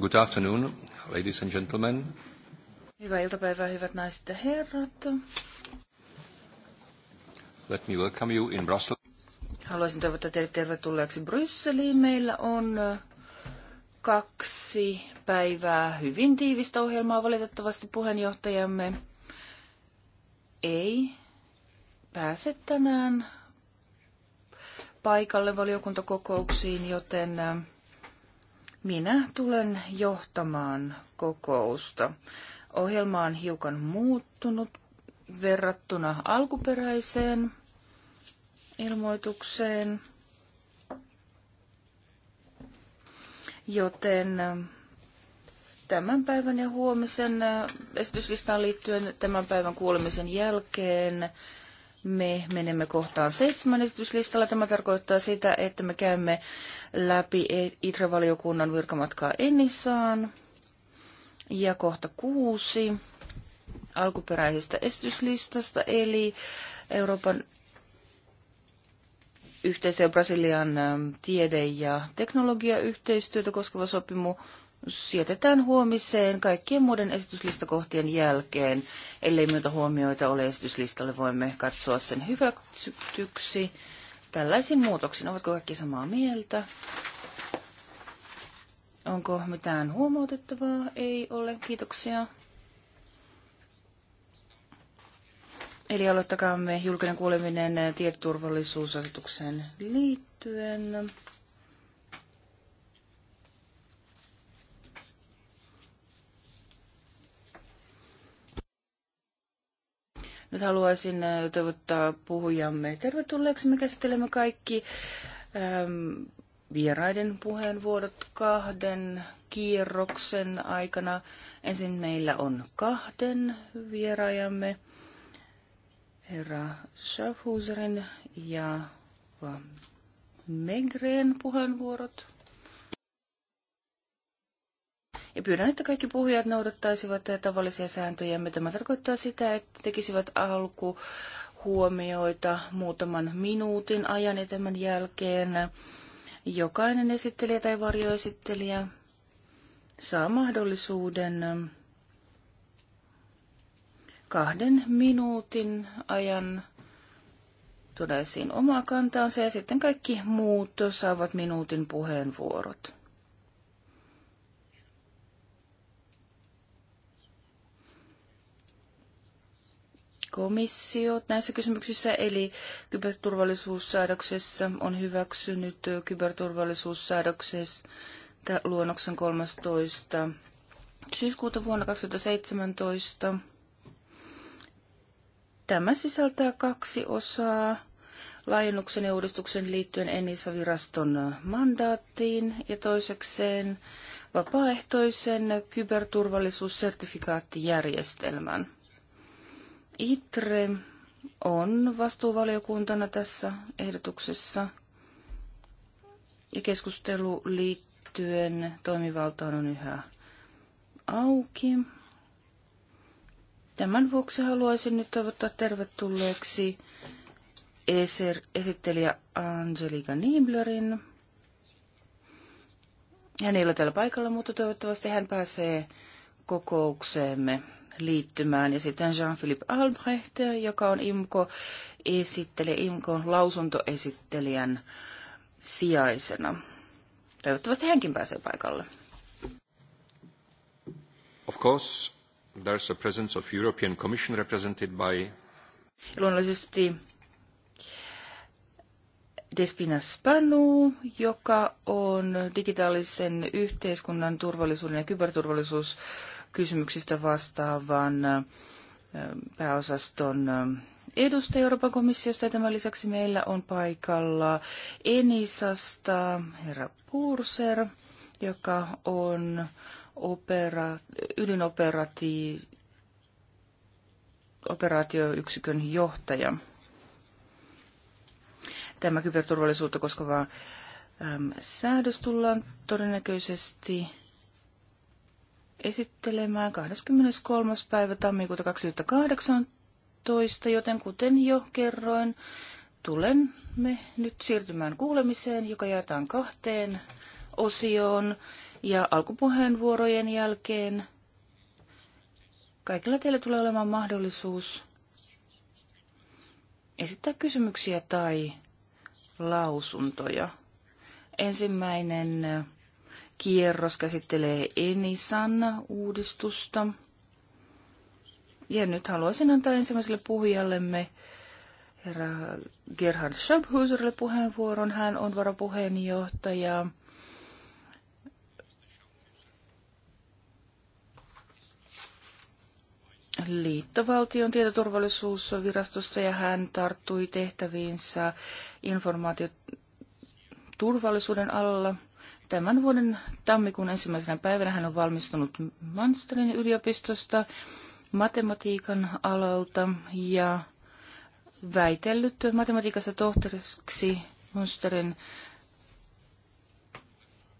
Good afternoon, ladies and gentlemen. Hyvää iltapäivää, hyvät naiset ja herrat. Let me welcome you in Brussels. Haluaisin toivottaa teidät tervetulleeksi Brysseliin. Meillä on kaksi päivää hyvin tiivistä ohjelmaa. Valitettavasti puheenjohtajamme ei pääse tänään paikalle valiokuntakokouksiin, joten minä tulen johtamaan kokousta. Ohjelma on hiukan muuttunut verrattuna alkuperäiseen ilmoitukseen, joten tämän päivän ja huomisen esityslistaan liittyen tämän päivän kuulemisen jälkeen me menemme kohtaan seitsemän esityslistalla. Tämä tarkoittaa sitä, että me käymme läpi ITRE-valiokunnan virkamatkaa Ennissaan. Ja kohta kuusi alkuperäisestä esityslistasta, eli Euroopan yhteisö ja Brasilian tiede- ja teknologiayhteistyötä koskeva sopimus sijoitetaan huomiseen kaikkien muiden esityslistakohtien jälkeen. Ellei muita huomioita ole esityslistalle, voimme katsoa sen hyväksytyksi. Tällaisin muutoksin, ovatko kaikki samaa mieltä? Onko mitään huomautettavaa? Ei ole, kiitoksia. Eli aloittakaamme julkinen kuuleminen tietoturvallisuusasetukseen liittyen. Nyt haluaisin äh, toivottaa puhujamme tervetulleeksi. Me käsittelemme kaikki ähm, vieraiden puheenvuorot kahden kierroksen aikana. Ensin meillä on kahden vieraajamme, herra Schaffhuserin ja Megren puheenvuorot. Ja pyydän, että kaikki puhujat noudattaisivat tavallisia sääntöjämme. Tämä tarkoittaa sitä, että tekisivät alku huomioita muutaman minuutin ajan ja tämän jälkeen jokainen esittelijä tai varjoesittelijä saa mahdollisuuden kahden minuutin ajan tuoda esiin omaa kantaansa ja sitten kaikki muut saavat minuutin puheenvuorot. komissiot näissä kysymyksissä, eli kyberturvallisuussäädöksessä on hyväksynyt kyberturvallisuussäädöksessä luonnoksen 13. syyskuuta vuonna 2017. Tämä sisältää kaksi osaa laajennuksen ja uudistuksen liittyen Enisa-viraston mandaattiin ja toisekseen vapaaehtoisen kyberturvallisuussertifikaattijärjestelmän. ITRE on vastuuvaliokuntana tässä ehdotuksessa ja keskustelu liittyen toimivaltaan on yhä auki. Tämän vuoksi haluaisin nyt toivottaa tervetulleeksi esittelijä Angelika Niblerin Hän ei ole täällä paikalla, mutta toivottavasti hän pääsee kokoukseemme liittymään. Ja sitten Jean-Philippe Albrecht, joka on IMKO esittelijä, IMKO lausuntoesittelijän sijaisena. Toivottavasti hänkin pääsee paikalle. Of course, there's a presence of European Commission represented by... Luonnollisesti Despina Spanu, joka on digitaalisen yhteiskunnan turvallisuuden ja kyberturvallisuus kysymyksistä vastaavan pääosaston edustaja Euroopan komissiosta ja tämän lisäksi meillä on paikalla Enisasta herra Purser, joka on opera, ydinoperati, operaatioyksikön johtaja. Tämä kyberturvallisuutta koskeva säädös tullaan todennäköisesti esittelemään 23. päivä tammikuuta 2018, joten kuten jo kerroin, tulemme nyt siirtymään kuulemiseen, joka jaetaan kahteen osioon. Ja alkupuheenvuorojen jälkeen kaikilla teillä tulee olemaan mahdollisuus esittää kysymyksiä tai lausuntoja. Ensimmäinen kierros käsittelee Enisan uudistusta. Ja nyt haluaisin antaa ensimmäiselle puhujallemme herra Gerhard Schöbhuserille puheenvuoron. Hän on varapuheenjohtaja. liittovaltion tietoturvallisuusvirastossa ja hän tarttui tehtäviinsä informaatioturvallisuuden alalla – Tämän vuoden tammikuun ensimmäisenä päivänä hän on valmistunut Manstrin yliopistosta matematiikan alalta ja väitellyt matematiikassa tohtoriksi Münsterin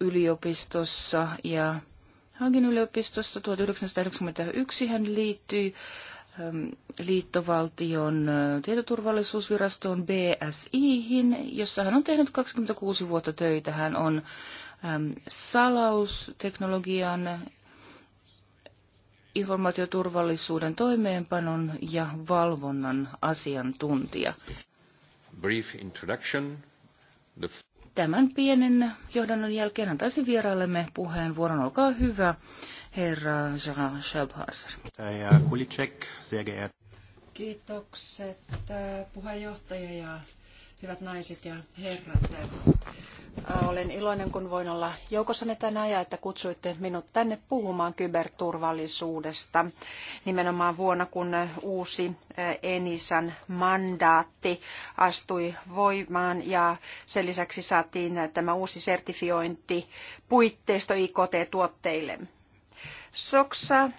yliopistossa ja Hagin yliopistossa 1991 hän liittyi ähm, liittovaltion äh, tietoturvallisuusvirastoon BSIhin, jossa hän on tehnyt 26 vuotta töitä. Hän on Ähm, salausteknologian, informaatioturvallisuuden toimeenpanon ja valvonnan asiantuntija. Brief introduction. The... Tämän pienen johdannon jälkeen antaisin vieraillemme puheenvuoron. Olkaa hyvä, herra Jean Schabhauser. Äh, Kiitokset äh, puheenjohtaja ja hyvät naiset ja herrat. Olen iloinen, kun voin olla joukossanne tänään ja että kutsuitte minut tänne puhumaan kyberturvallisuudesta nimenomaan vuonna, kun uusi Enisan mandaatti astui voimaan ja sen lisäksi saatiin tämä uusi sertifiointi puitteisto IKT-tuotteille. Soksa, äh,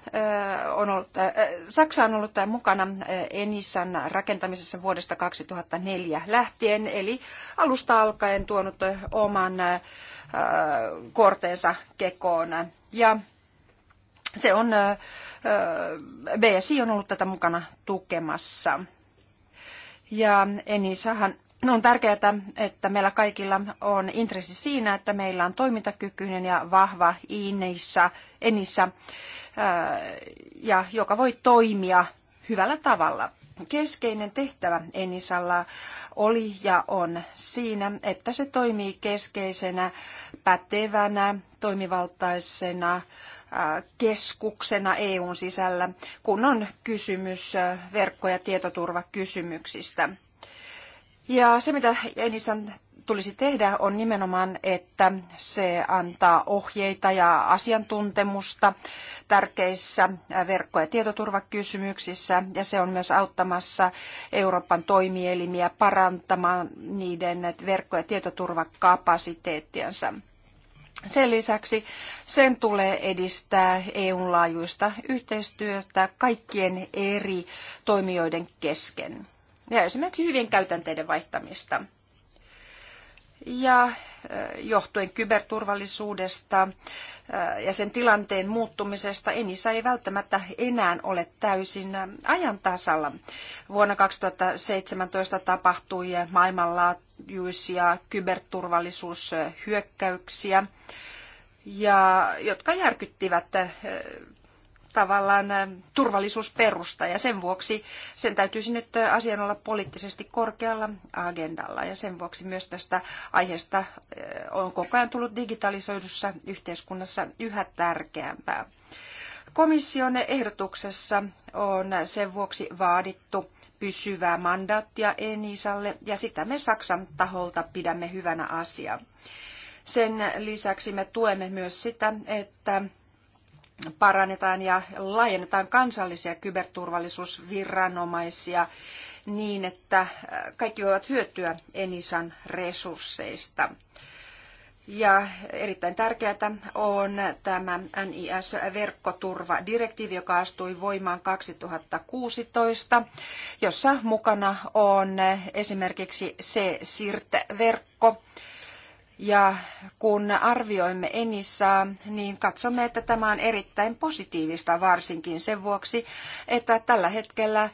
on ollut, äh, Saksa on ollut äh, mukana äh, Enissan rakentamisessa vuodesta 2004 lähtien, eli alusta alkaen tuonut oman äh, korteensa kekoon. Ja se on, äh, BSI on ollut tätä mukana tukemassa. Ja Enisahan No, on tärkeää, että meillä kaikilla on intressi siinä, että meillä on toimintakykyinen ja vahva iinissä, enissä, äh, ja joka voi toimia hyvällä tavalla. Keskeinen tehtävä Enisalla oli ja on siinä, että se toimii keskeisenä, pätevänä, toimivaltaisena äh, keskuksena EUn sisällä, kun on kysymys äh, verkko- ja tietoturvakysymyksistä. Ja se, mitä Enisan tulisi tehdä, on nimenomaan, että se antaa ohjeita ja asiantuntemusta tärkeissä verkko- ja tietoturvakysymyksissä, ja se on myös auttamassa Euroopan toimielimiä parantamaan niiden verkko- ja tietoturvakapasiteettiansa. Sen lisäksi sen tulee edistää eu laajuista yhteistyötä kaikkien eri toimijoiden kesken ja esimerkiksi hyvien käytänteiden vaihtamista. Ja johtuen kyberturvallisuudesta ja sen tilanteen muuttumisesta Enisa ei välttämättä enää ole täysin ajan tasalla. Vuonna 2017 tapahtui maailmanlaajuisia kyberturvallisuushyökkäyksiä, ja, jotka järkyttivät tavallaan turvallisuusperusta ja sen vuoksi sen täytyisi nyt asian olla poliittisesti korkealla agendalla ja sen vuoksi myös tästä aiheesta on koko ajan tullut digitalisoidussa yhteiskunnassa yhä tärkeämpää. Komission ehdotuksessa on sen vuoksi vaadittu pysyvää mandaattia Enisalle ja sitä me Saksan taholta pidämme hyvänä asiaa. Sen lisäksi me tuemme myös sitä, että parannetaan ja laajennetaan kansallisia kyberturvallisuusviranomaisia niin, että äh, kaikki voivat hyötyä Enisan resursseista. Ja erittäin tärkeää on tämä NIS-verkkoturvadirektiivi, joka astui voimaan 2016, jossa mukana on äh, esimerkiksi se SIRT-verkko, ja kun arvioimme Enissaa, niin katsomme, että tämä on erittäin positiivista varsinkin sen vuoksi, että tällä hetkellä eh,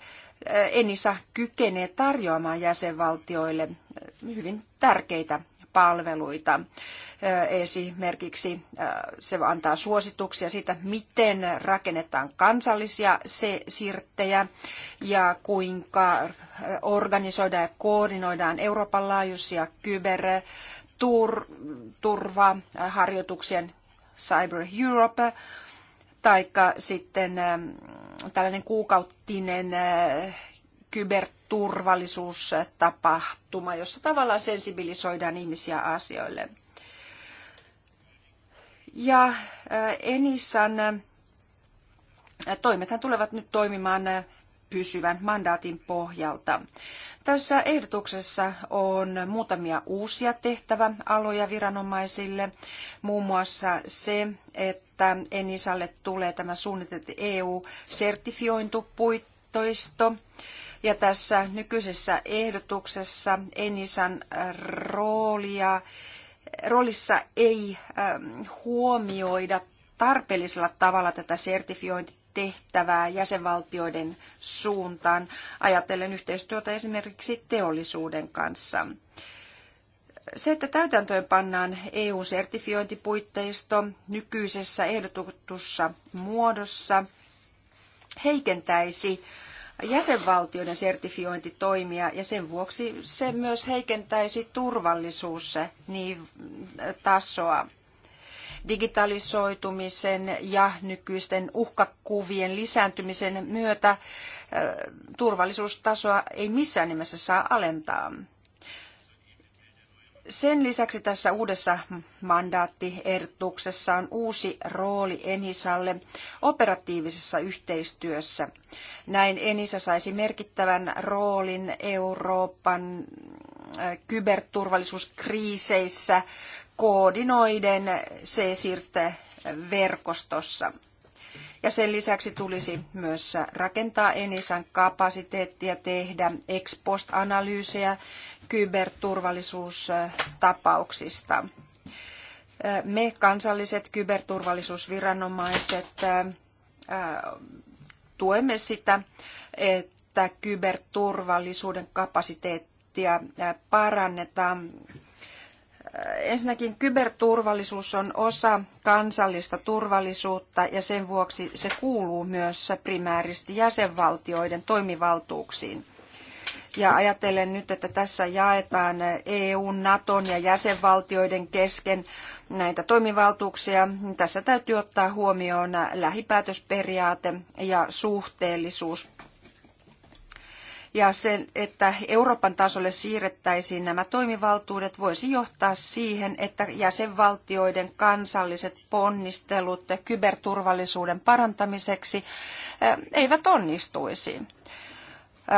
Enisa kykenee tarjoamaan jäsenvaltioille eh, hyvin tärkeitä palveluita. Eh, esimerkiksi se antaa suosituksia siitä, miten rakennetaan kansallisia sirttejä ja kuinka organisoidaan ja koordinoidaan Euroopan laajuisia kyber- tur, turva harjoituksien Cyber Europe tai sitten ähm, tällainen kuukauttinen äh, kyberturvallisuustapahtuma, jossa tavallaan sensibilisoidaan ihmisiä asioille. Ja äh, Enisan äh, toimethan tulevat nyt toimimaan pysyvän mandaatin pohjalta. Tässä ehdotuksessa on muutamia uusia tehtäväaloja viranomaisille, muun muassa se, että Enisalle tulee tämä suunniteltu EU-sertifiointupuittoisto, ja tässä nykyisessä ehdotuksessa Enisan roolia, roolissa ei huomioida tarpeellisella tavalla tätä sertifiointia tehtävää jäsenvaltioiden suuntaan, ajatellen yhteistyötä esimerkiksi teollisuuden kanssa. Se, että täytäntöön pannaan EU-sertifiointipuitteisto nykyisessä ehdotetussa muodossa, heikentäisi jäsenvaltioiden sertifiointitoimia ja sen vuoksi se myös heikentäisi turvallisuustasoa digitalisoitumisen ja nykyisten uhkakuvien lisääntymisen myötä turvallisuustasoa ei missään nimessä saa alentaa. Sen lisäksi tässä uudessa mandaattiehdotuksessa on uusi rooli Enisalle operatiivisessa yhteistyössä. Näin Enisa saisi merkittävän roolin Euroopan kyberturvallisuuskriiseissä koordinoiden c verkostossa Ja sen lisäksi tulisi myös rakentaa Enisan kapasiteettia tehdä ex post-analyysejä kyberturvallisuustapauksista. Me kansalliset kyberturvallisuusviranomaiset tuemme sitä, että kyberturvallisuuden kapasiteettia parannetaan Ensinnäkin kyberturvallisuus on osa kansallista turvallisuutta ja sen vuoksi se kuuluu myös primääristi jäsenvaltioiden toimivaltuuksiin. Ja ajattelen nyt, että tässä jaetaan EU, Naton ja jäsenvaltioiden kesken näitä toimivaltuuksia. Niin tässä täytyy ottaa huomioon lähipäätösperiaate ja suhteellisuus ja sen, että Euroopan tasolle siirrettäisiin nämä toimivaltuudet, voisi johtaa siihen, että jäsenvaltioiden kansalliset ponnistelut kyberturvallisuuden parantamiseksi eh, eivät onnistuisi. Eh,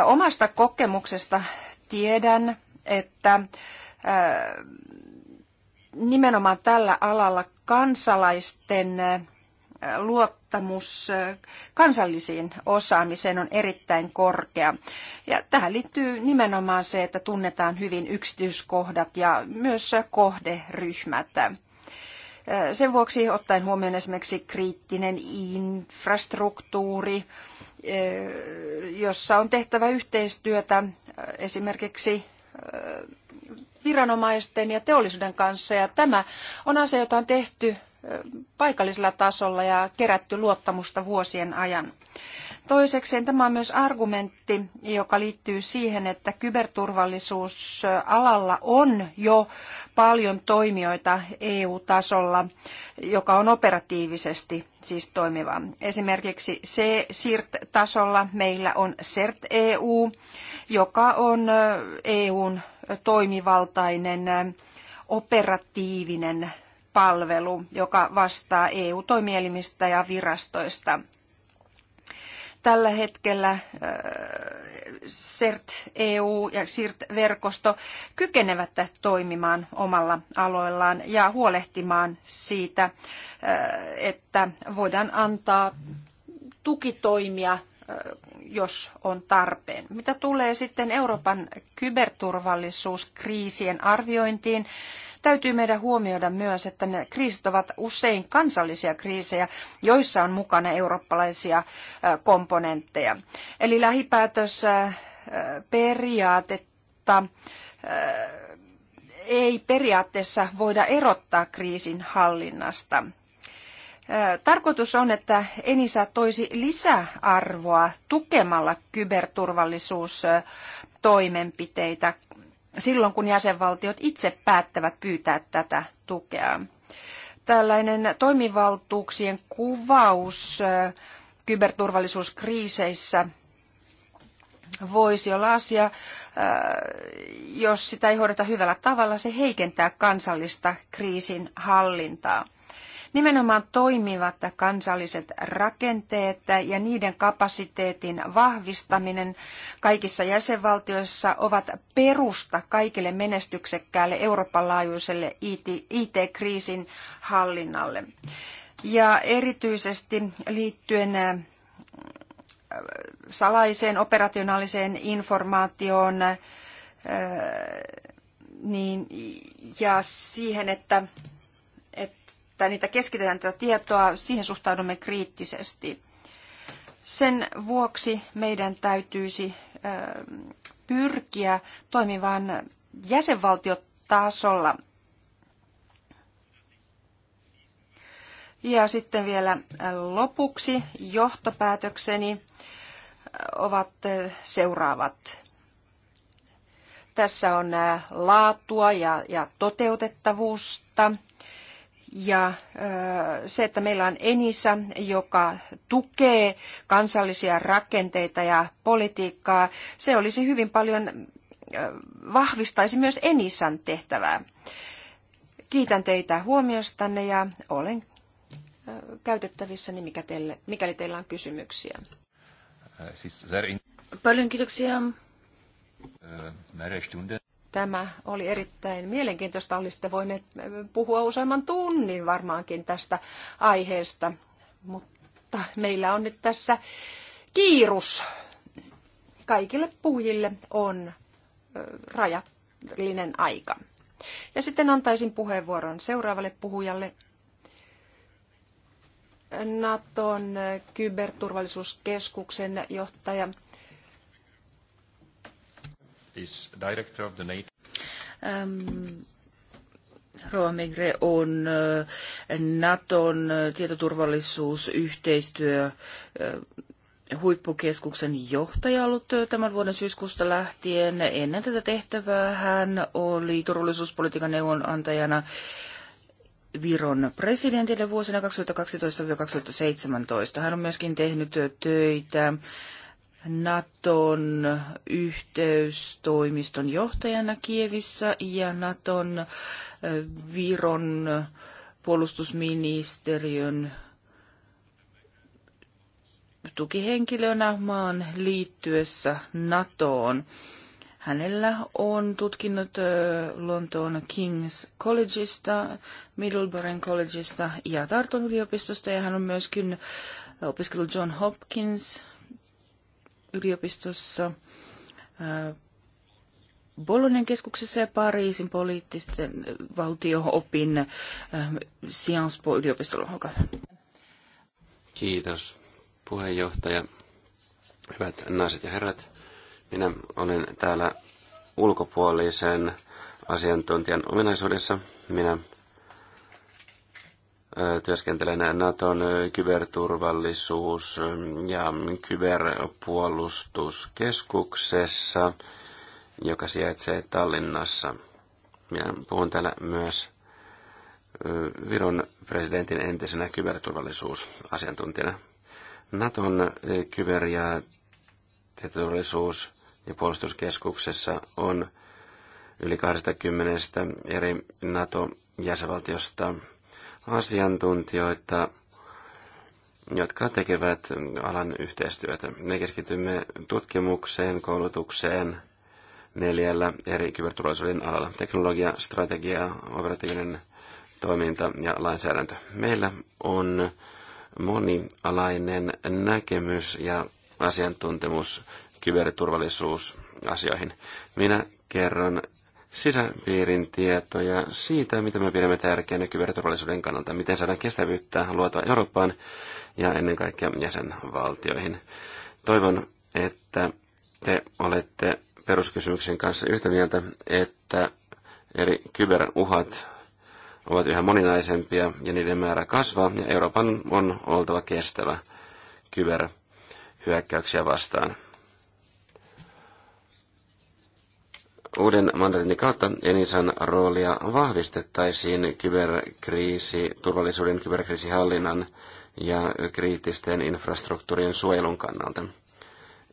omasta kokemuksesta tiedän, että eh, nimenomaan tällä alalla kansalaisten luottamus kansallisiin osaamiseen on erittäin korkea. Ja tähän liittyy nimenomaan se, että tunnetaan hyvin yksityiskohdat ja myös kohderyhmät. Sen vuoksi ottaen huomioon esimerkiksi kriittinen infrastruktuuri, jossa on tehtävä yhteistyötä esimerkiksi viranomaisten ja teollisuuden kanssa. Ja tämä on asia, jota on tehty paikallisella tasolla ja kerätty luottamusta vuosien ajan. Toisekseen tämä on myös argumentti, joka liittyy siihen, että kyberturvallisuusalalla on jo paljon toimijoita EU-tasolla, joka on operatiivisesti siis toimiva. Esimerkiksi cert tasolla meillä on CERT-EU, joka on äh, EUn toimivaltainen äh, operatiivinen palvelu, joka vastaa EU-toimielimistä ja virastoista. Tällä hetkellä CERT-EU ja CIRT-verkosto kykenevät toimimaan omalla aloillaan ja huolehtimaan siitä, että voidaan antaa tukitoimia jos on tarpeen. Mitä tulee sitten Euroopan kyberturvallisuuskriisien arviointiin, täytyy meidän huomioida myös, että ne kriisit ovat usein kansallisia kriisejä, joissa on mukana eurooppalaisia komponentteja. Eli lähipäätösperiaatetta periaatetta ei periaatteessa voida erottaa kriisin hallinnasta. Tarkoitus on, että Enisa toisi lisäarvoa tukemalla kyberturvallisuustoimenpiteitä silloin, kun jäsenvaltiot itse päättävät pyytää tätä tukea. Tällainen toimivaltuuksien kuvaus äh, kyberturvallisuuskriiseissä voisi olla asia, äh, jos sitä ei hoideta hyvällä tavalla, se heikentää kansallista kriisin hallintaa. Nimenomaan toimivat kansalliset rakenteet ja niiden kapasiteetin vahvistaminen kaikissa jäsenvaltioissa ovat perusta kaikille menestyksekkäälle Euroopan laajuiselle IT-kriisin hallinnalle. Ja erityisesti liittyen äh, salaiseen operationaaliseen informaatioon äh, niin, ja siihen, että että niitä keskitetään tätä tietoa, siihen suhtaudumme kriittisesti. Sen vuoksi meidän täytyisi pyrkiä toimivaan jäsenvaltiotasolla. Ja sitten vielä lopuksi johtopäätökseni ovat seuraavat. Tässä on laatua ja, ja toteutettavuutta ja se, että meillä on Enisa, joka tukee kansallisia rakenteita ja politiikkaa, se olisi hyvin paljon, vahvistaisi myös Enisan tehtävää. Kiitän teitä huomiostanne ja olen käytettävissä, niin mikä teille, mikäli teillä on kysymyksiä. Äh, siis paljon kiitoksia. Äh, Tämä oli erittäin mielenkiintoista. Olisitte voineet puhua useamman tunnin varmaankin tästä aiheesta, mutta meillä on nyt tässä kiirus. Kaikille puhujille on rajallinen aika. Ja sitten antaisin puheenvuoron seuraavalle puhujalle, Naton kyberturvallisuuskeskuksen johtaja is director of the NATO. Um, ähm, Rova Megre on äh, Naton äh, tietoturvallisuusyhteistyö äh, huippukeskuksen johtaja ollut tämän vuoden syyskuusta lähtien. Ennen tätä tehtävää hän oli turvallisuuspolitiikan neuvonantajana Viron presidentille vuosina 2012-2017. Hän on myöskin tehnyt töitä Naton yhteystoimiston johtajana Kievissä ja Naton Viron puolustusministeriön tukihenkilönä maan liittyessä NATOon. Hänellä on tutkinnot Lontoon King's Collegeista, Middleborough Collegeista ja Tarton yliopistosta ja hän on myöskin opiskellut John Hopkins yliopistossa, Bolognan keskuksessa ja Pariisin poliittisten valtioopin Sciences Po yliopistolla. Olkaa Kiitos puheenjohtaja. Hyvät naiset ja herrat, minä olen täällä ulkopuolisen asiantuntijan ominaisuudessa. Minä työskentelee Naton kyberturvallisuus- ja kyberpuolustuskeskuksessa, joka sijaitsee Tallinnassa. Minä puhun täällä myös Viron presidentin entisenä kyberturvallisuusasiantuntijana. Naton kyber- ja ja puolustuskeskuksessa on yli 20 eri NATO-jäsenvaltiosta asiantuntijoita, jotka tekevät alan yhteistyötä. Me keskitymme tutkimukseen, koulutukseen neljällä eri kyberturvallisuuden alalla. Teknologia, strategia, operatiivinen toiminta ja lainsäädäntö. Meillä on monialainen näkemys ja asiantuntemus kyberturvallisuusasioihin. Minä kerron sisäpiirin tietoja siitä, mitä me pidämme tärkeänä kyberturvallisuuden kannalta, miten saadaan kestävyyttä luotua Eurooppaan ja ennen kaikkea jäsenvaltioihin. Toivon, että te olette peruskysymyksen kanssa yhtä mieltä, että eri kyberuhat ovat yhä moninaisempia ja niiden määrä kasvaa, ja Euroopan on oltava kestävä kyberhyökkäyksiä vastaan. Uuden mandaatin kautta Enisan roolia vahvistettaisiin kyberkriisi, turvallisuuden kyberkriisihallinnan ja kriittisten infrastruktuurien suojelun kannalta.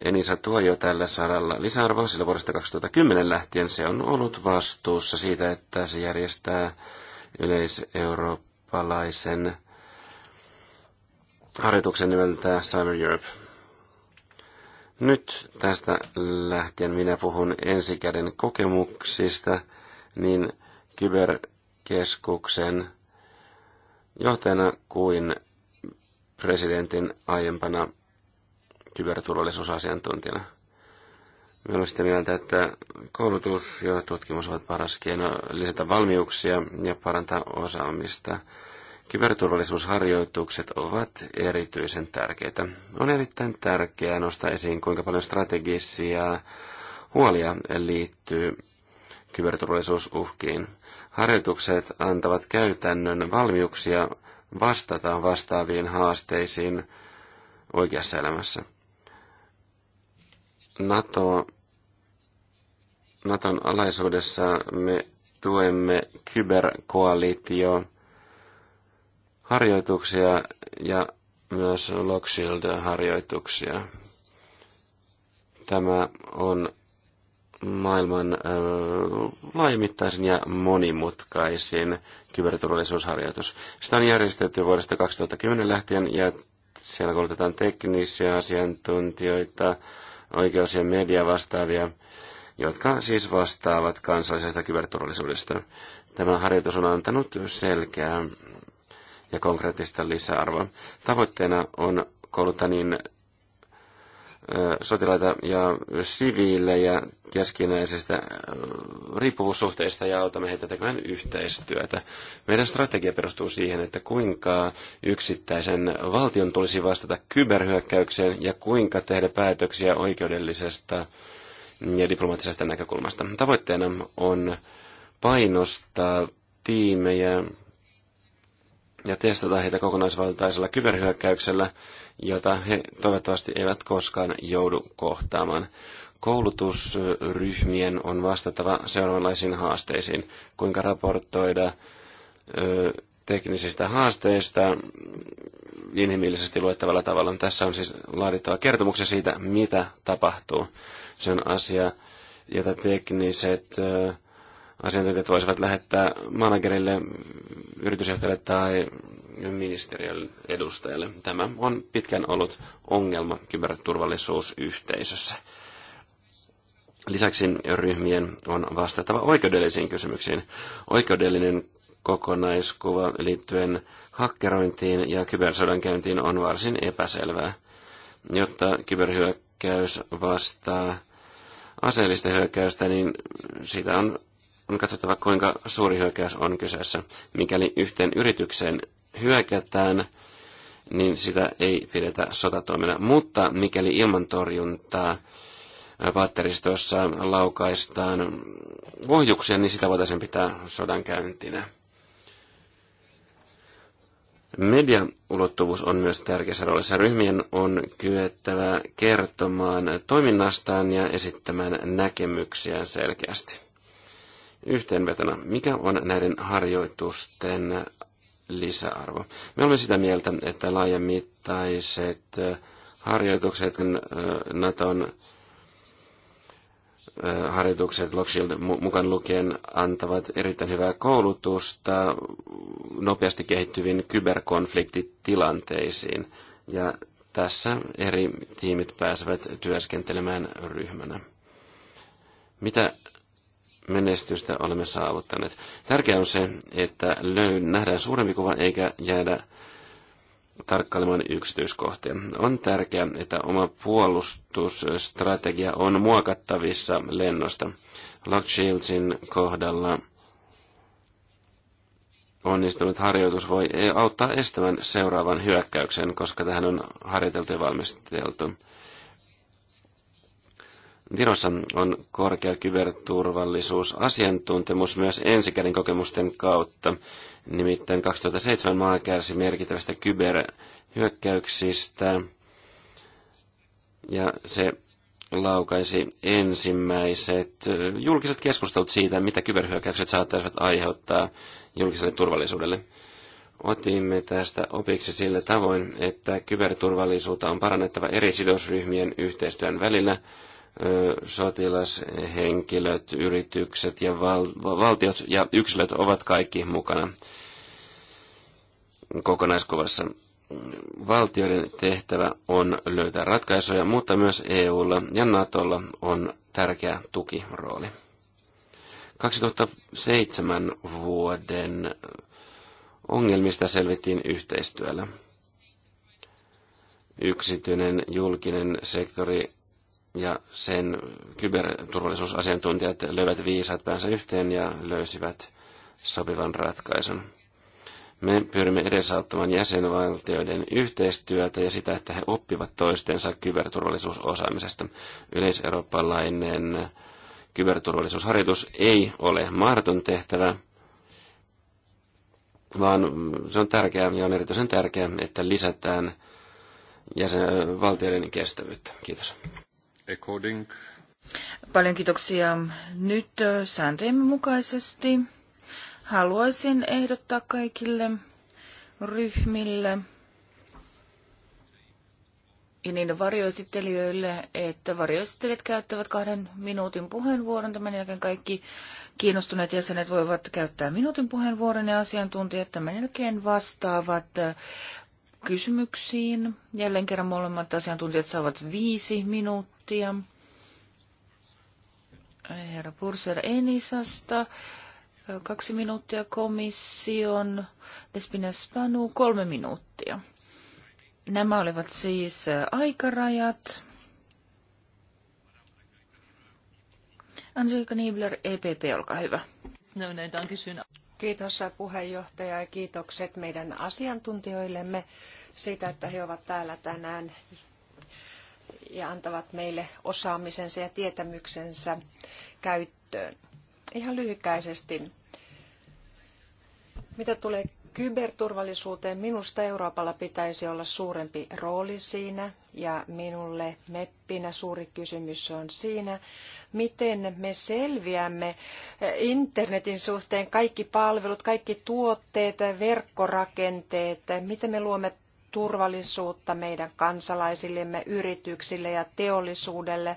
Enisa tuo jo tällä saralla lisäarvoa, sillä vuodesta 2010 lähtien se on ollut vastuussa siitä, että se järjestää yleiseurooppalaisen harjoituksen nimeltä Cyber Europe. Nyt tästä lähtien minä puhun ensikäden kokemuksista, niin kyberkeskuksen johtajana kuin presidentin aiempana kyberturvallisuusasiantuntijana. Meillä on sitä mieltä, että koulutus ja tutkimus ovat paras keino lisätä valmiuksia ja parantaa osaamista. Kyberturvallisuusharjoitukset ovat erityisen tärkeitä. On erittäin tärkeää nostaa esiin, kuinka paljon strategisia huolia liittyy kyberturvallisuusuhkiin. Harjoitukset antavat käytännön valmiuksia vastata vastaaviin haasteisiin oikeassa elämässä. NATO, Naton alaisuudessa me tuemme kyberkoalitio harjoituksia ja myös Lockshield-harjoituksia. Tämä on maailman äh, laajemittaisin ja monimutkaisin kyberturvallisuusharjoitus. Sitä on järjestetty vuodesta 2010 lähtien ja siellä koulutetaan teknisiä asiantuntijoita, oikeus- ja media vastaavia, jotka siis vastaavat kansallisesta kyberturvallisuudesta. Tämä harjoitus on antanut selkeää ja konkreettista lisäarvoa. Tavoitteena on kouluttaa niin sotilaita ja siviilejä keskinäisistä riippuvuussuhteista ja autamme heitä tekemään yhteistyötä. Meidän strategia perustuu siihen, että kuinka yksittäisen valtion tulisi vastata kyberhyökkäykseen ja kuinka tehdä päätöksiä oikeudellisesta ja diplomaattisesta näkökulmasta. Tavoitteena on painostaa tiimejä ja testata heitä kokonaisvaltaisella kyberhyökkäyksellä, jota he toivottavasti eivät koskaan joudu kohtaamaan. Koulutusryhmien on vastattava seuraavanlaisiin haasteisiin. Kuinka raportoida ö, teknisistä haasteista inhimillisesti luettavalla tavalla. Tässä on siis laadittava kertomuksia siitä, mitä tapahtuu. Se on asia, jota tekniset ö, asiantuntijat voisivat lähettää managerille, yritysjohtajalle tai ministeriön edustajalle. Tämä on pitkään ollut ongelma kyberturvallisuusyhteisössä. Lisäksi ryhmien on vastattava oikeudellisiin kysymyksiin. Oikeudellinen kokonaiskuva liittyen hakkerointiin ja kybersodankäyntiin on varsin epäselvää. Jotta kyberhyökkäys vastaa aseellista hyökkäystä, niin sitä on on katsottava, kuinka suuri hyökkäys on kyseessä. Mikäli yhteen yritykseen hyökätään, niin sitä ei pidetä sotatoimena. Mutta mikäli ilman torjuntaa, patteristossa laukaistaan ohjuksia, niin sitä voitaisiin pitää sodan käyntinä. Mediaulottuvuus on myös tärkeässä roolissa. Ryhmien on kyettävä kertomaan toiminnastaan ja esittämään näkemyksiään selkeästi. Yhteenvetona, mikä on näiden harjoitusten lisäarvo? Me olemme sitä mieltä, että laajamittaiset harjoitukset, Naton harjoitukset Lockshield mukaan lukien antavat erittäin hyvää koulutusta nopeasti kehittyviin kyberkonfliktitilanteisiin. Ja tässä eri tiimit pääsevät työskentelemään ryhmänä. Mitä menestystä olemme saavuttaneet. Tärkeää on se, että löy- nähdään suurempi kuva eikä jäädä tarkkailemaan yksityiskohtia. On tärkeää, että oma puolustusstrategia on muokattavissa lennosta. Lock Shieldsin kohdalla onnistunut harjoitus voi auttaa estämään seuraavan hyökkäyksen, koska tähän on harjoiteltu ja valmisteltu. Virossa on korkea kyberturvallisuusasiantuntemus myös ensikäden kokemusten kautta. Nimittäin 2007 maa kärsi merkittävästä kyberhyökkäyksistä ja se laukaisi ensimmäiset julkiset keskustelut siitä, mitä kyberhyökkäykset saattaisivat aiheuttaa julkiselle turvallisuudelle. Otimme tästä opiksi sillä tavoin, että kyberturvallisuutta on parannettava eri sidosryhmien yhteistyön välillä – sotilashenkilöt, yritykset ja val- valtiot ja yksilöt ovat kaikki mukana kokonaiskuvassa. Valtioiden tehtävä on löytää ratkaisuja, mutta myös EUlla ja NATOlla on tärkeä tukirooli. 2007 vuoden ongelmista selvittiin yhteistyöllä. Yksityinen, julkinen sektori ja sen kyberturvallisuusasiantuntijat löivät viisaat päänsä yhteen ja löysivät sopivan ratkaisun. Me pyrimme edesauttamaan jäsenvaltioiden yhteistyötä ja sitä, että he oppivat toistensa kyberturvallisuusosaamisesta. Yleiseurooppalainen kyberturvallisuusharjoitus ei ole mahdoton tehtävä, vaan se on tärkeää ja on erityisen tärkeää, että lisätään jäsenvaltioiden kestävyyttä. Kiitos. Paljon kiitoksia. Nyt sääntöjen mukaisesti haluaisin ehdottaa kaikille ryhmille ja niiden varjoesittelijöille, että varjoesittelijät käyttävät kahden minuutin puheenvuoron. Tämän jälkeen kaikki kiinnostuneet jäsenet voivat käyttää minuutin puheenvuoron ja asiantuntijat tämän jälkeen vastaavat kysymyksiin. Jälleen kerran molemmat asiantuntijat saavat viisi minuuttia. Herra Purser Enisasta, kaksi minuuttia komission, Despinas Panu, kolme minuuttia. Nämä olivat siis aikarajat. Angelika Niebler, EPP, olkaa hyvä. No, no, Kiitos puheenjohtaja ja kiitokset meidän asiantuntijoillemme siitä, että he ovat täällä tänään ja antavat meille osaamisensa ja tietämyksensä käyttöön. Ihan lyhykäisesti, mitä tulee kyberturvallisuuteen, minusta Euroopalla pitäisi olla suurempi rooli siinä ja minulle meppinä suuri kysymys on siinä, miten me selviämme eh, internetin suhteen kaikki palvelut, kaikki tuotteet, verkkorakenteet, miten me luomme turvallisuutta meidän kansalaisillemme, yrityksille ja teollisuudelle,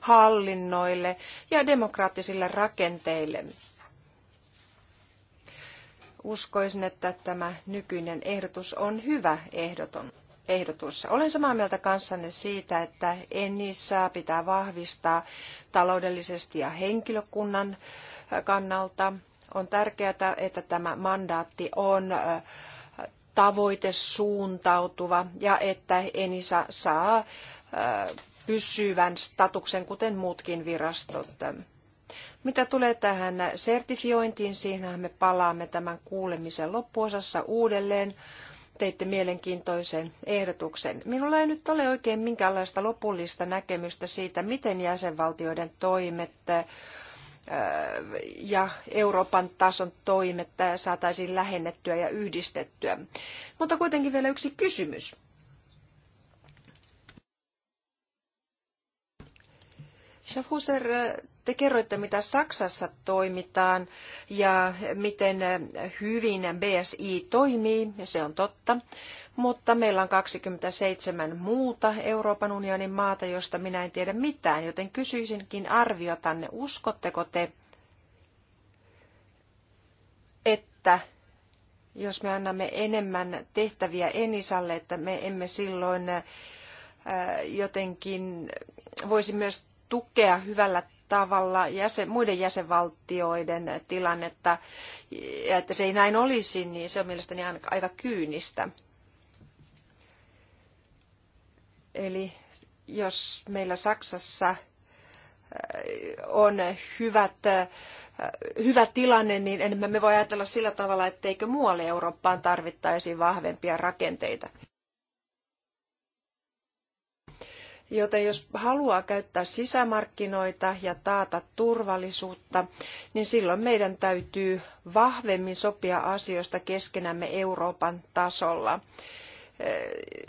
hallinnoille ja demokraattisille rakenteille uskoisin, että tämä nykyinen ehdotus on hyvä ehdoton ehdotus. Olen samaa mieltä kanssanne siitä, että Ennissaa pitää vahvistaa taloudellisesti ja henkilökunnan äh, kannalta. On tärkeää, että tämä mandaatti on äh, tavoitesuuntautuva ja että Enisa saa äh, pysyvän statuksen, kuten muutkin virastot. Mitä tulee tähän sertifiointiin, siinä me palaamme tämän kuulemisen loppuosassa uudelleen teitte mielenkiintoisen ehdotuksen. Minulla ei nyt ole oikein minkäänlaista lopullista näkemystä siitä, miten jäsenvaltioiden toimet äh, ja Euroopan tason toimet äh, saataisiin lähennettyä ja yhdistettyä. Mutta kuitenkin vielä yksi kysymys. Schaffhauser äh, te kerroitte, mitä Saksassa toimitaan ja miten hyvin BSI toimii, ja se on totta. Mutta meillä on 27 muuta Euroopan unionin maata, josta minä en tiedä mitään, joten kysyisinkin arviotanne, uskotteko te, että jos me annamme enemmän tehtäviä Enisalle, että me emme silloin äh, jotenkin voisi myös tukea hyvällä tavalla jäsen, muiden jäsenvaltioiden tilannetta, ja että se ei näin olisi, niin se on mielestäni aika kyynistä. Eli jos meillä Saksassa äh, on hyvät, äh, hyvä tilanne, niin enemmän me voi ajatella sillä tavalla, etteikö muualle Eurooppaan tarvittaisi vahvempia rakenteita. Joten jos haluaa käyttää sisämarkkinoita ja taata turvallisuutta, niin silloin meidän täytyy vahvemmin sopia asioista keskenämme Euroopan tasolla.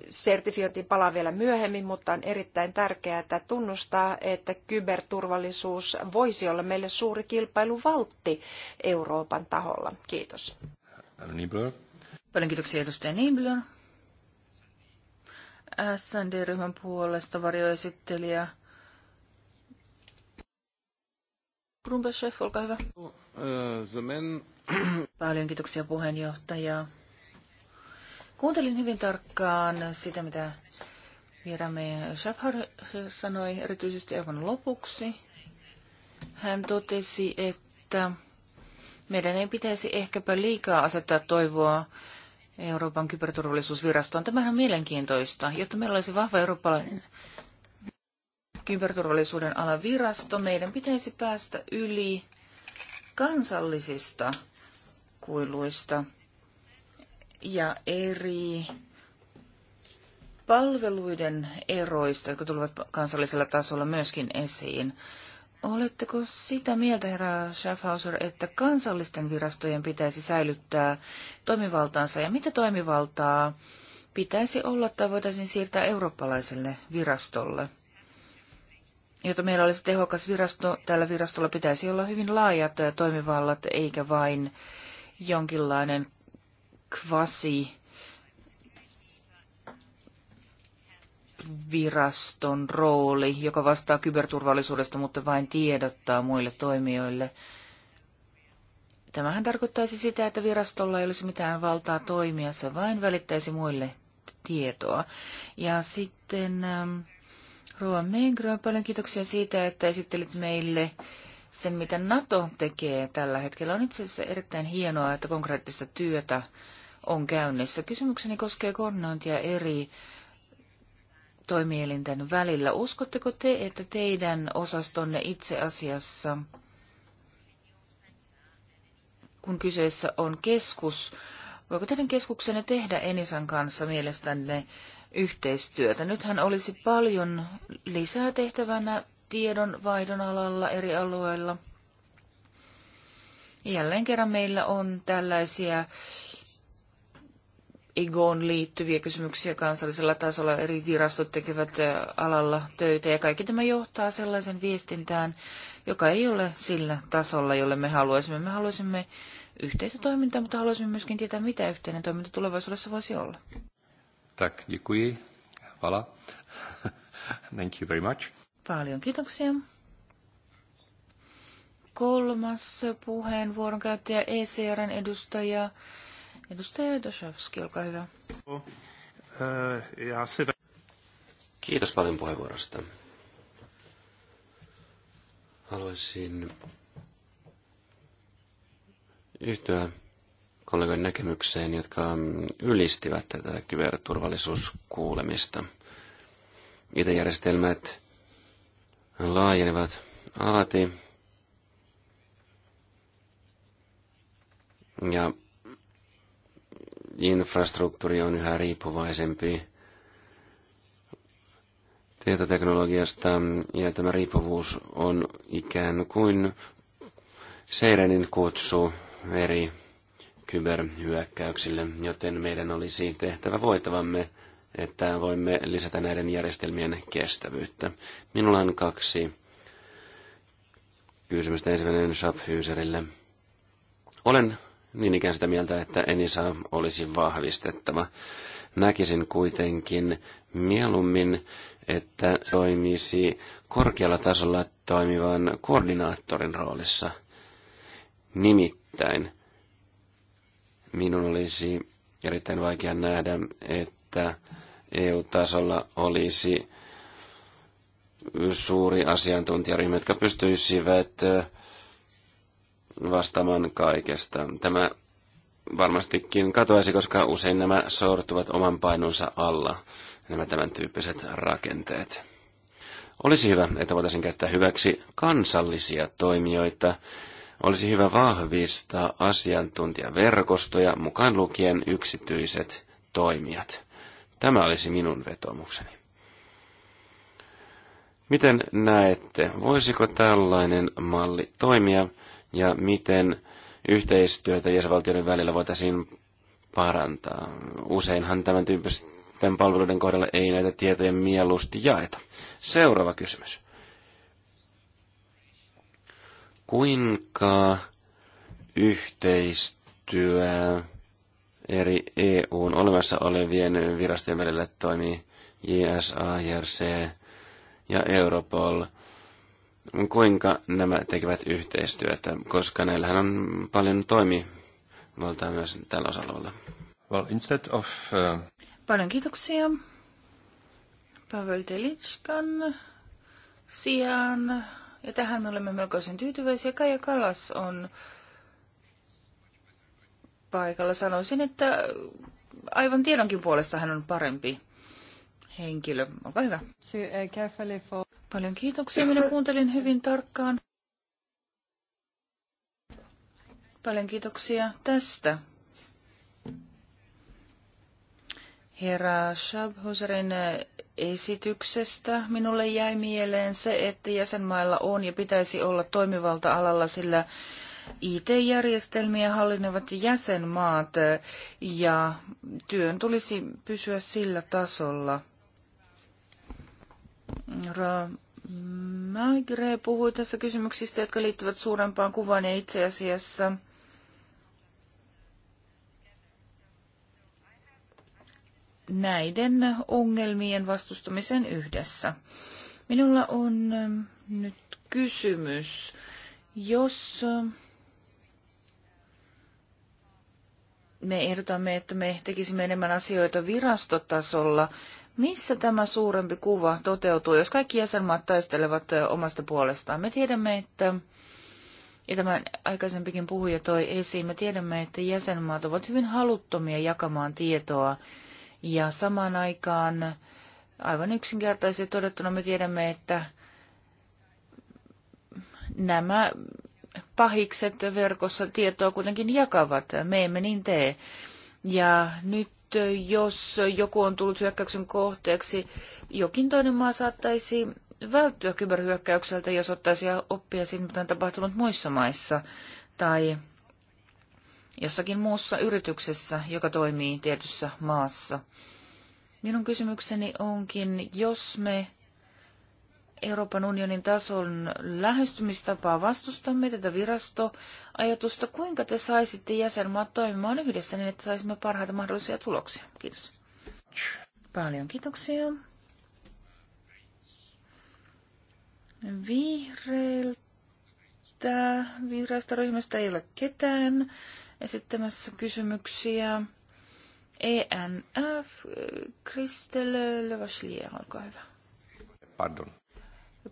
Sertifiointiin palaan vielä myöhemmin, mutta on erittäin tärkeää, että tunnustaa, että kyberturvallisuus voisi olla meille suuri kilpailuvaltti Euroopan taholla. Kiitos. Paljon kiitoksia edustaja Niebler. SND-ryhmän puolesta varjoesittelijä. Grumbeschef, olkaa hyvä. Paljon kiitoksia puheenjohtaja. Kuuntelin hyvin tarkkaan sitä, mitä vieramme Schaffer sanoi erityisesti aivan lopuksi. Hän totesi, että meidän ei pitäisi ehkäpä liikaa asettaa toivoa Euroopan kyberturvallisuusvirastoon. Tämähän on mielenkiintoista, jotta meillä olisi vahva eurooppalainen kyberturvallisuuden alan virasto, meidän pitäisi päästä yli kansallisista kuiluista ja eri palveluiden eroista, jotka tulevat kansallisella tasolla myöskin esiin. Oletteko sitä mieltä, herra Schaffhauser, että kansallisten virastojen pitäisi säilyttää toimivaltaansa ja mitä toimivaltaa pitäisi olla tai voitaisiin siirtää eurooppalaiselle virastolle? Jotta meillä olisi tehokas virasto, tällä virastolla pitäisi olla hyvin laajat toimivallat eikä vain jonkinlainen kvasi viraston rooli, joka vastaa kyberturvallisuudesta, mutta vain tiedottaa muille toimijoille. Tämähän tarkoittaisi sitä, että virastolla ei olisi mitään valtaa toimia, se vain välittäisi muille tietoa. Ja sitten ähm, ruoan Mengro, paljon kiitoksia siitä, että esittelit meille sen, mitä NATO tekee tällä hetkellä. On itse asiassa erittäin hienoa, että konkreettista työtä on käynnissä. Kysymykseni koskee koordinointia eri toimielinten välillä. Uskotteko te, että teidän osastonne itse asiassa, kun kyseessä on keskus, voiko teidän keskuksenne tehdä Enisan kanssa mielestänne yhteistyötä? Nythän olisi paljon lisää tehtävänä tiedon vaihdon alalla eri alueilla. Jälleen kerran meillä on tällaisia egoon liittyviä kysymyksiä kansallisella tasolla. Eri virastot tekevät alalla töitä ja kaikki tämä johtaa sellaisen viestintään, joka ei ole sillä tasolla, jolle me haluaisimme. Me haluaisimme yhteistä toimintaa, mutta haluaisimme myöskin tietää, mitä yhteinen toiminta tulevaisuudessa voisi olla. Tak, děkuji. Vala. Thank you very much. Paljon kiitoksia. Kolmas puheenvuoron käyttäjä ECRn edustaja Edustaja Doshovski, olkaa hyvä. Kiitos paljon puheenvuorosta. Haluaisin yhtyä kollegojen näkemykseen, jotka ylistivät tätä kyberturvallisuuskuulemista. IT-järjestelmät laajenevat alati ja infrastruktuuri on yhä riippuvaisempi tietoteknologiasta ja tämä riippuvuus on ikään kuin Seirenin kutsu eri kyberhyökkäyksille, joten meidän olisi tehtävä voitavamme, että voimme lisätä näiden järjestelmien kestävyyttä. Minulla on kaksi kysymystä. Ensimmäinen Shop Userille. Olen niin ikään sitä mieltä, että Enisa olisi vahvistettava. Näkisin kuitenkin mieluummin, että toimisi korkealla tasolla toimivan koordinaattorin roolissa. Nimittäin minun olisi erittäin vaikea nähdä, että EU-tasolla olisi suuri asiantuntijaryhmä, jotka pystyisivät vastaamaan kaikesta. Tämä varmastikin katoaisi, koska usein nämä sortuvat oman painonsa alla, nämä tämän tyyppiset rakenteet. Olisi hyvä, että voitaisiin käyttää hyväksi kansallisia toimijoita. Olisi hyvä vahvistaa asiantuntijaverkostoja, mukaan lukien yksityiset toimijat. Tämä olisi minun vetomukseni. Miten näette, voisiko tällainen malli toimia ja miten yhteistyötä jäsenvaltioiden välillä voitaisiin parantaa. Useinhan tämän tyyppisten palveluiden kohdalla ei näitä tietoja mieluusti jaeta. Seuraava kysymys. Kuinka yhteistyö eri EUn olemassa olevien virastojen välillä toimii JSA, JRC ja Europol – kuinka nämä tekevät yhteistyötä, koska näillähän on paljon toimivaltaa myös tällä osa-alueella. Well, instead of, uh... Paljon kiitoksia. Pavel Telitskan sijaan. Ja tähän me olemme melkoisen tyytyväisiä. Kaija Kalas on paikalla. Sanoisin, että aivan tiedonkin puolesta hän on parempi henkilö. Olkaa hyvä. Uh, Paljon kiitoksia. Minä kuuntelin hyvin tarkkaan. Paljon kiitoksia tästä. Herra Shabhuserin esityksestä minulle jäi mieleen se, että jäsenmailla on ja pitäisi olla toimivalta alalla, sillä IT-järjestelmiä hallinnevat jäsenmaat ja työn tulisi pysyä sillä tasolla – Mägre puhui tässä kysymyksistä, jotka liittyvät suurempaan kuvaan ja itse asiassa näiden ongelmien vastustamisen yhdessä. Minulla on ähm, nyt kysymys. Jos äh, me ehdotamme, että me tekisimme enemmän asioita virastotasolla, missä tämä suurempi kuva toteutuu, jos kaikki jäsenmaat taistelevat omasta puolestaan? Me tiedämme, että, ja tämän aikaisempikin puhuja toi esiin, me tiedämme, että jäsenmaat ovat hyvin haluttomia jakamaan tietoa, ja samaan aikaan aivan yksinkertaisesti todettuna me tiedämme, että nämä pahikset verkossa tietoa kuitenkin jakavat. Me emme niin tee. Ja nyt jos joku on tullut hyökkäyksen kohteeksi, jokin toinen maa saattaisi välttyä kyberhyökkäykseltä, jos ottaisi oppia siitä, mitä on tapahtunut muissa maissa tai jossakin muussa yrityksessä, joka toimii tietyssä maassa. Minun kysymykseni onkin, jos me Euroopan unionin tason lähestymistapaa vastustamme tätä virastoajatusta. Kuinka te saisitte jäsenmaat toimimaan yhdessä niin, että saisimme parhaita mahdollisia tuloksia? Kiitos. Paljon kiitoksia. Vihreiltä, vihreästä ryhmästä ei ole ketään esittämässä kysymyksiä. ENF, Kristel Levaslier, olkaa hyvä. Pardon.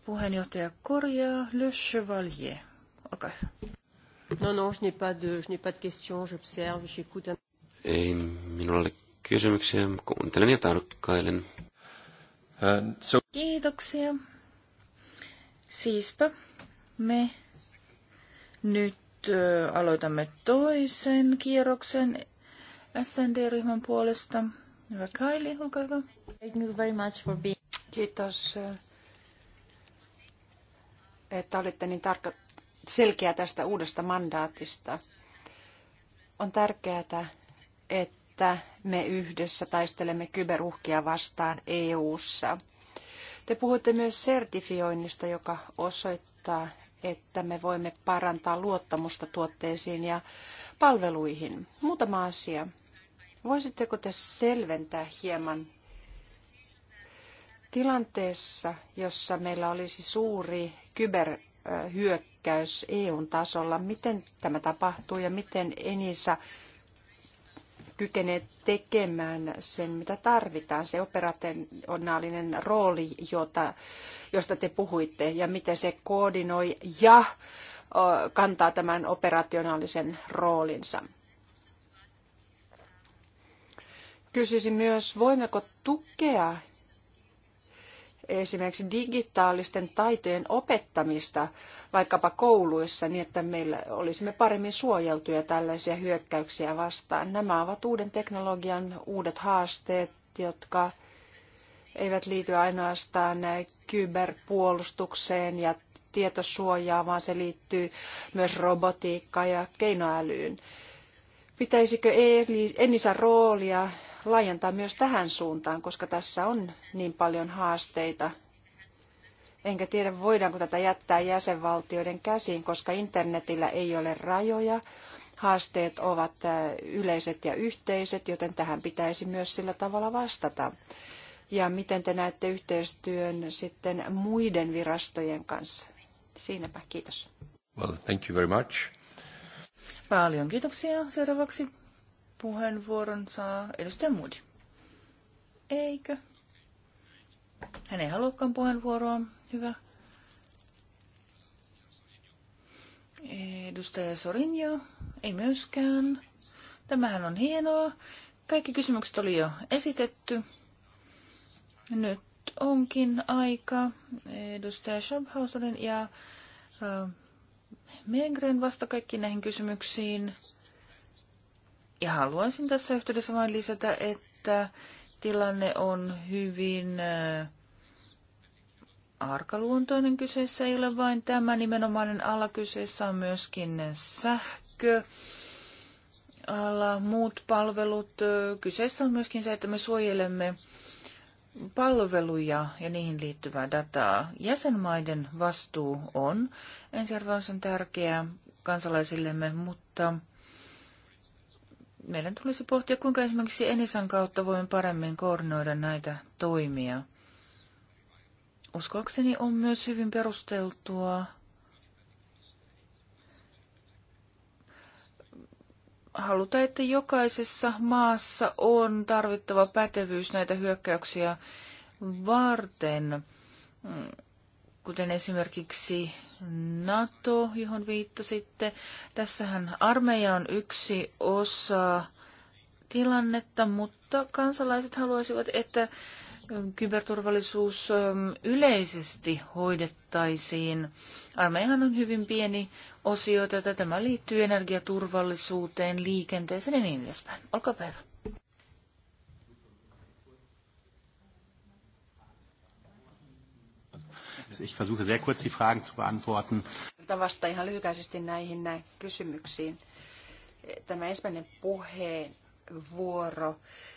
Puheenjohtaja korjaa Le Chevalier. Olkaa hyvä. No, no, je n'ai pas de, je n'ai pas de questions, j'observe, j'écoute. Ei minulla ole kysymyksiä, kuuntelen ja tarkkailen. Uh, so... Kiitoksia. Siispä me nyt äh, aloitamme toisen kierroksen SND-ryhmän puolesta. Hyvä Kaili, olkaa hyvä. Thank you very much for being... Kiitos äh, että olitte niin tarkka, selkeä tästä uudesta mandaatista. On tärkeää, että me yhdessä taistelemme kyberuhkia vastaan EU:ssa. Te puhutte myös sertifioinnista, joka osoittaa, että me voimme parantaa luottamusta tuotteisiin ja palveluihin. Muutama asia. Voisitteko te selventää hieman tilanteessa, jossa meillä olisi suuri kyberhyökkäys EUn tasolla. Miten tämä tapahtuu ja miten Enisa kykenee tekemään sen, mitä tarvitaan, se operationaalinen rooli, jota, josta te puhuitte, ja miten se koordinoi ja kantaa tämän operationaalisen roolinsa. Kysyisin myös, voimmeko tukea esimerkiksi digitaalisten taitojen opettamista vaikkapa kouluissa niin, että meillä olisimme paremmin suojeltuja tällaisia hyökkäyksiä vastaan. Nämä ovat uuden teknologian uudet haasteet, jotka eivät liity ainoastaan kyberpuolustukseen ja tietosuojaa vaan se liittyy myös robotiikkaan ja keinoälyyn. Pitäisikö Enisan roolia laajentaa myös tähän suuntaan, koska tässä on niin paljon haasteita. Enkä tiedä, voidaanko tätä jättää jäsenvaltioiden käsiin, koska internetillä ei ole rajoja. Haasteet ovat yleiset ja yhteiset, joten tähän pitäisi myös sillä tavalla vastata. Ja miten te näette yhteistyön sitten muiden virastojen kanssa? Siinäpä, kiitos. Well, thank you very much. Paljon kiitoksia. Seuraavaksi Puheenvuoron saa edustaja Moody. Eikö? Hän ei haluakaan puheenvuoroa. Hyvä. Edustaja Sorinjo, ei myöskään. Tämähän on hienoa. Kaikki kysymykset oli jo esitetty. Nyt onkin aika edustaja Schabhausenin ja äh, Mengren vasta kaikkiin näihin kysymyksiin. Ja haluaisin tässä yhteydessä vain lisätä, että tilanne on hyvin äh, arkaluontoinen. Kyseessä ei ole vain tämä nimenomainen ala, kyseessä on myöskin sähkö alla muut palvelut. Äh, kyseessä on myöskin se, että me suojelemme palveluja ja niihin liittyvää dataa. Jäsenmaiden vastuu on ensiarvoisen tärkeää kansalaisillemme, mutta meidän tulisi pohtia, kuinka esimerkiksi Enisan kautta voimme paremmin koordinoida näitä toimia. Uskoakseni on myös hyvin perusteltua haluta, että jokaisessa maassa on tarvittava pätevyys näitä hyökkäyksiä varten. Mm, kuten esimerkiksi NATO, johon viittasitte. Tässähän armeija on yksi osa tilannetta, mutta kansalaiset haluaisivat, että kyberturvallisuus ähm, yleisesti hoidettaisiin. Armeijahan on hyvin pieni osio tätä. Tämä liittyy energiaturvallisuuteen, liikenteeseen ja niin edespäin. Olkaa päivä. Ich versuche sehr kurz die Fragen zu beantworten. Vastaan ihan lyhykäisesti näihin näin kysymyksiin. Tämä ensimmäinen puheenvuoro,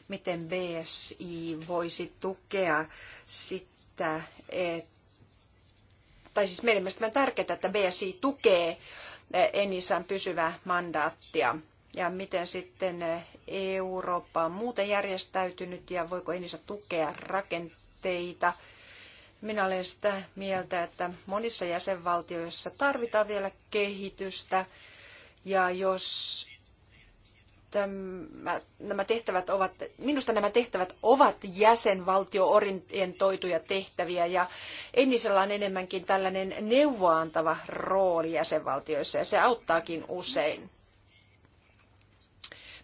miten BSI voisi tukea sitä, että, tai siis meidän mielestä on tärkeää, että BSI tukee Enisan pysyvää mandaattia ja miten sitten Eurooppa on muuten järjestäytynyt ja voiko Enisa tukea rakenteita minä olen sitä mieltä, että monissa jäsenvaltioissa tarvitaan vielä kehitystä ja jos tämä, nämä tehtävät ovat, minusta nämä tehtävät ovat jäsenvaltioorientoituja tehtäviä ja Ennisellä on enemmänkin tällainen neuvoantava rooli jäsenvaltioissa ja se auttaakin usein.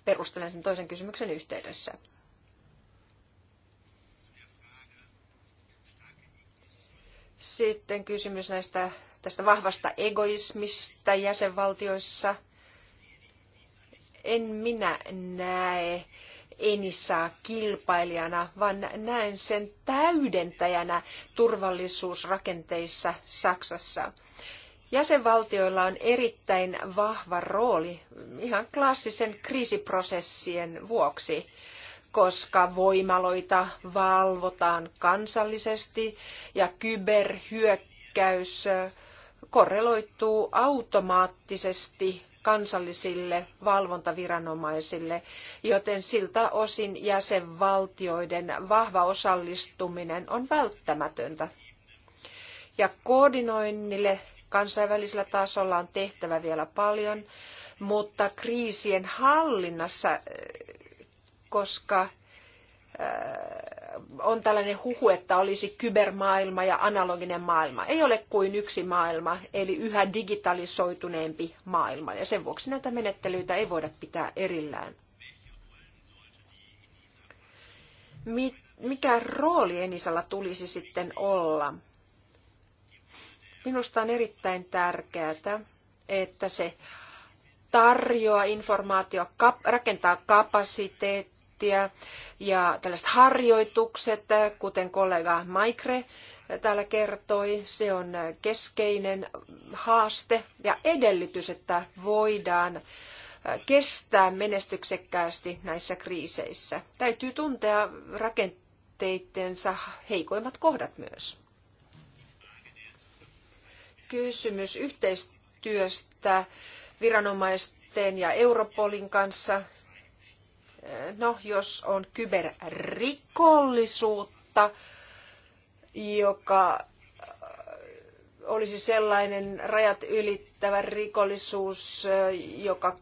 Perustelen sen toisen kysymyksen yhteydessä. Sitten kysymys näistä, tästä vahvasta egoismista jäsenvaltioissa. En minä näe Enissaa kilpailijana, vaan näen sen täydentäjänä turvallisuusrakenteissa Saksassa. Jäsenvaltioilla on erittäin vahva rooli ihan klassisen kriisiprosessien vuoksi koska voimaloita valvotaan kansallisesti ja kyberhyökkäys korreloituu automaattisesti kansallisille valvontaviranomaisille, joten siltä osin jäsenvaltioiden vahva osallistuminen on välttämätöntä. Ja koordinoinnille kansainvälisellä tasolla on tehtävä vielä paljon, mutta kriisien hallinnassa koska äh, on tällainen huhu, että olisi kybermaailma ja analoginen maailma. Ei ole kuin yksi maailma, eli yhä digitalisoituneempi maailma. Ja sen vuoksi näitä menettelyitä ei voida pitää erillään. Mikä rooli Enisalla tulisi sitten olla? Minusta on erittäin tärkeää, että se tarjoaa informaatio, rakentaa kapasiteettia, prosenttia. Ja tällaiset harjoitukset, kuten kollega Maikre täällä kertoi, se on keskeinen haaste ja edellytys, että voidaan kestää menestyksekkäästi näissä kriiseissä. Täytyy tuntea rakenteittensa heikoimmat kohdat myös. Kysymys yhteistyöstä viranomaisten ja Europolin kanssa no, jos on kyberrikollisuutta, joka äh, olisi sellainen rajat ylittävä rikollisuus, äh, joka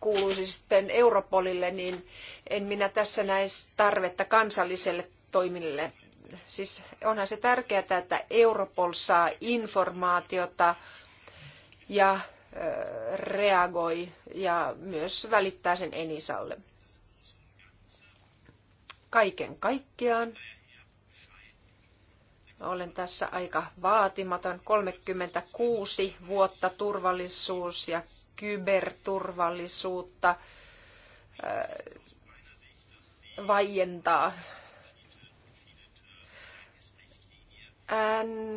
kuuluisi sitten Europolille, niin en minä tässä näisi tarvetta kansalliselle toimille. Siis onhan se tärkeää, että Europol saa informaatiota ja reagoi ja myös välittää sen Enisalle. Kaiken kaikkiaan olen tässä aika vaatimaton. 36 vuotta turvallisuus ja kyberturvallisuutta äh, vaientaa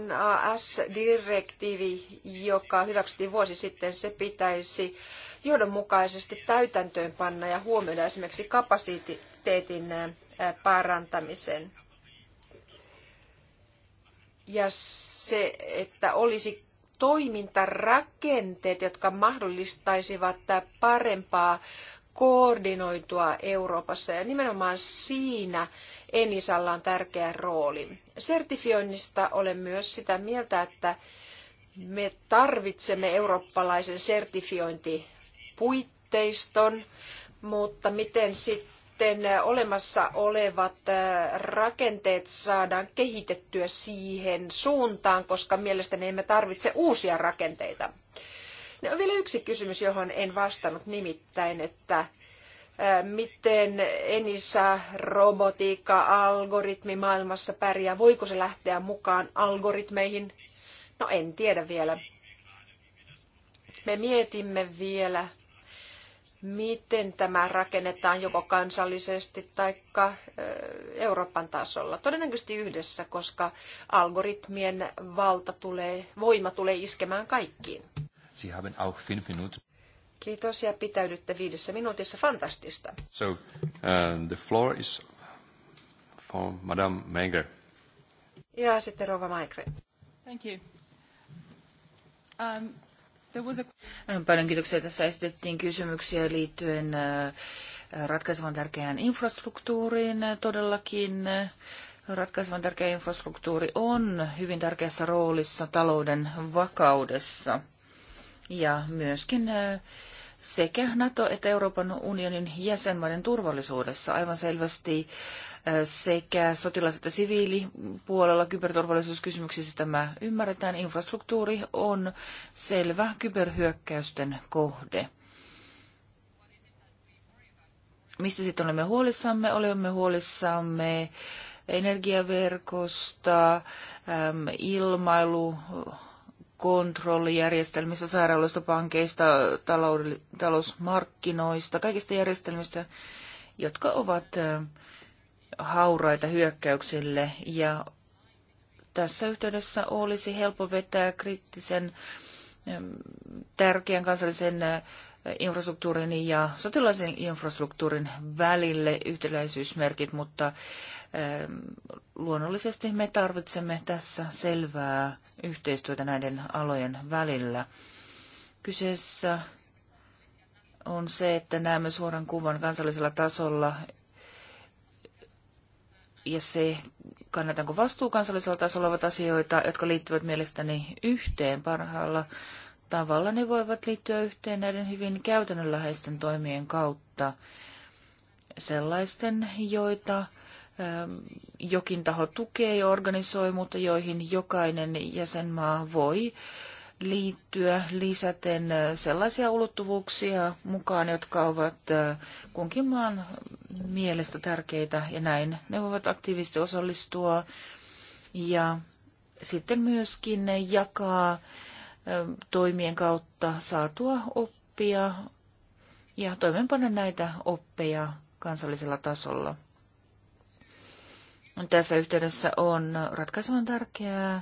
NAS-direktiivi, joka hyväksyttiin vuosi sitten, se pitäisi johdonmukaisesti täytäntöönpanna ja huomioida esimerkiksi kapasiteetin parantamisen. Ja se, että olisi toimintarakenteet, jotka mahdollistaisivat parempaa koordinoitua Euroopassa ja nimenomaan siinä, Enisalla on tärkeä rooli. Sertifioinnista olen myös sitä mieltä, että me tarvitsemme eurooppalaisen sertifiointipuitteiston, mutta miten sitten olemassa olevat äh, rakenteet saadaan kehitettyä siihen suuntaan, koska mielestäni emme tarvitse uusia rakenteita. on no, vielä yksi kysymys, johon en vastannut nimittäin, että miten Enisa, robotiikka, algoritmi maailmassa pärjää. Voiko se lähteä mukaan algoritmeihin? No en tiedä vielä. Me mietimme vielä, miten tämä rakennetaan joko kansallisesti tai Euroopan tasolla. Todennäköisesti yhdessä, koska algoritmien valta tulee, voima tulee iskemään kaikkiin. Sie haben auch fünf Minuten. Kiitos ja pitäydytte viidessä minuutissa. Fantastista. So, uh, the floor is for Madame Menger. Ja sitten Rova Maikre. Thank you. Um, there was a... Äh, paljon kiitoksia. Tässä esitettiin kysymyksiä liittyen äh, ratkaisevan tärkeään infrastruktuuriin. Todellakin äh, ratkaisevan tärkeä infrastruktuuri on hyvin tärkeässä roolissa talouden vakaudessa ja myöskin sekä NATO että Euroopan unionin jäsenmaiden turvallisuudessa aivan selvästi sekä sotilas- että siviilipuolella kyberturvallisuuskysymyksissä tämä ymmärretään. Infrastruktuuri on selvä kyberhyökkäysten kohde. Mistä sitten olemme huolissamme? Olemme huolissamme energiaverkosta, ilmailu, kontrollijärjestelmistä, sairaaloista, pankeista, talousmarkkinoista, kaikista järjestelmistä, jotka ovat hauraita hyökkäyksille. Ja tässä yhteydessä olisi helppo vetää kriittisen tärkeän kansallisen infrastruktuurin ja sotilaisen infrastruktuurin välille yhtäläisyysmerkit, mutta ähm, luonnollisesti me tarvitsemme tässä selvää yhteistyötä näiden alojen välillä. Kyseessä on se, että näemme suoran kuvan kansallisella tasolla ja se, kannatanko vastuu kansallisella tasolla, ovat asioita, jotka liittyvät mielestäni yhteen parhaalla tavalla ne voivat liittyä yhteen näiden hyvin käytännönläheisten toimien kautta sellaisten, joita ähm, jokin taho tukee ja organisoi, mutta joihin jokainen jäsenmaa voi liittyä lisäten äh, sellaisia ulottuvuuksia mukaan, jotka ovat äh, kunkin maan mielestä tärkeitä ja näin ne voivat aktiivisesti osallistua ja sitten myöskin jakaa toimien kautta saatua oppia ja toimeenpanna näitä oppeja kansallisella tasolla. Tässä yhteydessä on ratkaisevan tärkeää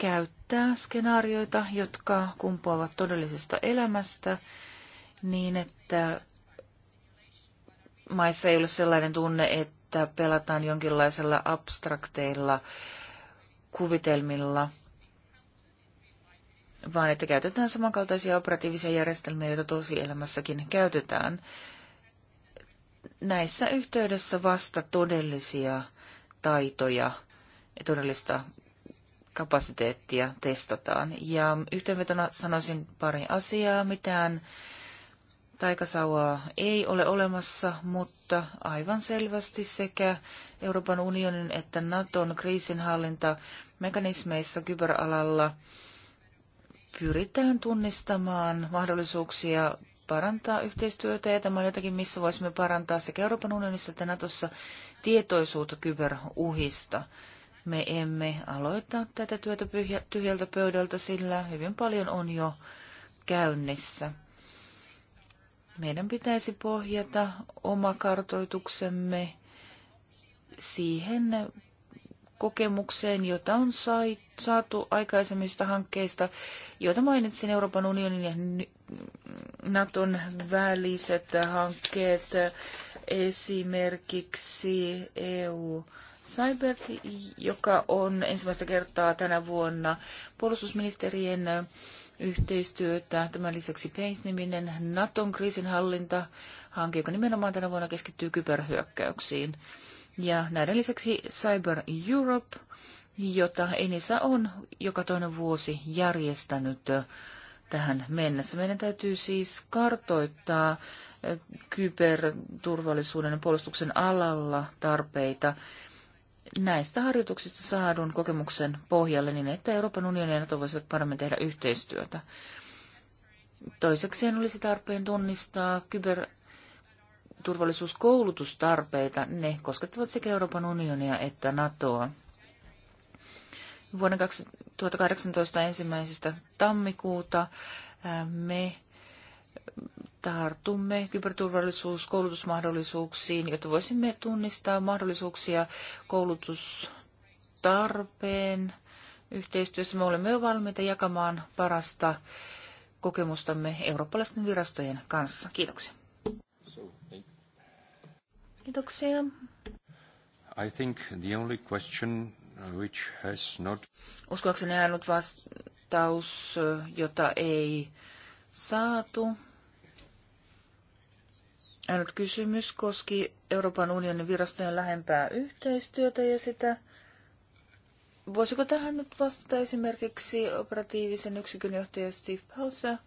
käyttää skenaarioita, jotka kumpuavat todellisesta elämästä niin, että maissa ei ole sellainen tunne, että pelataan jonkinlaisella abstrakteilla kuvitelmilla – vaan että käytetään samankaltaisia operatiivisia järjestelmiä, joita tosielämässäkin käytetään. Näissä yhteydessä vasta todellisia taitoja ja todellista kapasiteettia testataan. Ja yhteenvetona sanoisin pari asiaa. Mitään taikasauvaa ei ole olemassa, mutta aivan selvästi sekä Euroopan unionin että Naton kriisinhallinta mekanismeissa kyberalalla – pyritään tunnistamaan mahdollisuuksia parantaa yhteistyötä, ja tämä on jotakin, missä voisimme parantaa sekä Euroopan unionissa että Natossa tietoisuutta kyberuhista. Me emme aloita tätä työtä tyhjältä pöydältä, sillä hyvin paljon on jo käynnissä. Meidän pitäisi pohjata oma kartoituksemme siihen kokemukseen, jota on sai, saatu aikaisemmista hankkeista, joita mainitsin Euroopan unionin ja Naton väliset hankkeet, esimerkiksi EU Cyber, joka on ensimmäistä kertaa tänä vuonna puolustusministerien yhteistyötä. Tämän lisäksi PACE-niminen Naton kriisinhallinta hanke, joka nimenomaan tänä vuonna keskittyy kyberhyökkäyksiin. Ja näiden lisäksi Cyber Europe, jota Enisa on joka toinen vuosi järjestänyt tähän mennessä. Meidän täytyy siis kartoittaa eh, kyberturvallisuuden ja puolustuksen alalla tarpeita näistä harjoituksista saadun kokemuksen pohjalle niin, että Euroopan unionin ja NATO voisivat paremmin tehdä yhteistyötä. Toisekseen olisi tarpeen tunnistaa kyber turvallisuuskoulutustarpeita. Ne koskettavat sekä Euroopan unionia että NATOa. Vuoden 2018 ensimmäisestä tammikuuta me tartumme kyberturvallisuuskoulutusmahdollisuuksiin, jotta voisimme tunnistaa mahdollisuuksia koulutustarpeen yhteistyössä. Me olemme jo valmiita jakamaan parasta kokemustamme eurooppalaisten virastojen kanssa. Kiitoksia. Kiitoksia. I think the only question uh, which has not... Uskoakseni ainut vastaus, uh, jota ei saatu. Ainut kysymys koski Euroopan unionin virastojen lähempää yhteistyötä ja sitä, voisiko tähän nyt vastata esimerkiksi operatiivisen yksikön johtaja Steve Pausa?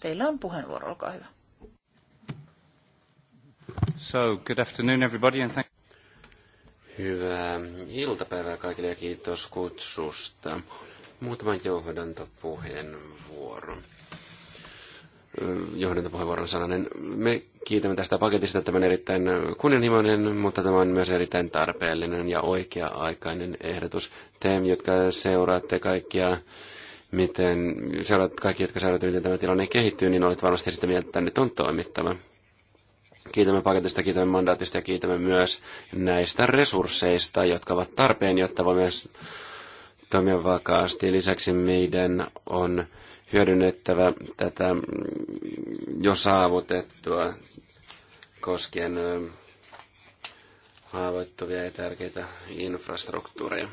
Teillä on puheenvuoro, olkaa hyvä good afternoon everybody and thank Hyvää iltapäivää kaikille ja kiitos kutsusta. Muutaman johdantopuheenvuoron. Johdantopuheenvuoron sananen. Me kiitämme tästä paketista. Tämä on erittäin kunnianhimoinen, mutta tämä on myös erittäin tarpeellinen ja oikea-aikainen ehdotus. Te, jotka seuraatte kaikkia miten, seuraat kaikki, jotka seuraavat, miten tämä tilanne kehittyy, niin olet varmasti sitä mieltä, että nyt on toimittava. Kiitämme paketista, kiitämme mandaatista ja kiitämme myös näistä resursseista, jotka ovat tarpeen, jotta voimme myös toimia vakaasti. Lisäksi meidän on hyödynnettävä tätä jo saavutettua koskien haavoittuvia ja tärkeitä infrastruktuureja.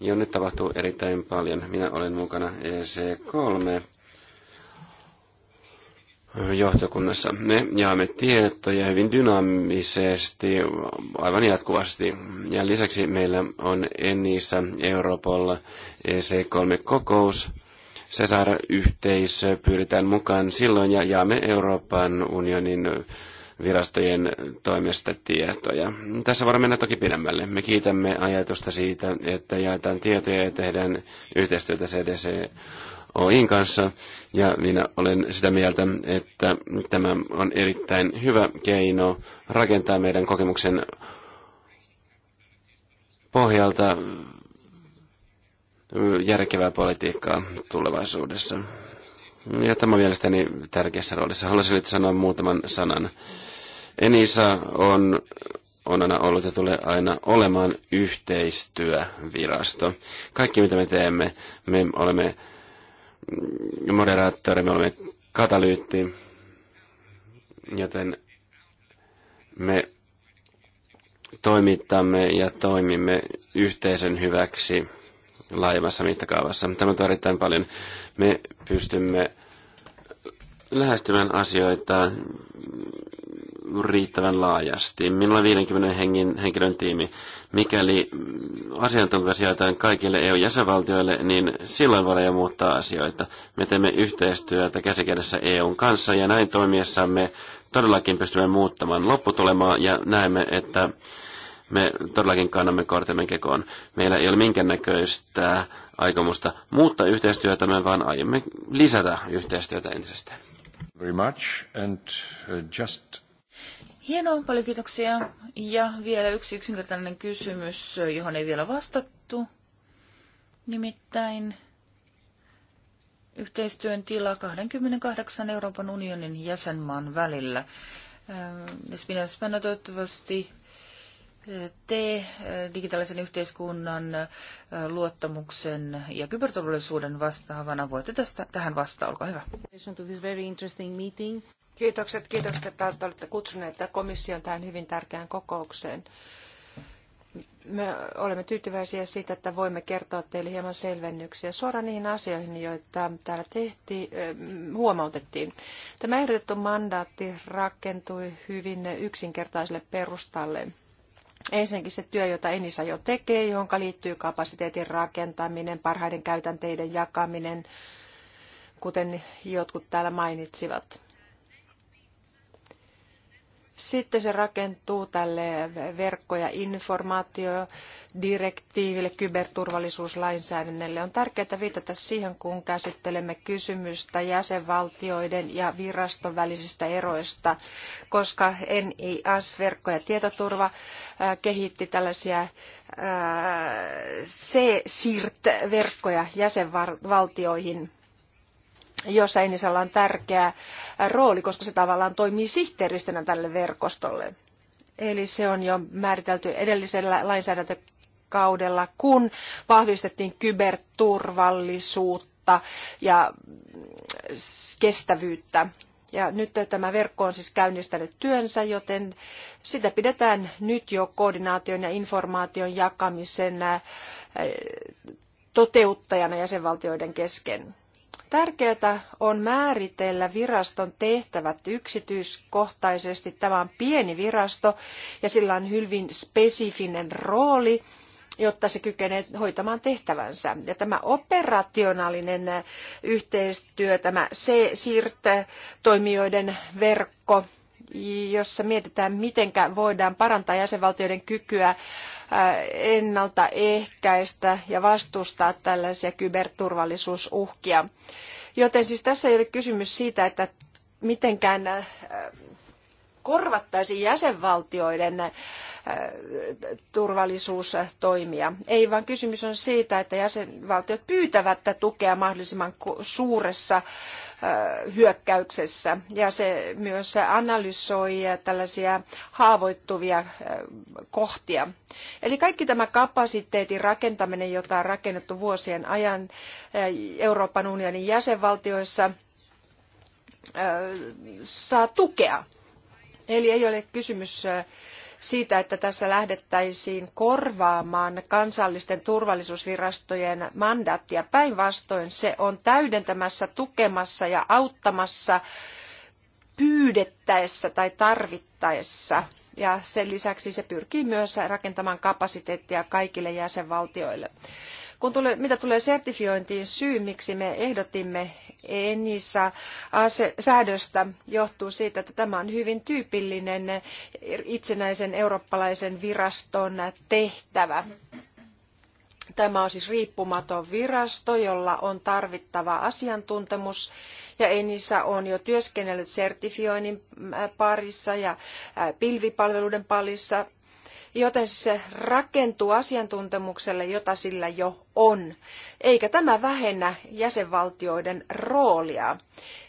Jo nyt tapahtuu erittäin paljon. Minä olen mukana EC3 johtokunnassa. Me jaamme tietoja hyvin dynaamisesti, aivan jatkuvasti. Ja lisäksi meillä on Ennissä Europolla EC3-kokous. Cesar-yhteisö pyydetään mukaan silloin ja jaamme Euroopan unionin virastojen toimesta tietoja. Tässä voidaan mennä toki pidemmälle. Me kiitämme ajatusta siitä, että jaetaan tietoja ja tehdään yhteistyötä CDC Oin kanssa, ja minä olen sitä mieltä, että tämä on erittäin hyvä keino rakentaa meidän kokemuksen pohjalta järkevää politiikkaa tulevaisuudessa. Ja tämä on mielestäni tärkeässä roolissa. Haluaisin nyt sanoa muutaman sanan. Enisa on, on aina ollut ja tulee aina olemaan yhteistyövirasto. Kaikki mitä me teemme, me olemme Mm, moderaattori, me olemme katalyytti, joten me toimittamme ja toimimme yhteisen hyväksi laajemmassa mittakaavassa. Tämä on erittäin paljon. Me pystymme lähestymään asioita riittävän laajasti. Minulla on 50 hengin, henkilön tiimi. Mikäli asiantuntijat jaetaan kaikille EU-jäsenvaltioille, niin silloin voidaan muuttaa asioita. Me teemme yhteistyötä käsikädessä EUn kanssa ja näin toimiessamme todellakin pystymme muuttamaan lopputulemaa ja näemme, että me todellakin kannamme kortemme kekoon. Meillä ei ole minkäännäköistä aikomusta muuttaa yhteistyötä, me vaan aiomme lisätä yhteistyötä entisestään. Very much and uh, just Hienoa, paljon kiitoksia. Ja vielä yksi yksinkertainen kysymys, johon ei vielä vastattu. Nimittäin yhteistyön tila 28 Euroopan unionin jäsenmaan välillä. Espinja ehm, Spano toivottavasti eh, te eh, digitaalisen yhteiskunnan eh, luottamuksen ja kyberturvallisuuden vastaavana voitte tästä, tähän vastaan. Olkaa hyvä. Kiitokset, kiitokset, että olette kutsuneet komission tähän hyvin tärkeään kokoukseen. Me olemme tyytyväisiä siitä, että voimme kertoa teille hieman selvennyksiä suoraan niihin asioihin, joita täällä tehtiin, eh, huomautettiin. Tämä ehdotettu mandaatti rakentui hyvin yksinkertaiselle perustalle. Ensinnäkin se työ, jota Enisa jo tekee, johon liittyy kapasiteetin rakentaminen, parhaiden käytänteiden jakaminen, kuten jotkut täällä mainitsivat. Sitten se rakentuu tälle verkko- ja informaatiodirektiiville, kyberturvallisuuslainsäädännölle. On tärkeää viitata siihen, kun käsittelemme kysymystä jäsenvaltioiden ja viraston välisistä eroista, koska NIS, verkko- ja tietoturva, kehitti tällaisia C-SIRT-verkkoja jäsenvaltioihin jossa Enisalla on tärkeä rooli, koska se tavallaan toimii sihteeristönä tälle verkostolle. Eli se on jo määritelty edellisellä lainsäädäntökaudella, kun vahvistettiin kyberturvallisuutta ja kestävyyttä. Ja nyt tämä verkko on siis käynnistänyt työnsä, joten sitä pidetään nyt jo koordinaation ja informaation jakamisen toteuttajana jäsenvaltioiden kesken. Tärkeää on määritellä viraston tehtävät yksityiskohtaisesti. Tämä on pieni virasto ja sillä on hyvin spesifinen rooli jotta se kykenee hoitamaan tehtävänsä. Ja tämä operationaalinen yhteistyö, tämä C-SIRT-toimijoiden verkko, jossa mietitään, miten voidaan parantaa jäsenvaltioiden kykyä äh, ennaltaehkäistä ja vastustaa tällaisia kyberturvallisuusuhkia. Joten siis tässä ei ole kysymys siitä, että mitenkään äh, korvattaisiin jäsenvaltioiden äh, turvallisuustoimia. Ei, vaan kysymys on siitä, että jäsenvaltiot pyytävät tukea mahdollisimman suuressa hyökkäyksessä ja se myös analysoi tällaisia haavoittuvia kohtia. Eli kaikki tämä kapasiteetin rakentaminen, jota on rakennettu vuosien ajan Euroopan unionin jäsenvaltioissa, saa tukea. Eli ei ole kysymys siitä, että tässä lähdettäisiin korvaamaan kansallisten turvallisuusvirastojen mandaattia. Päinvastoin se on täydentämässä, tukemassa ja auttamassa pyydettäessä tai tarvittaessa. Ja sen lisäksi se pyrkii myös rakentamaan kapasiteettia kaikille jäsenvaltioille. Kun tule, mitä tulee sertifiointiin, syy miksi me ehdotimme ENISA-säädöstä johtuu siitä, että tämä on hyvin tyypillinen itsenäisen eurooppalaisen viraston tehtävä. Tämä on siis riippumaton virasto, jolla on tarvittava asiantuntemus ja Enisa on jo työskennellyt sertifioinnin parissa ja pilvipalveluiden parissa, joten se rakentuu asiantuntemukselle, jota sillä jo on. Eikä tämä vähennä jäsenvaltioiden roolia.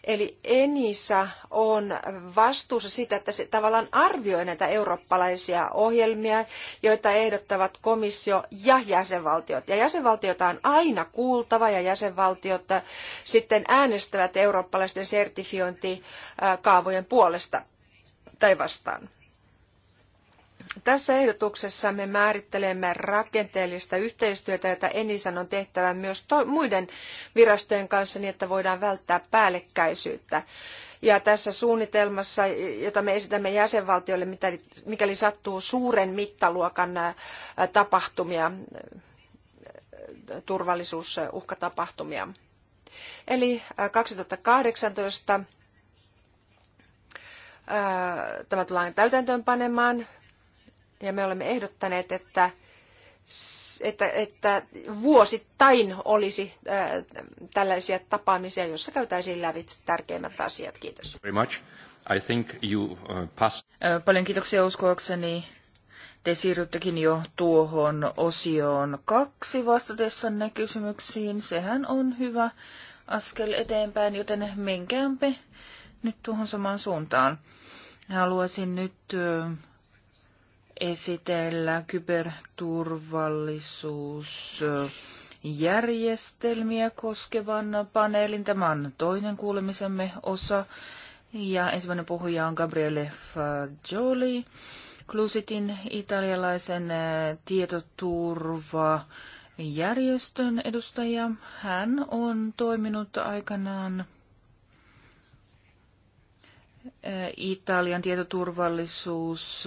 Eli Enisa on vastuussa siitä, että se tavallaan arvioi näitä eurooppalaisia ohjelmia, joita ehdottavat komissio ja jäsenvaltiot. Ja jäsenvaltiota on aina kuultava ja jäsenvaltiot sitten äänestävät eurooppalaisten sertifiointikaavojen puolesta tai vastaan. Tässä ehdotuksessa me määrittelemme rakenteellista yhteistyötä, jota Enisan on tehtävä myös muiden virastojen kanssa niin, että voidaan välttää päällekkäisyyttä. Ja tässä suunnitelmassa, jota me esitämme jäsenvaltioille, mikäli sattuu suuren mittaluokan tapahtumia, turvallisuusuhkatapahtumia. Eli 2018 tämä tullaan täytäntöönpanemaan. panemaan ja me olemme ehdottaneet, että, että, että vuosittain olisi ää, äh, tällaisia tapaamisia, joissa käytäisiin lävitse tärkeimmät asiat. Kiitos. Very much. I think you, uh, pass... Paljon kiitoksia uskoakseni. Te siirryttekin jo tuohon osioon kaksi vastatessanne kysymyksiin. Sehän on hyvä askel eteenpäin, joten menkäämpe nyt tuohon samaan suuntaan. Haluaisin nyt esitellä kyberturvallisuusjärjestelmiä koskevan paneelin. Tämä on toinen kuulemisemme osa. Ja ensimmäinen puhuja on Gabriele Fagioli, Klusitin italialaisen tietoturva järjestön edustaja. Hän on toiminut aikanaan Italian tietoturvallisuus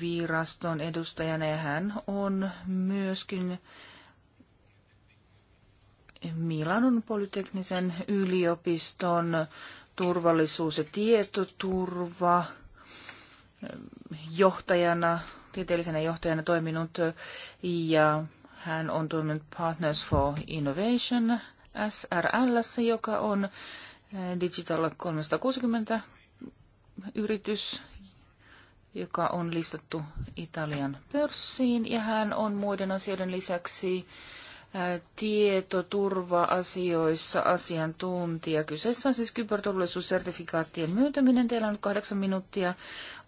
viraston edustajana ja hän on myöskin Milanon polyteknisen yliopiston turvallisuus- ja tietoturva johtajana, tieteellisenä johtajana toiminut ja hän on toiminut Partners for Innovation SRL, joka on Digital 360 yritys joka on listattu Italian pörssiin, ja hän on muiden asioiden lisäksi tietoturva-asioissa asiantuntija. Kyseessä on siis kyberturvallisuussertifikaattien myöntäminen. Teillä on nyt kahdeksan minuuttia.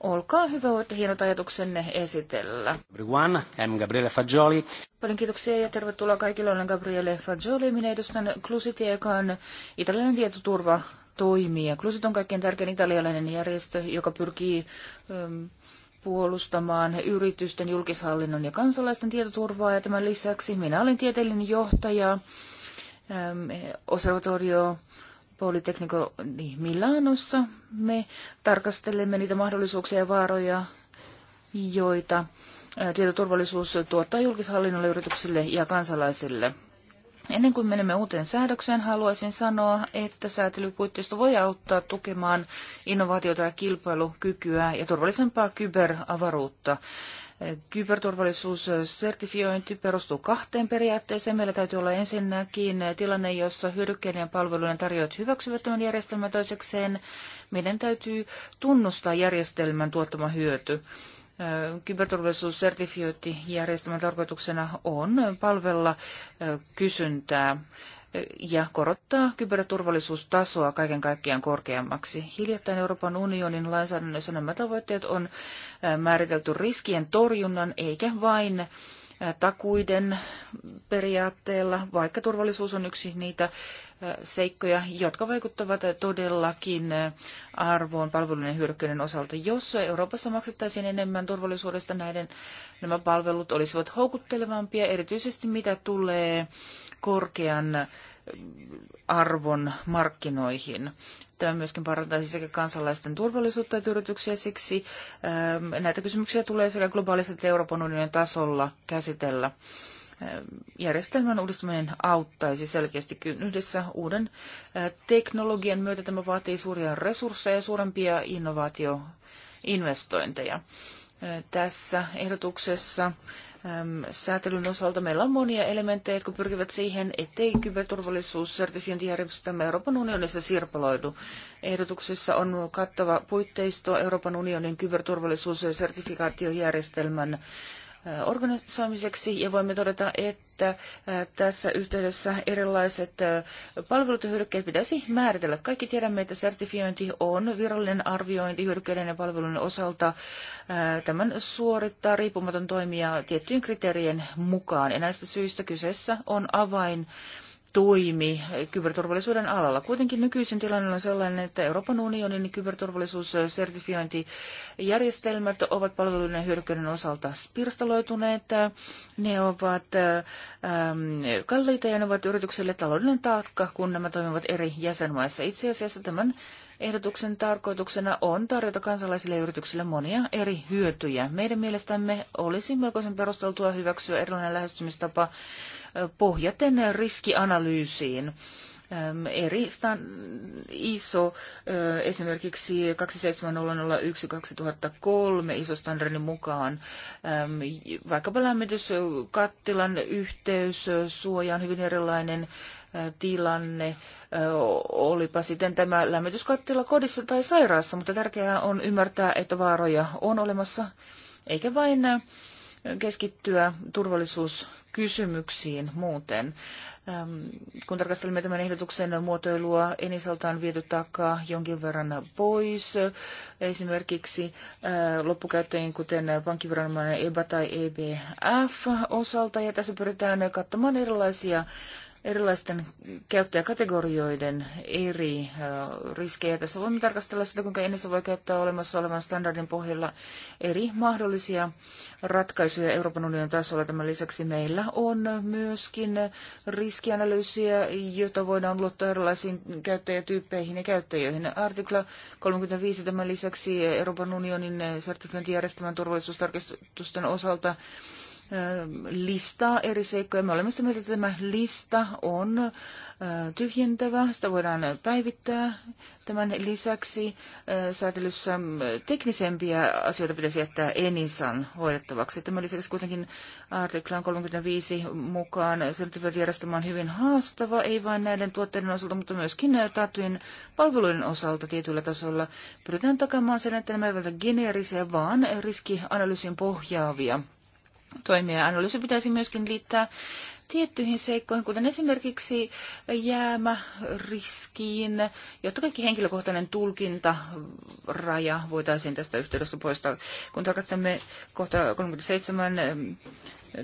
Olkaa hyvä, voitte hienot ajatuksenne esitellä. Everyone, I'm Gabriele Fagioli. Paljon kiitoksia ja tervetuloa kaikille. Olen Gabriele Fagioli. Minä edustan Clusitia, joka on italialainen tietoturva toimia. Klusit on kaikkein tärkein italialainen järjestö, joka pyrkii ähm, puolustamaan yritysten, julkishallinnon ja kansalaisten tietoturvaa. Ja tämän lisäksi minä olen tieteellinen johtaja ähm, Observatorio Politecnico niin Milanossa. Me tarkastelemme niitä mahdollisuuksia ja vaaroja, joita äh, tietoturvallisuus tuottaa julkishallinnolle, yrityksille ja kansalaisille. Ennen kuin menemme uuteen säädökseen, haluaisin sanoa, että säätelypuitteisto voi auttaa tukemaan innovaatiota ja kilpailukykyä ja turvallisempaa kyberavaruutta. Kyberturvallisuussertifiointi perustuu kahteen periaatteeseen. Meillä täytyy olla ensinnäkin tilanne, jossa hyödykkeiden ja palvelujen tarjoajat hyväksyvät tämän järjestelmän. Toisekseen meidän täytyy tunnustaa järjestelmän tuottama hyöty. Kyberturvallisuussertifiointijärjestelmän tarkoituksena on palvella kysyntää ja korottaa kyberturvallisuustasoa kaiken kaikkiaan korkeammaksi. Hiljattain Euroopan unionin lainsäädännössä nämä tavoitteet on määritelty riskien torjunnan eikä vain takuiden periaatteella, vaikka turvallisuus on yksi niitä seikkoja, jotka vaikuttavat todellakin arvoon palvelujen ja hyödykkeiden osalta. Jos Euroopassa maksettaisiin enemmän turvallisuudesta, näiden, nämä palvelut olisivat houkuttelevampia, erityisesti mitä tulee korkean arvon markkinoihin. Tämä myöskin parantaisi sekä kansalaisten turvallisuutta että yrityksiä. Siksi ähm, näitä kysymyksiä tulee sekä globaalisesti että Euroopan unionin tasolla käsitellä. Äh, järjestelmän uudistuminen auttaisi selkeästi yhdessä uuden äh, teknologian myötä. Tämä vaatii suuria resursseja ja suurempia innovaatioinvestointeja. Äh, tässä ehdotuksessa Ähm, säätelyn osalta meillä on monia elementtejä, jotka pyrkivät siihen, ettei kyberturvallisuussertifiointijärjestelmä Euroopan unionissa sirpaloidu. Ehdotuksessa on kattava puitteisto Euroopan unionin kyberturvallisuussertifikaatiojärjestelmän organisoimiseksi ja voimme todeta, että tässä yhteydessä erilaiset palvelut ja hyödykkeet pitäisi määritellä. Kaikki tiedämme, että sertifiointi on virallinen arviointi hyödykkeiden ja palvelujen osalta. Tämän suorittaa riippumaton toimija tiettyjen kriteerien mukaan ja näistä syistä kyseessä on avain toimi kyberturvallisuuden alalla. Kuitenkin nykyisin tilanne on sellainen, että Euroopan unionin kyberturvallisuussertifiointijärjestelmät ovat palveluiden hyödykkeiden osalta pirstaloituneet. Ne ovat ähm, kalliita ja ne ovat yrityksille taloudellinen taakka, kun nämä toimivat eri jäsenmaissa. Itse asiassa tämän Ehdotuksen tarkoituksena on tarjota kansalaisille ja yrityksille monia eri hyötyjä. Meidän mielestämme olisi melkoisen perusteltua hyväksyä erilainen lähestymistapa pohjaten riskianalyysiin eri ISO, esimerkiksi 27001 2003 ISO standardin mukaan, vaikkapa lämmityskattilan yhteys, suoja on hyvin erilainen tilanne, olipa sitten tämä lämmityskattila kodissa tai sairaassa, mutta tärkeää on ymmärtää, että vaaroja on olemassa, eikä vain keskittyä turvallisuus kysymyksiin muuten. Ähm, kun tarkastelimme tämän ehdotuksen muotoilua, Enisalta on viety takaa jonkin verran pois. Esimerkiksi äh, loppukäyttäjien, kuten pankkiviranomainen EBA tai EBF osalta, ja tässä pyritään kattamaan erilaisia erilaisten käyttäjäkategorioiden eri äh, riskejä. Tässä voimme tarkastella sitä, kuinka ennen voi käyttää olemassa olevan standardin pohjalla eri mahdollisia ratkaisuja Euroopan unionin tasolla. Tämän lisäksi meillä on myöskin riskianalyysiä, jota voidaan luottaa erilaisiin käyttäjätyyppeihin ja käyttäjöihin. Artikla 35 tämän lisäksi Euroopan unionin sertifiointijärjestelmän turvallisuustarkistusten osalta Lista eri seikkoja. Me olemme sitä mieltä, että tämä lista on tyhjentävä. Sitä voidaan päivittää. Tämän lisäksi säätelyssä teknisempiä asioita pitäisi jättää Enisan hoidettavaksi. Tämän lisäksi kuitenkin artiklan 35 mukaan sertifiointijärjestelmä on hyvin haastava, ei vain näiden tuotteiden osalta, mutta myöskin taattujen palveluiden osalta tietyllä tasolla. Pyritään takamaan sen, että nämä eivät ole geneerisiä, vaan riskianalyysin pohjaavia toimia. Analyysi pitäisi myöskin liittää tiettyihin seikkoihin, kuten esimerkiksi jäämäriskiin, jotta kaikki henkilökohtainen tulkintaraja voitaisiin tästä yhteydestä poistaa. Kun tarkastamme kohta 37,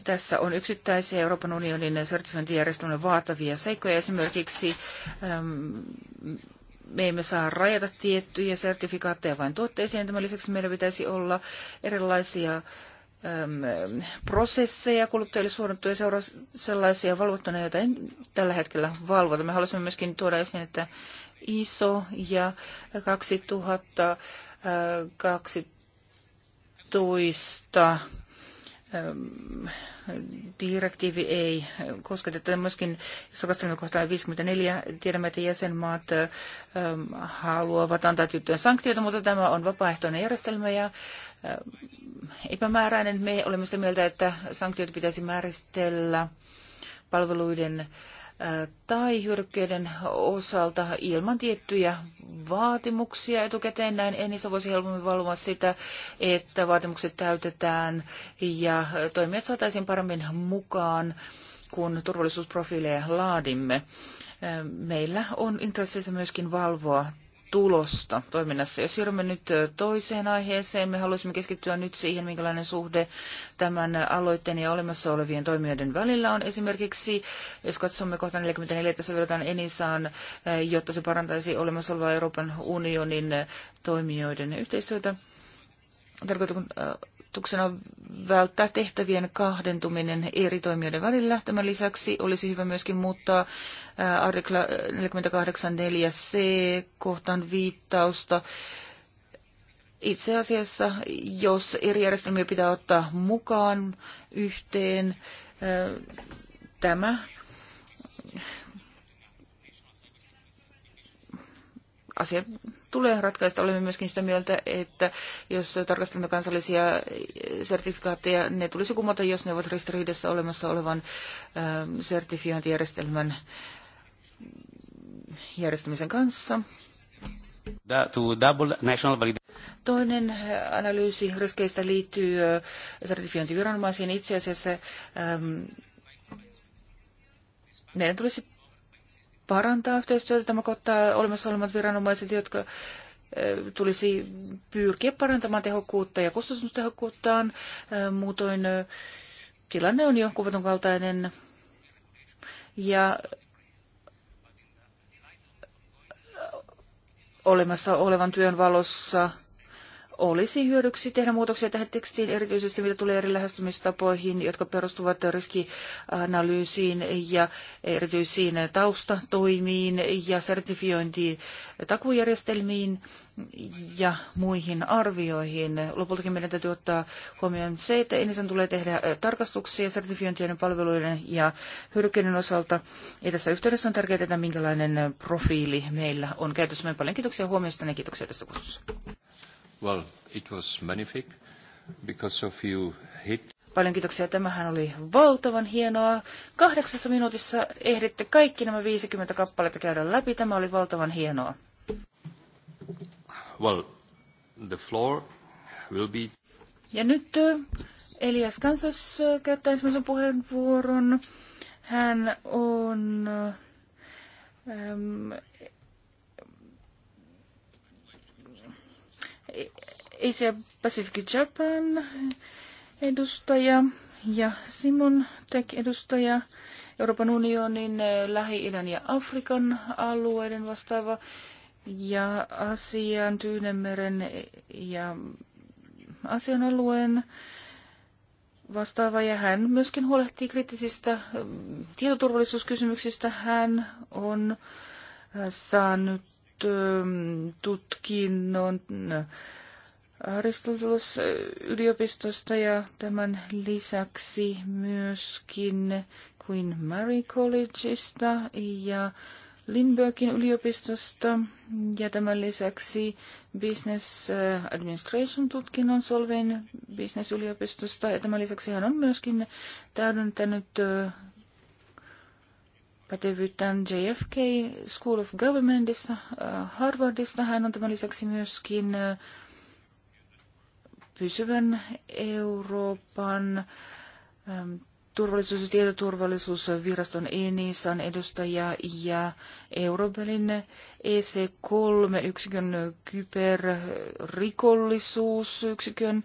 tässä on yksittäisiä Euroopan unionin sertifiointijärjestelmän vaativia seikkoja. Esimerkiksi ähm, me emme saa rajata tiettyjä sertifikaatteja vain tuotteisiin. Tämän lisäksi meillä pitäisi olla erilaisia prosesseja kuluttajille suunnattuja sellaisia valvottuna, joita ei tällä hetkellä valvota. Me haluaisimme myöskin tuoda esiin, että ISO ja 2012 äh, direktiivi ei kosketa. Myöskin sokastelun kohtaan 54 tiedämme, että jäsenmaat haluavat antaa tyttöjen sanktioita, mutta tämä on vapaaehtoinen järjestelmä ja epämääräinen. Me olemme sitä mieltä, että sanktiot pitäisi määristellä palveluiden tai hyödykkeiden osalta ilman tiettyjä vaatimuksia etukäteen. Näin Enisa voisi helpommin valvoa sitä, että vaatimukset täytetään ja toimijat saataisiin paremmin mukaan, kun turvallisuusprofiileja laadimme. Meillä on intressissä myöskin valvoa tulosta toiminnassa. Jos siirrymme nyt toiseen aiheeseen, me haluaisimme keskittyä nyt siihen, minkälainen suhde tämän aloitteen ja olemassa olevien toimijoiden välillä on. Esimerkiksi, jos katsomme kohta 44, tässä vedotaan Enisaan, jotta se parantaisi olemassa olevaa Euroopan unionin toimijoiden yhteistyötä. Tarkoitan tarkoituksena on välttää tehtävien kahdentuminen eri toimijoiden välillä. Tämän lisäksi olisi hyvä myöskin muuttaa artikla 48.4c kohtaan viittausta. Itse asiassa, jos eri järjestelmiä pitää ottaa mukaan yhteen, tämä asia Tulee ratkaista. Olemme myöskin sitä mieltä, että jos tarkastelemme kansallisia sertifikaatteja, ne tulisi kumota, jos ne ovat ristiriidassa olemassa olevan ähm, sertifiointijärjestelmän järjestämisen kanssa. Toinen äh, analyysi riskeistä liittyy äh, sertifiointiviranomaisiin. Itse asiassa ähm, meidän tulisi parantaa yhteistyötä. Tämä kohtaa olemassa olevat viranomaiset, jotka tulisi pyrkiä parantamaan tehokkuutta ja kustannustehokkuuttaan. Muutoin tilanne on jo kuvaton kaltainen. Ja olemassa olevan työn valossa – olisi hyödyksi tehdä muutoksia tähän tekstiin, erityisesti mitä tulee eri lähestymistapoihin, jotka perustuvat riskianalyysiin ja erityisiin taustatoimiin ja sertifiointiin, takujärjestelmiin ja muihin arvioihin. Lopultakin meidän täytyy ottaa huomioon se, että ensin tulee tehdä tarkastuksia sertifiointien palveluiden ja hyödykkeiden osalta. Ja tässä yhteydessä on tärkeää, että minkälainen profiili meillä on käytössä. Paljon kiitoksia huomiosta ja kiitoksia tästä kutsusta. Well, it was magnific because of you hit. Paljon kiitoksia. Tämähän oli valtavan hienoa. Kahdeksassa minuutissa ehditte kaikki nämä 50 kappaletta käydä läpi. Tämä oli valtavan hienoa. Well, the floor will be... Ja nyt äh, Elias Kansos äh, käyttää ensimmäisen puheenvuoron. Hän on ähm, Asia Pacific Japan edustaja ja Simon Tech edustaja, Euroopan unionin eh, Lähi-idän ja Afrikan alueiden vastaava ja Asian, Tyynemeren ja Asian alueen vastaava ja hän myöskin huolehtii kriittisistä eh, tietoturvallisuuskysymyksistä. Hän on eh, saanut tutkinnon Aristoteles yliopistosta ja tämän lisäksi myöskin Queen Mary Collegeista ja Lindbergin yliopistosta ja tämän lisäksi Business eh, Administration-tutkinnon Solven Business-yliopistosta ja tämän lisäksi hän on myöskin täydentänyt eh, pätevyyttään JFK School of Governmentissa eh, Harvardista. Hän on tämän lisäksi myöskin pysyvän Euroopan ähm, turvallisuus- ja tietoturvallisuusviraston ENISAN edustaja ja Eurobelin EC3-yksikön kyberrikollisuusyksikön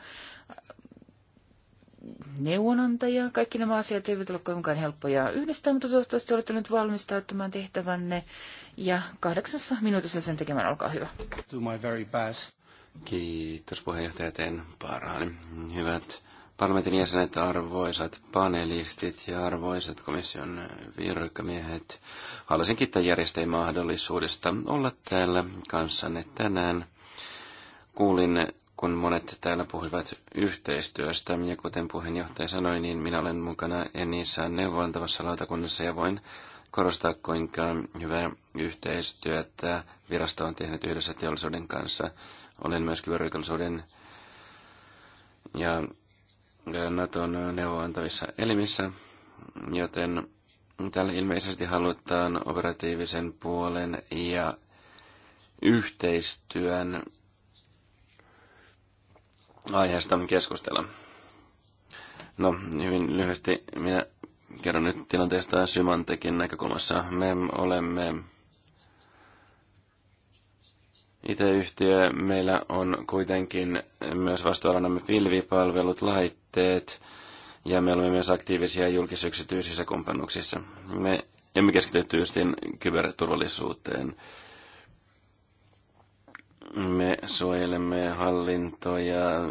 neuvonantaja. Kaikki nämä asiat eivät ole kovinkaan helppoja yhdistää, mutta toivottavasti olette nyt valmistautumaan tehtävänne. Ja kahdeksassa minuutissa sen tekemään, olkaa hyvä. Do my very best. Kiitos puheenjohtaja, teen parhaani. Hyvät parlamentin jäsenet, arvoisat panelistit ja arvoisat komission virkamiehet. Haluaisin kiittää järjestäjien mahdollisuudesta olla täällä kanssanne tänään. Kuulin, kun monet täällä puhuivat yhteistyöstä, ja kuten puheenjohtaja sanoi, niin minä olen mukana Enissään neuvontavassa lautakunnassa ja voin korostaa, kuinka hyvää yhteistyötä virasto on tehnyt yhdessä teollisuuden kanssa. Olen myös kyberrikollisuuden ja Naton neuvoantavissa elimissä, joten tällä ilmeisesti halutaan operatiivisen puolen ja yhteistyön aiheesta keskustella. No, hyvin lyhyesti minä kerron nyt tilanteesta Symantekin näkökulmassa. Me olemme IT-yhtiö meillä on kuitenkin myös vastuualanamme pilvipalvelut, laitteet ja me olemme myös aktiivisia julkisyksityisissä kumppanuuksissa. Me emme keskity tyystin kyberturvallisuuteen. Me suojelemme hallintoja,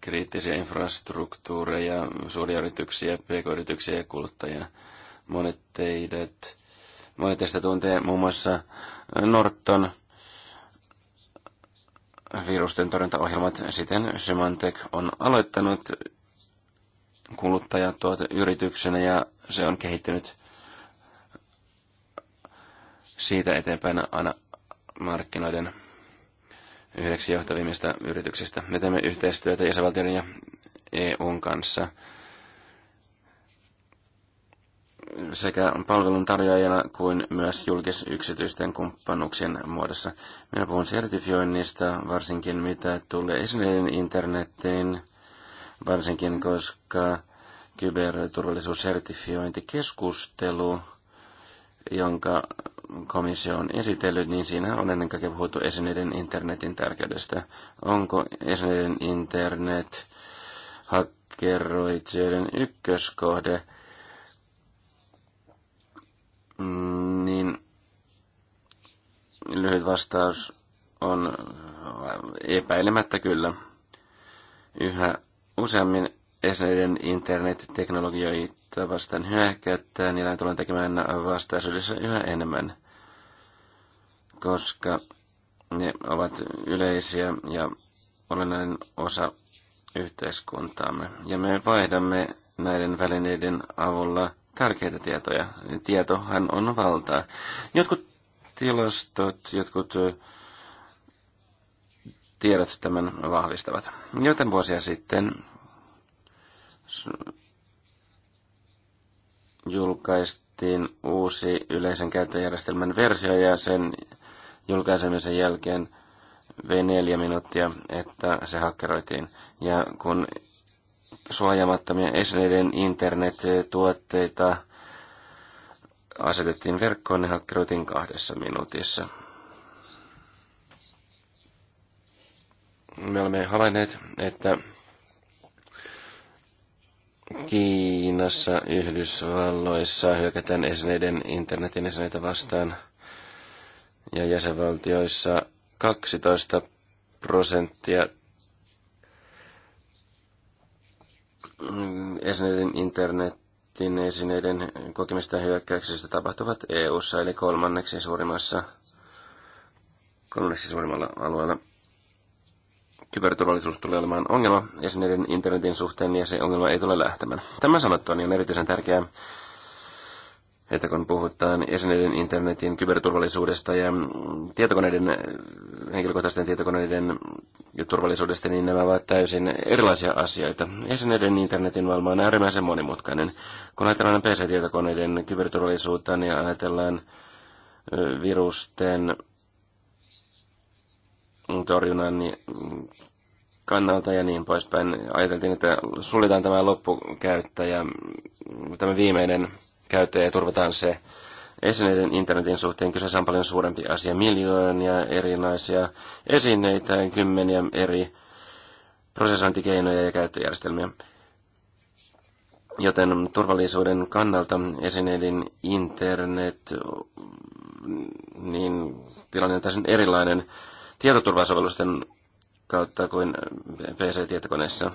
kriittisiä infrastruktuureja, suuria yrityksiä, pk-yrityksiä ja kuluttajia. Monet teidät, monet teistä tuntee muun muassa Norton – virusten torjuntaohjelmat siten Symantec on aloittanut kuluttajatuoteyrityksenä ja se on kehittynyt siitä eteenpäin aina markkinoiden yhdeksi johtavimmista yrityksistä. Me teemme yhteistyötä jäsenvaltioiden ja EUn kanssa sekä palveluntarjoajana kuin myös julkis-yksityisten kumppanuuksien muodossa. Minä puhun sertifioinnista, varsinkin mitä tulee esineiden internettiin, varsinkin koska kyberturvallisuussertifiointikeskustelu, jonka komissio on esitellyt, niin siinä on ennen kaikkea puhuttu esineiden internetin tärkeydestä. Onko esineiden internet hakkeroitsijoiden ykköskohde – Mm, niin lyhyt vastaus on äh, epäilemättä kyllä. Yhä useammin esineiden internetteknologioita vastaan hyökkäyttää, niillä tulee tekemään vastaisuudessa yhä enemmän, koska ne ovat yleisiä ja olennainen osa yhteiskuntaamme. Ja me vaihdamme näiden välineiden avulla tärkeitä tietoja. Tietohan on valtaa. Jotkut tilastot, jotkut tiedot tämän vahvistavat. Joten vuosia sitten julkaistiin uusi yleisen käyttöjärjestelmän versio ja sen julkaisemisen jälkeen vei neljä minuuttia, että se hakkeroitiin. Ja kun suojaamattomia esineiden internet-tuotteita asetettiin verkkoon ja hakkeroitiin kahdessa minuutissa. Me olemme havainneet, että Kiinassa, Yhdysvalloissa hyökätään esineiden internetin esineitä vastaan ja jäsenvaltioissa 12 prosenttia esineiden internetin esineiden kotimista hyökkäyksistä tapahtuvat EU-ssa, eli kolmanneksi suurimmassa kolmanneksi suurimmalla alueella. Kyberturvallisuus tulee olemaan ongelma esineiden internetin suhteen ja se ongelma ei tule lähtemään. Tämä sanottua niin on erityisen tärkeää että kun puhutaan esineiden internetin kyberturvallisuudesta ja tietokoneiden, henkilökohtaisten tietokoneiden turvallisuudesta, niin nämä ovat täysin erilaisia asioita. Esineiden internetin maailma on äärimmäisen monimutkainen. Kun ajatellaan PC-tietokoneiden kyberturvallisuutta, niin ajatellaan virusten torjunnan kannalta ja niin poispäin. Ajateltiin, että suljetaan tämä loppukäyttäjä, tämä viimeinen käyttäjä ja turvataan se. Esineiden internetin suhteen kyseessä on paljon suurempi asia. Miljoonia erilaisia esineitä, kymmeniä eri prosessointikeinoja ja käyttöjärjestelmiä. Joten turvallisuuden kannalta esineiden internet, niin tilanne on täysin erilainen tietoturvasovellusten kautta kuin PC-tietokoneessa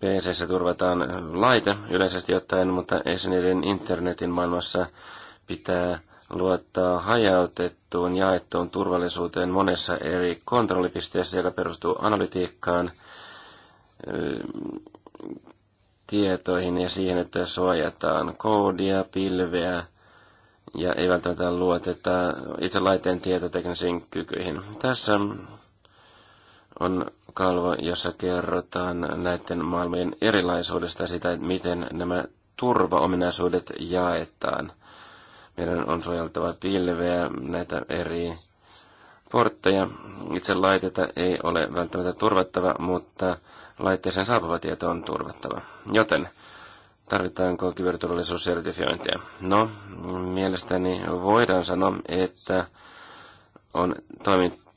pc turvataan laite yleisesti ottaen, mutta esineiden internetin maailmassa pitää luottaa hajautettuun jaettuun turvallisuuteen monessa eri kontrollipisteessä, joka perustuu analytiikkaan, tietoihin ja siihen, että suojataan koodia, pilveä ja ei välttämättä luoteta itse laitteen tietoteknisiin kykyihin. Tässä on kalvo, jossa kerrotaan näiden maailmien erilaisuudesta sitä, että miten nämä turvaominaisuudet jaetaan. Meidän on suojeltava pilveä, näitä eri portteja. Itse laitetta ei ole välttämättä turvattava, mutta laitteeseen saapuva tieto on turvattava. Joten tarvitaanko kyberturvallisuussertifiointia? No, mielestäni voidaan sanoa, että on toimittava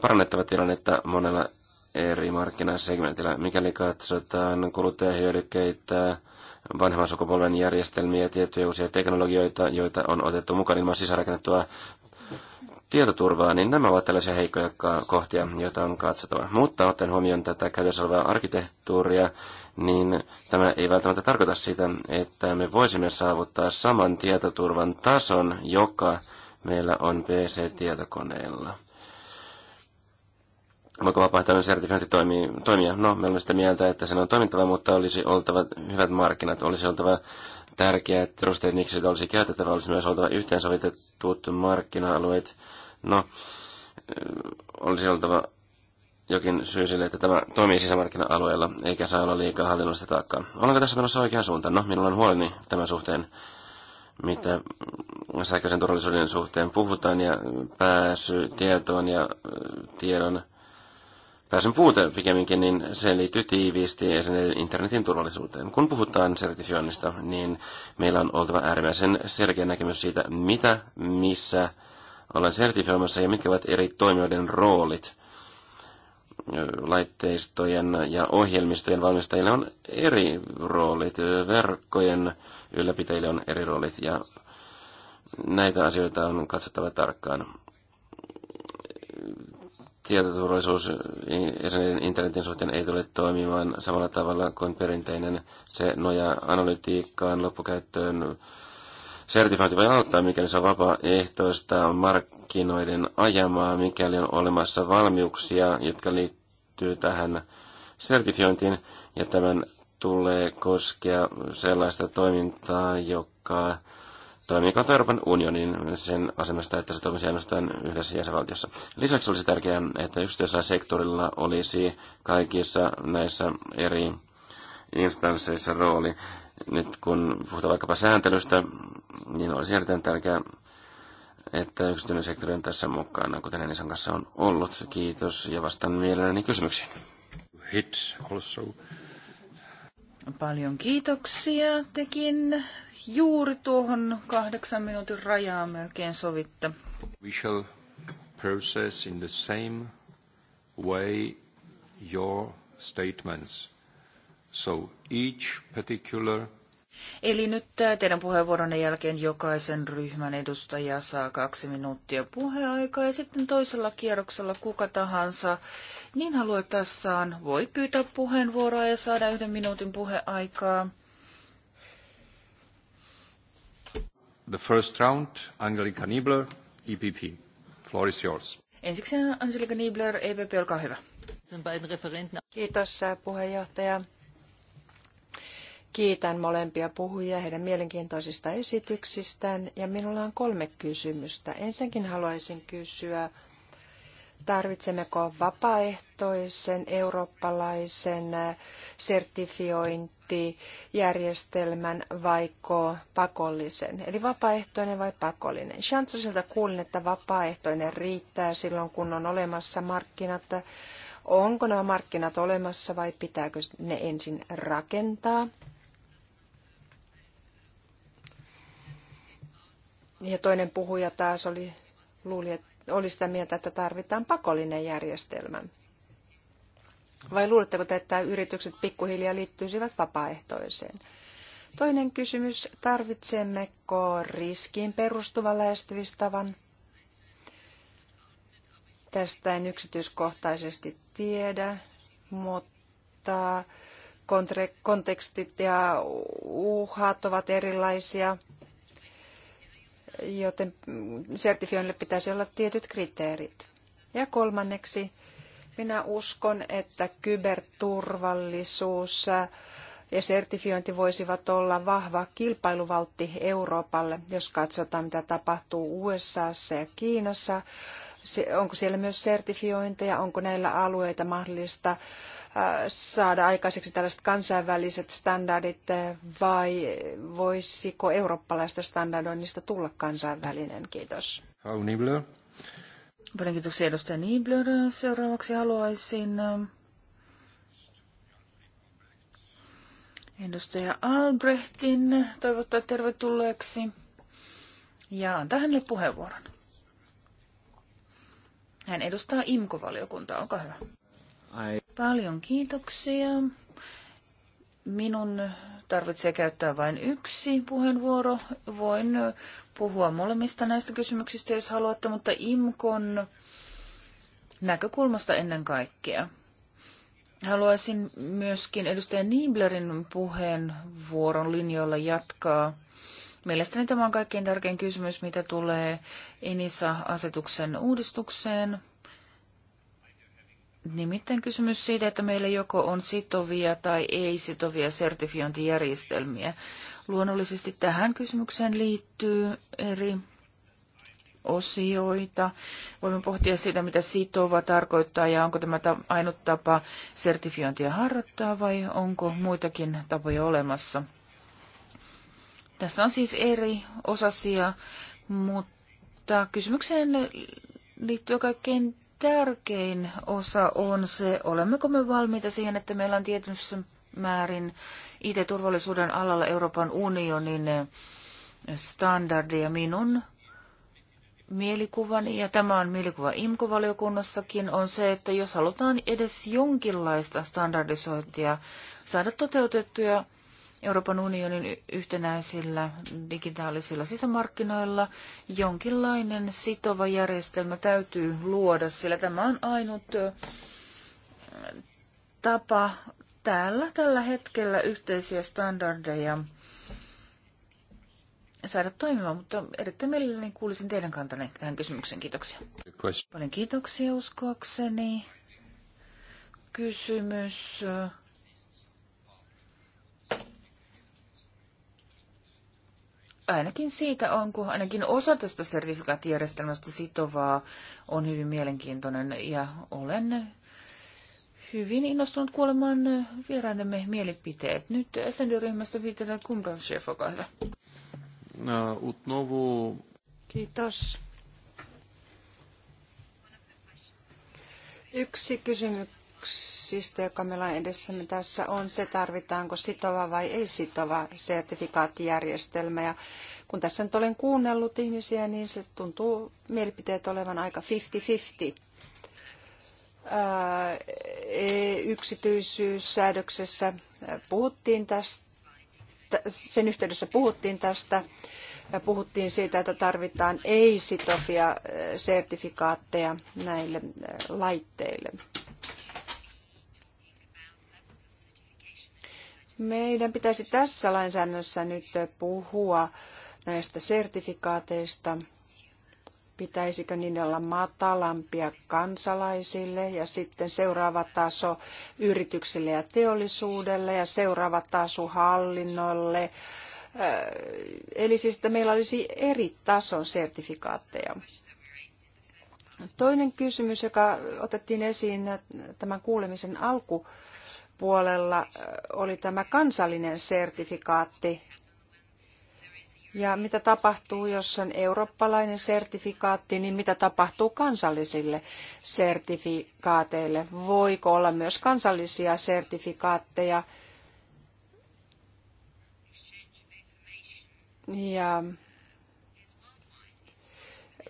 parannettava tilannetta monella eri markkinasegmentillä. Mikäli katsotaan kuluttajahyödykkeitä, vanhemman sukupolven järjestelmiä, tiettyjä uusia teknologioita, joita on otettu mukaan ilman sisärakennettua tietoturvaa, niin nämä ovat tällaisia heikkoja kohtia, joita on katsottava. Mutta ottaen huomioon tätä käytössä olevaa arkkitehtuuria, niin tämä ei välttämättä tarkoita sitä, että me voisimme saavuttaa saman tietoturvan tason, joka meillä on PC-tietokoneella. Voiko vapaaehtoinen sertifiointi toimia? No, me olemme sitä mieltä, että sen on toimittava, mutta olisi oltava hyvät markkinat, olisi oltava tärkeää, että perusteknikset olisi käytettävä, olisi myös oltava yhteensovitetut markkina-alueet. No, olisi oltava jokin syy sille, että tämä toimii sisämarkkina-alueella, eikä saa olla liikaa hallinnollista taakkaa. Onko tässä menossa oikeaan suuntaan? No, minulla on huoleni tämän suhteen, mitä sähköisen turvallisuuden suhteen puhutaan, ja pääsy tietoon ja tiedon pääsyn puute pikemminkin, niin se liittyy tiiviisti internetin turvallisuuteen. Kun puhutaan sertifioinnista, niin meillä on oltava äärimmäisen selkeä näkemys siitä, mitä, missä ollaan sertifioimassa ja mitkä ovat eri toimijoiden roolit. Laitteistojen ja ohjelmistojen valmistajille on eri roolit, verkkojen ylläpitäjille on eri roolit ja näitä asioita on katsottava tarkkaan tietoturvallisuus internetin suhteen ei tule toimimaan samalla tavalla kuin perinteinen. Se nojaa analytiikkaan, loppukäyttöön. Sertifiointi voi auttaa, mikäli se on vapaaehtoista markkinoiden ajamaa, mikäli on olemassa valmiuksia, jotka liittyy tähän sertifiointiin, ja tämän tulee koskea sellaista toimintaa, joka toimikautta Euroopan unionin sen asemasta, että se toimisi ainoastaan yhdessä jäsenvaltiossa. Lisäksi olisi tärkeää, että yksityisellä sektorilla olisi kaikissa näissä eri instansseissa rooli. Nyt kun puhutaan vaikkapa sääntelystä, niin olisi erittäin tärkeää, että yksityinen sektori on tässä mukana, kuten Enisan kanssa on ollut. Kiitos ja vastaan mielelläni kysymyksiin. Hit also. Paljon kiitoksia tekin juuri tuohon kahdeksan minuutin rajaan melkein sovitte. We shall process in the same way your statements. So each particular Eli nyt äh, teidän puheenvuoronne jälkeen jokaisen ryhmän edustaja saa kaksi minuuttia puheaikaa ja sitten toisella kierroksella kuka tahansa niin haluaessaan voi pyytää puheenvuoroa ja saada yhden minuutin puheaikaa. the first round, Angelika Niebler, EPP. Floor is yours. Ensiksi Angelika Niebler, EPP, olkaa hyvä. Kiitos äh, puheenjohtaja. Kiitän molempia puhujia heidän mielenkiintoisista esityksistään ja minulla on kolme kysymystä. Ensinnäkin haluaisin kysyä tarvitsemmeko vapaaehtoisen eurooppalaisen sertifiointijärjestelmän vaiko pakollisen? Eli vapaaehtoinen vai pakollinen? Chantosilta kuulin, että vapaaehtoinen riittää silloin, kun on olemassa markkinat. Onko nämä markkinat olemassa vai pitääkö ne ensin rakentaa? Ja toinen puhuja taas oli, luuli, että oli sitä mieltä, että tarvitaan pakollinen järjestelmä? Vai luuletteko te, että yritykset pikkuhiljaa liittyisivät vapaaehtoiseen? Toinen kysymys, tarvitsemmeko riskiin perustuvan lähestymistavan? Tästä en yksityiskohtaisesti tiedä, mutta kontekstit ja uhat ovat erilaisia joten sertifioinnille pitäisi olla tietyt kriteerit. Ja kolmanneksi, minä uskon, että kyberturvallisuus ja sertifiointi voisivat olla vahva kilpailuvaltti Euroopalle, jos katsotaan mitä tapahtuu USAssa ja Kiinassa. Onko siellä myös sertifiointeja, onko näillä alueita mahdollista Äh, saada aikaiseksi tällaiset kansainväliset standardit äh, vai voisiko eurooppalaista standardoinnista tulla kansainvälinen? Kiitos. Frau Niebler. Paljon kiitoksia edustaja Niebler. Seuraavaksi haluaisin äh, edustaja Albrechtin toivottaa tervetulleeksi ja antaa hänelle puheenvuoron. Hän edustaa IMKO-valiokuntaa. Olkaa hyvä. I... Paljon kiitoksia. Minun tarvitsee käyttää vain yksi puheenvuoro. Voin puhua molemmista näistä kysymyksistä, jos haluatte, mutta IMKON näkökulmasta ennen kaikkea. Haluaisin myöskin edustaja Nieblerin puheenvuoron linjoilla jatkaa. Mielestäni tämä on kaikkein tärkein kysymys, mitä tulee Enisa-asetuksen uudistukseen – Nimittäin kysymys siitä, että meillä joko on sitovia tai ei sitovia sertifiointijärjestelmiä. Luonnollisesti tähän kysymykseen liittyy eri osioita. Voimme pohtia sitä, mitä sitova tarkoittaa ja onko tämä ainut tapa sertifiointia harjoittaa vai onko muitakin tapoja olemassa. Tässä on siis eri osasia, mutta kysymykseen liittyy kaikkein tärkein osa on se, olemmeko me valmiita siihen, että meillä on tietyssä määrin IT-turvallisuuden alalla Euroopan unionin eh, ja minun mielikuvani, ja tämä on mielikuva IMKO-valiokunnassakin, on se, että jos halutaan edes jonkinlaista standardisointia saada toteutettuja Euroopan unionin yhtenäisillä digitaalisilla sisämarkkinoilla jonkinlainen sitova järjestelmä täytyy luoda, sillä tämä on ainut tapa täällä tällä hetkellä yhteisiä standardeja saada toimimaan, mutta erittäin mielelläni kuulisin teidän kantanne tähän kysymykseen. Kiitoksia. Paljon kiitoksia uskoakseni. Kysymys ainakin siitä on, kun ainakin osa tästä sertifikaattijärjestelmästä sitovaa on hyvin mielenkiintoinen ja olen hyvin innostunut kuulemaan vieraidemme mielipiteet. Nyt SND-ryhmästä viitetään Kumran Chef, olkaa hyvä. Utnovu. Kiitos. Yksi kysymys kysymyksistä, joka meillä on edessämme tässä, on se, tarvitaanko sitova vai ei sitova sertifikaattijärjestelmä. Ja kun tässä nyt olen kuunnellut ihmisiä, niin se tuntuu mielipiteet olevan aika 50-50. E, Yksityisyyssäädöksessä puhuttiin tästä, sen yhteydessä puhuttiin tästä ja puhuttiin siitä, että tarvitaan ei-sitovia sertifikaatteja näille laitteille. Meidän pitäisi tässä lainsäädännössä nyt puhua näistä sertifikaateista. Pitäisikö niillä olla matalampia kansalaisille ja sitten seuraava taso yrityksille ja teollisuudelle ja seuraava taso hallinnolle. Äh, eli siis, että meillä olisi eri tason sertifikaatteja. Toinen kysymys, joka otettiin esiin tämän kuulemisen alku, puolella oli tämä kansallinen sertifikaatti. Ja mitä tapahtuu, jos on eurooppalainen sertifikaatti, niin mitä tapahtuu kansallisille sertifikaateille? Voiko olla myös kansallisia sertifikaatteja? Ja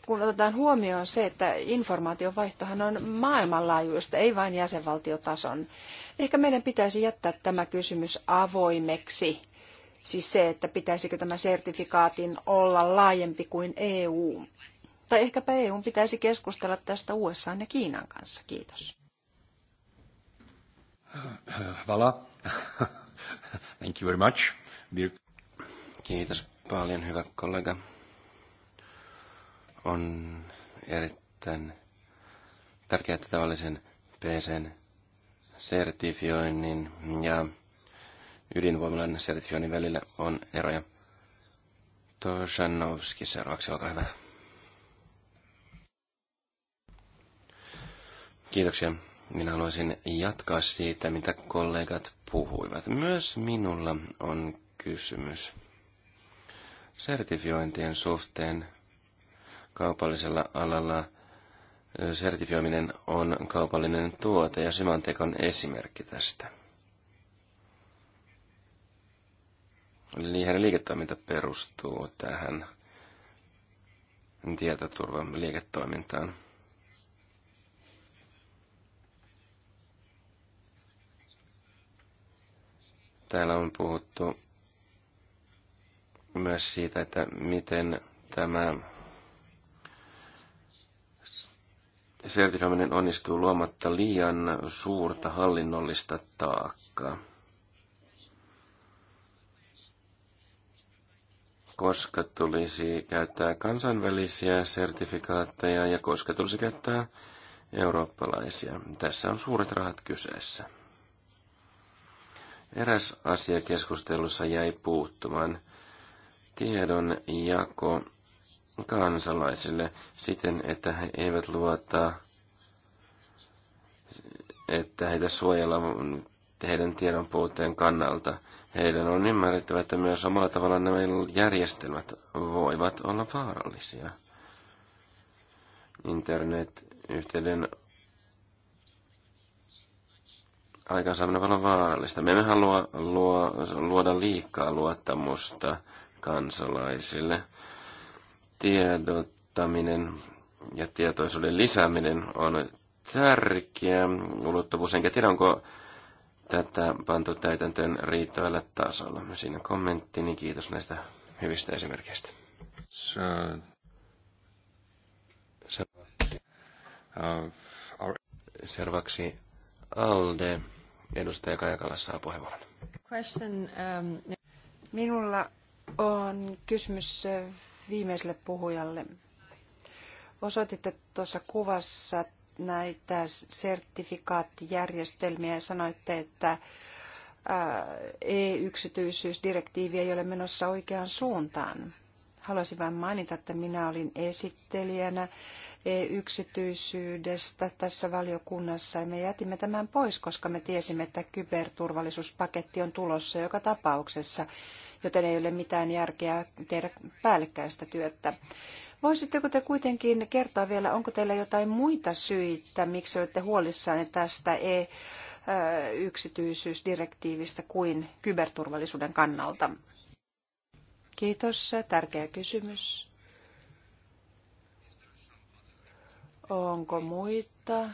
kun otetaan huomioon se, että informaation vaihtohan on maailmanlaajuista, ei vain jäsenvaltiotason, Ehkä meidän pitäisi jättää tämä kysymys avoimeksi, siis se, että pitäisikö tämä sertifikaatin olla laajempi kuin EU. Tai ehkäpä EU pitäisi keskustella tästä USA ja Kiinan kanssa. Kiitos. Vala. Thank you very much. Kiitos paljon, hyvä kollega. On erittäin tärkeää, että tavallisen PCn sertifioinnin ja ydinvoimalan sertifioinnin välillä on eroja. Toshanovski seuraavaksi, olkaa hyvä. Kiitoksia. Minä haluaisin jatkaa siitä, mitä kollegat puhuivat. Myös minulla on kysymys. Sertifiointien suhteen kaupallisella alalla – sertifioiminen on kaupallinen tuote ja Symantec on esimerkki tästä. Eli hänen liiketoiminta perustuu tähän tietoturvan liiketoimintaan. Täällä on puhuttu myös siitä, että miten tämä sertifioiminen onnistuu luomatta liian suurta hallinnollista taakkaa. Koska tulisi käyttää kansainvälisiä sertifikaatteja ja koska tulisi käyttää eurooppalaisia. Tässä on suuret rahat kyseessä. Eräs asia keskustelussa jäi puuttumaan. Tiedon jako kansalaisille siten, että he eivät luota, että heitä suojellaan heidän tiedon puutteen kannalta. Heidän on ymmärrettävä, että myös samalla tavalla nämä järjestelmät voivat olla vaarallisia. Internet-yhteyden aikaansaaminen voi olla vaarallista. Me emme halua luo, luoda liikaa luottamusta kansalaisille – tiedottaminen ja tietoisuuden lisääminen on tärkeä ulottuvuus. Enkä tiedä, onko tätä pantu täytäntöön riittävällä tasolla. Siinä kommentti, niin kiitos näistä hyvistä esimerkkeistä. So, seuraavaksi, uh, our... seuraavaksi Alde, edustaja Kajakala saa puheenvuoron. Question, um... Minulla on kysymys uh, viimeiselle puhujalle. Osoititte tuossa kuvassa näitä sertifikaattijärjestelmiä ja sanoitte, että e-yksityisyysdirektiivi ei ole menossa oikeaan suuntaan. Haluaisin vain mainita, että minä olin esittelijänä e-yksityisyydestä tässä valiokunnassa ja me jätimme tämän pois, koska me tiesimme, että kyberturvallisuuspaketti on tulossa joka tapauksessa joten ei ole mitään järkeä tehdä päällekkäistä työtä. Voisitteko te kuitenkin kertoa vielä, onko teillä jotain muita syitä, miksi olette huolissanne tästä e-yksityisyysdirektiivistä kuin kyberturvallisuuden kannalta? Kiitos, tärkeä kysymys. Onko muita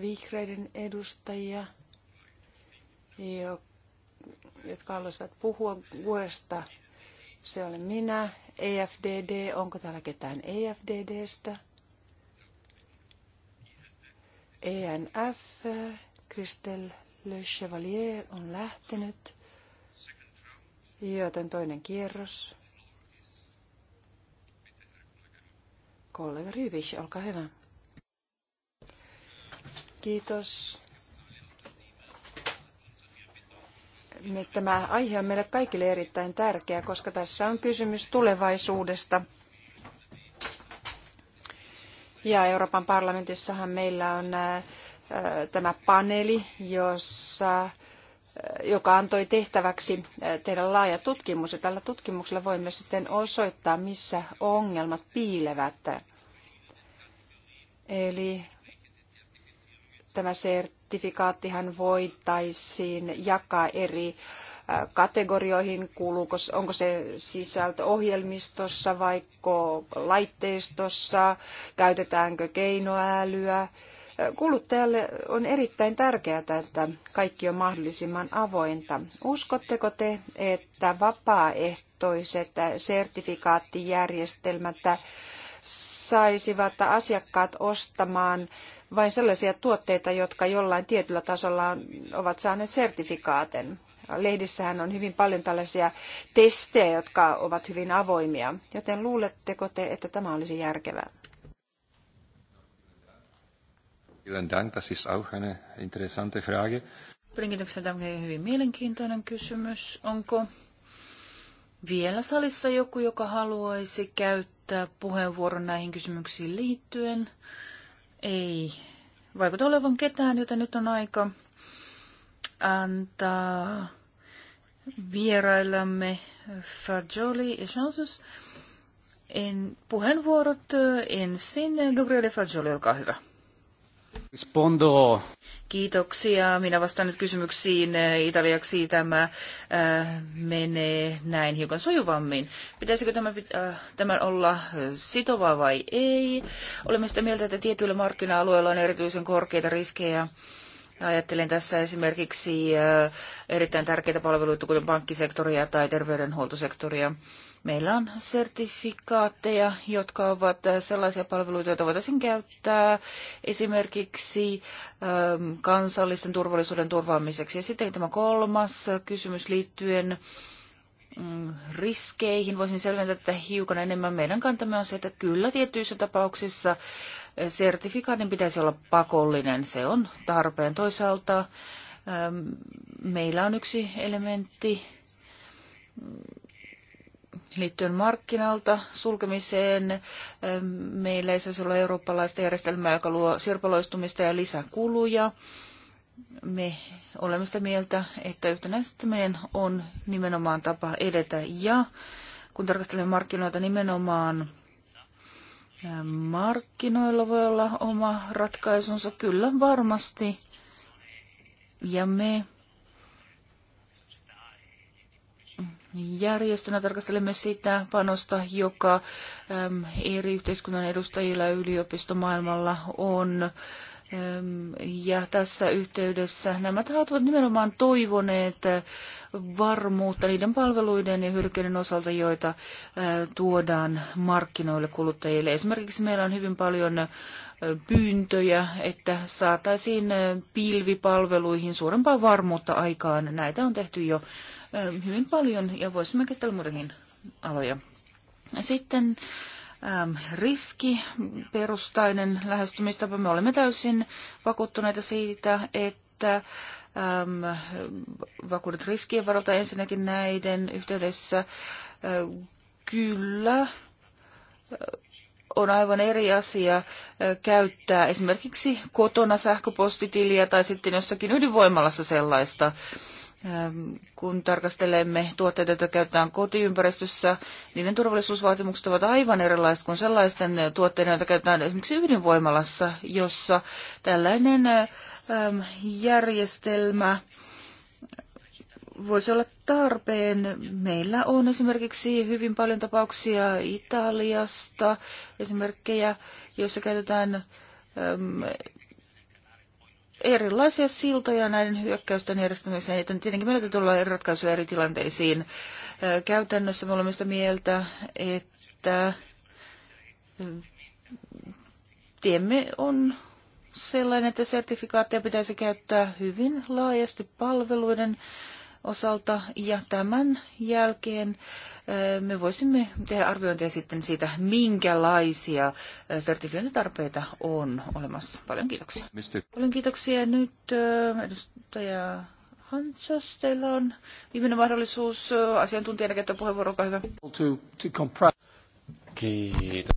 vihreiden edustajia, jotka haluaisivat puhua vuodesta. Se olen minä. EFDD, onko täällä ketään EFDDstä? ENF, Kristel Le Chevalier on lähtenyt, joten toinen kierros. Kollega Rybich, olkaa hyvä. Kiitos. Niin tämä aihe on meille kaikille erittäin tärkeä, koska tässä on kysymys tulevaisuudesta. Ja Euroopan parlamentissahan meillä on äh, äh, tämä paneeli, jossa, äh, joka antoi tehtäväksi tehdä laaja tutkimus. Ja tällä tutkimuksella voimme sitten osoittaa, missä ongelmat piilevät. Eli tämä CRT sertifikaattihan voitaisiin jakaa eri kategorioihin, kuuluuko, onko se sisältö ohjelmistossa vai laitteistossa, käytetäänkö keinoälyä. Kuluttajalle on erittäin tärkeää, että kaikki on mahdollisimman avointa. Uskotteko te, että vapaaehtoiset sertifikaattijärjestelmät saisivat asiakkaat ostamaan vain sellaisia tuotteita, jotka jollain tietyllä tasolla on, ovat saaneet sertifikaaten. Lehdissähän on hyvin paljon tällaisia testejä, jotka ovat hyvin avoimia, joten luuletteko te, että tämä olisi järkevää? Vielen Dank, das ist auch eine interessante Frage. tämä on hyvin mielenkiintoinen kysymys. Onko vielä salissa joku, joka haluaisi käyttää puheenvuoron näihin kysymyksiin liittyen? Ei vaikuta olevan ketään, joten nyt on aika antaa vieraillamme Fajoli ja Chances en puheenvuorot ensin. Gabriele Fajoli, olkaa hyvä. Kiitoksia. Minä vastaan nyt kysymyksiin italiaksi. Tämä äh, menee näin hiukan sujuvammin. Pitäisikö tämä, äh, tämän olla sitova vai ei? Olemme sitä mieltä, että tietyillä markkina-alueilla on erityisen korkeita riskejä. Äh, Ajattelen tässä esimerkiksi erittäin tärkeitä palveluita, kuten pankkisektoria tai terveydenhuoltosektoria. Meillä on sertifikaatteja, jotka ovat sellaisia palveluita, joita voitaisiin käyttää esimerkiksi kansallisten turvallisuuden turvaamiseksi. Ja sitten tämä kolmas kysymys liittyen mm, riskeihin. Voisin selventää tätä hiukan enemmän. Meidän kantamme on se, että kyllä tietyissä tapauksissa sertifikaatin pitäisi olla pakollinen. Se on tarpeen. Toisaalta ähm, meillä on yksi elementti liittyen markkinalta sulkemiseen. Ähm, meillä ei saisi olla eurooppalaista järjestelmää, joka luo sirpaloistumista ja lisäkuluja. Me olemme sitä mieltä, että yhtenäistäminen on nimenomaan tapa edetä ja kun tarkastelemme markkinoita nimenomaan Markkinoilla voi olla oma ratkaisunsa, kyllä varmasti. Ja me järjestönä tarkastelemme sitä panosta, joka eri yhteiskunnan edustajilla yliopistomaailmalla on ja tässä yhteydessä nämä tahot ovat nimenomaan toivoneet äh, varmuutta niiden palveluiden ja hyödykkeiden osalta, joita äh, tuodaan markkinoille kuluttajille. Esimerkiksi meillä on hyvin paljon äh, pyyntöjä, että saataisiin pilvipalveluihin suurempaa varmuutta aikaan. Näitä on tehty jo hyvin paljon ja voisimme käsitellä muutakin aloja. Sitten Ähm, riskiperustainen lähestymistapa. Me olemme täysin vakuuttuneita siitä, että äm, vakuudet riskien varalta ensinnäkin näiden yhteydessä äh, kyllä äh, on aivan eri asia äh, käyttää esimerkiksi kotona sähköpostitiliä tai sitten jossakin ydinvoimalassa sellaista. Ähm, kun tarkastelemme tuotteita, joita käytetään kotiympäristössä, niiden turvallisuusvaatimukset ovat aivan erilaiset kuin sellaisten tuotteiden, joita käytetään esimerkiksi ydinvoimalassa, jossa tällainen ähm, järjestelmä voisi olla tarpeen. Meillä on esimerkiksi hyvin paljon tapauksia Italiasta, esimerkkejä, joissa käytetään ähm, erilaisia siltoja näiden hyökkäysten järjestämiseen, joten tietenkin meillä täytyy olla eri ratkaisuja eri tilanteisiin. Käytännössä me olemme sitä mieltä, että tiemme on sellainen, että sertifikaatteja pitäisi käyttää hyvin laajasti palveluiden osalta ja tämän jälkeen eh, me voisimme tehdä arviointia sitten siitä, minkälaisia eh, sertifiointitarpeita on olemassa. Paljon kiitoksia. Mistä? Paljon kiitoksia nyt eh, edustaja Hansos, teillä on viimeinen mahdollisuus asiantuntijana käyttää puheenvuoro, olkaa hyvä. Kiitos.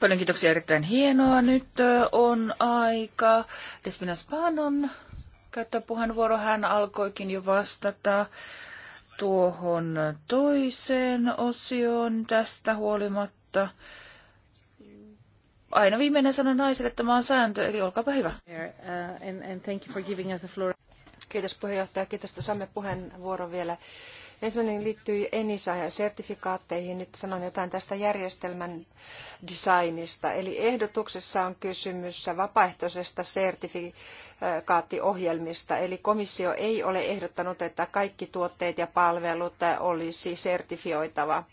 Paljon kiitoksia, erittäin hienoa. Nyt on aika Despina Spanon käyttää puheenvuoro. Hän alkoikin jo vastata tuohon toiseen osioon tästä huolimatta. Aina viimeinen sana naiselle tämä on sääntö, eli olkaapa hyvä. Uh, kiitos puheenjohtaja, kiitos, että saamme puheenvuoron vielä Ensimmäinen liittyy ENISA ja sertifikaatteihin. Nyt sanon jotain tästä järjestelmän designista. Eli ehdotuksessa on kysymys vapaaehtoisesta sertifikaattiohjelmista. Eli komissio ei ole ehdottanut, että kaikki tuotteet ja palvelut olisi sertifioitava.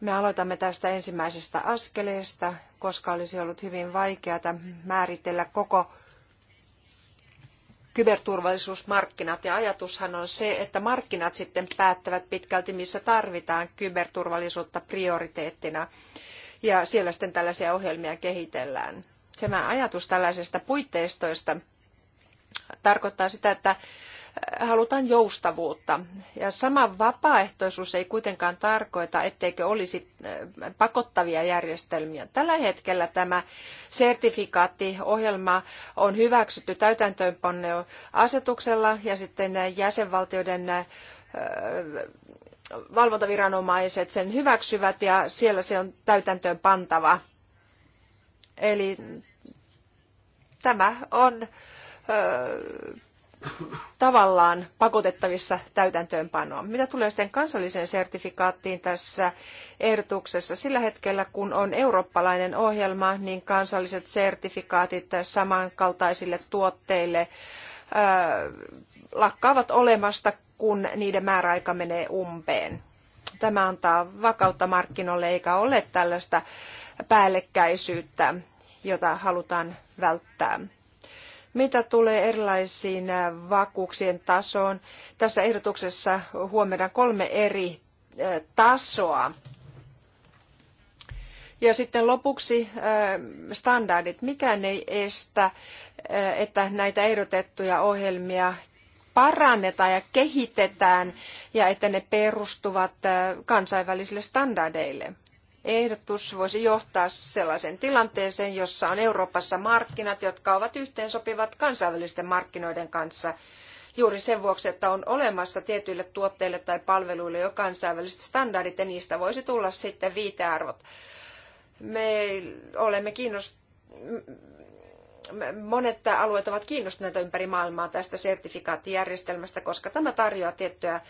Me aloitamme tästä ensimmäisestä askeleesta, koska olisi ollut hyvin vaikeaa määritellä koko kyberturvallisuusmarkkinat. Ja ajatushan on se, että markkinat sitten päättävät pitkälti, missä tarvitaan kyberturvallisuutta prioriteettina. Ja siellä sitten tällaisia ohjelmia kehitellään. Tämä ajatus tällaisesta puitteistoista tarkoittaa sitä, että halutaan joustavuutta. Ja sama vapaaehtoisuus ei kuitenkaan tarkoita, etteikö olisi äh, pakottavia järjestelmiä. Tällä hetkellä tämä sertifikaattiohjelma on hyväksytty täytäntöönpanoasetuksella ja sitten jäsenvaltioiden äh, valvontaviranomaiset sen hyväksyvät ja siellä se on täytäntöön pantava. Eli tämä on äh, tavallaan pakotettavissa täytäntöönpanoon. Mitä tulee sitten kansalliseen sertifikaattiin tässä ehdotuksessa? Sillä hetkellä, kun on eurooppalainen ohjelma, niin kansalliset sertifikaatit samankaltaisille tuotteille lakkaavat olemasta, kun niiden määräaika menee umpeen. Tämä antaa vakautta markkinoille eikä ole tällaista päällekkäisyyttä, jota halutaan välttää. Mitä tulee erilaisiin äh, vakuuksien tasoon, tässä ehdotuksessa huomioidaan kolme eri äh, tasoa. Ja sitten lopuksi äh, standardit. Mikään ei estä, että näitä ehdotettuja ohjelmia parannetaan ja kehitetään ja että ne perustuvat kansainvälisille standardeille ehdotus voisi johtaa sellaiseen tilanteeseen, jossa on Euroopassa markkinat, jotka ovat yhteensopivat kansainvälisten markkinoiden kanssa juuri sen vuoksi, että on olemassa tietyille tuotteille tai palveluille jo kansainväliset standardit ja niistä voisi tulla sitten viitearvot. Me olemme kiinnost... Monet alueet ovat kiinnostuneita ympäri maailmaa tästä sertifikaattijärjestelmästä, koska tämä tarjoaa tiettyä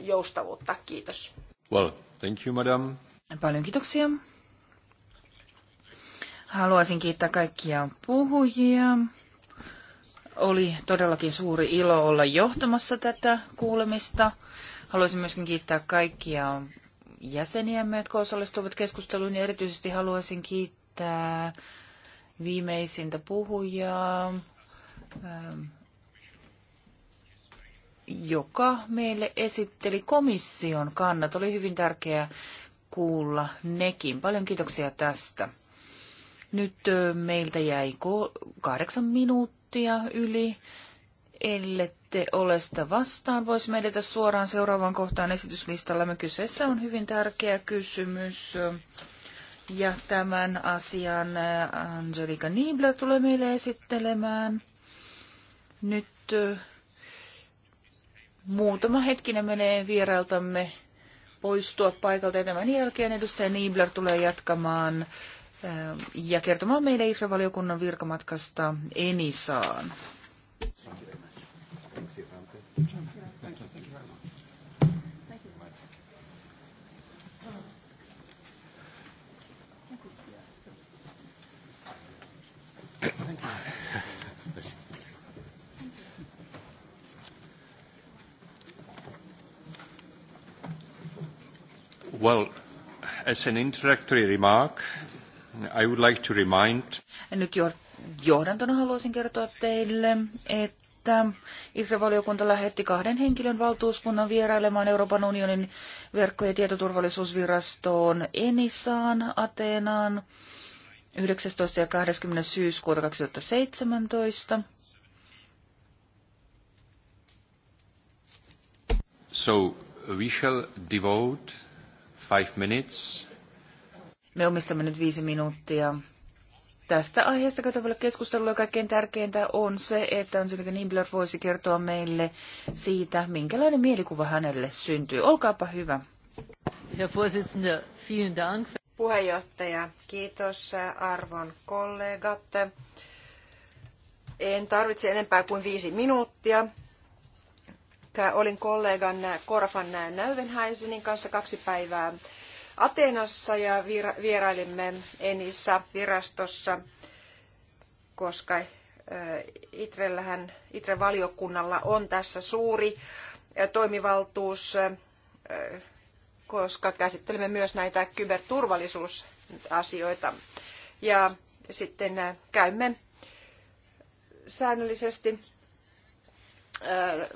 joustavuutta. Kiitos. Well, thank you, madam. Paljon kiitoksia. Haluaisin kiittää kaikkia puhujia. Oli todellakin suuri ilo olla johtamassa tätä kuulemista. Haluaisin myöskin kiittää kaikkia jäseniämme, jotka osallistuvat keskusteluun, ja erityisesti haluaisin kiittää viimeisintä puhujaa, ähm, joka meille esitteli komission kannat. Oli hyvin tärkeää kuulla nekin. Paljon kiitoksia tästä. Nyt meiltä jäi kahdeksan minuuttia yli. Ellette ole sitä vastaan, voisimme edetä suoraan seuraavaan kohtaan esityslistallamme. Kyseessä on hyvin tärkeä kysymys. Ja tämän asian Angelika Niebler tulee meille esittelemään. Nyt muutama hetkinen menee vierailtamme poistua paikalta. Ja tämän jälkeen edustaja Niibler tulee jatkamaan ähm, ja kertomaan meidän IFRE-valiokunnan virkamatkasta Enisaan. Thank you. Well, as an introductory remark, I would like to remind... Nyt johdantona haluaisin kertoa teille, että IFE-valiokunta lähetti kahden henkilön valtuuskunnan vierailemaan Euroopan unionin verkko- ja tietoturvallisuusvirastoon Enisaan, Ateenaan 19. ja 20. syyskuuta 2017. So we shall devote five minutes. Me omistamme nyt viisi minuuttia tästä aiheesta käytävälle keskustelulle. Kaikkein tärkeintä on se, että Angelika Nimbler voisi kertoa meille siitä, minkälainen mielikuva hänelle syntyy. Olkaapa hyvä. Puheenjohtaja, kiitos arvon kollegat. En tarvitse enempää kuin viisi minuuttia olin kollegan Korfan Näyvenhäisenin kanssa kaksi päivää Ateenassa ja vierailimme Enissä virastossa, koska Itrellähän, Itren valiokunnalla on tässä suuri toimivaltuus, koska käsittelemme myös näitä kyberturvallisuusasioita. Ja sitten käymme säännöllisesti Äh,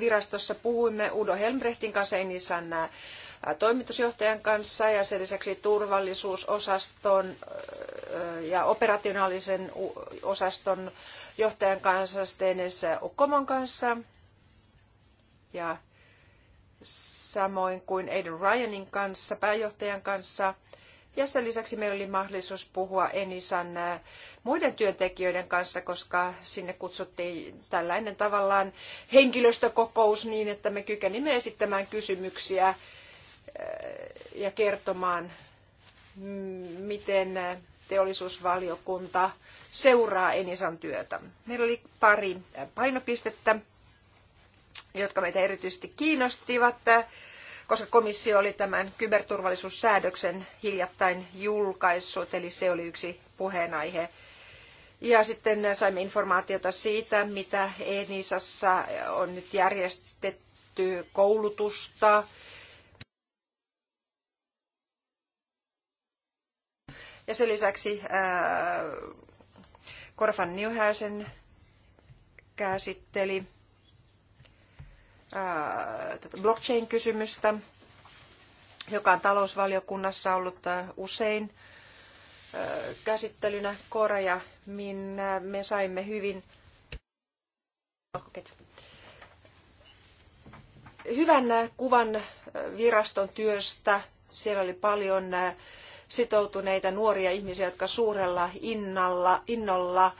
virastossa puhuimme Udo Helmbrechtin kanssa, Enisan äh, toimitusjohtajan kanssa ja sen lisäksi turvallisuusosaston äh, ja operationaalisen osaston johtajan kanssa, Stenes Okkomon kanssa ja samoin kuin Aiden Ryanin kanssa, pääjohtajan kanssa – ja sen lisäksi meillä oli mahdollisuus puhua Enisan äh, muiden työntekijöiden kanssa, koska sinne kutsuttiin tällainen tavallaan henkilöstökokous niin, että me kykenimme esittämään kysymyksiä äh, ja kertomaan, miten äh, teollisuusvaliokunta seuraa Enisan työtä. Meillä oli pari painopistettä, jotka meitä erityisesti kiinnostivat koska komissio oli tämän kyberturvallisuussäädöksen hiljattain julkaissut, eli se oli yksi puheenaihe. Ja sitten saimme informaatiota siitä, mitä Enisassa on nyt järjestetty koulutusta. Ja sen lisäksi äh, Korfan Newhausen käsitteli tätä blockchain-kysymystä, joka on talousvaliokunnassa ollut usein käsittelynä ja minä me saimme hyvin hyvän kuvan viraston työstä. Siellä oli paljon sitoutuneita nuoria ihmisiä, jotka suurella innalla, innolla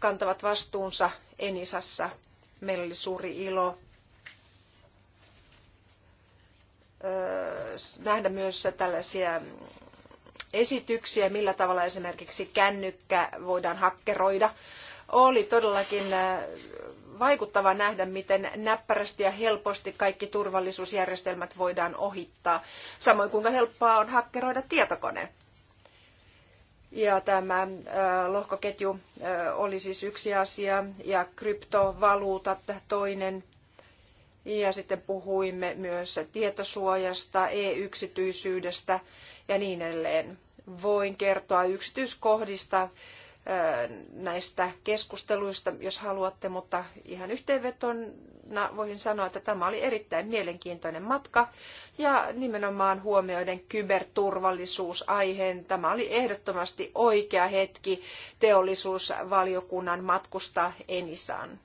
kantavat vastuunsa Enisassa Meillä oli suuri ilo nähdä myös tällaisia esityksiä, millä tavalla esimerkiksi kännykkä voidaan hakkeroida. Oli todellakin vaikuttava nähdä, miten näppärästi ja helposti kaikki turvallisuusjärjestelmät voidaan ohittaa, samoin kuinka helppoa on hakkeroida tietokone. Ja tämä lohkoketju oli siis yksi asia ja kryptovaluutat toinen. Ja sitten puhuimme myös tietosuojasta, e-yksityisyydestä ja niin edelleen. Voin kertoa yksityiskohdista näistä keskusteluista, jos haluatte, mutta ihan yhteenveton voisin sanoa, että tämä oli erittäin mielenkiintoinen matka ja nimenomaan huomioiden kyberturvallisuusaiheen. Tämä oli ehdottomasti oikea hetki teollisuusvaliokunnan matkusta Enisaan.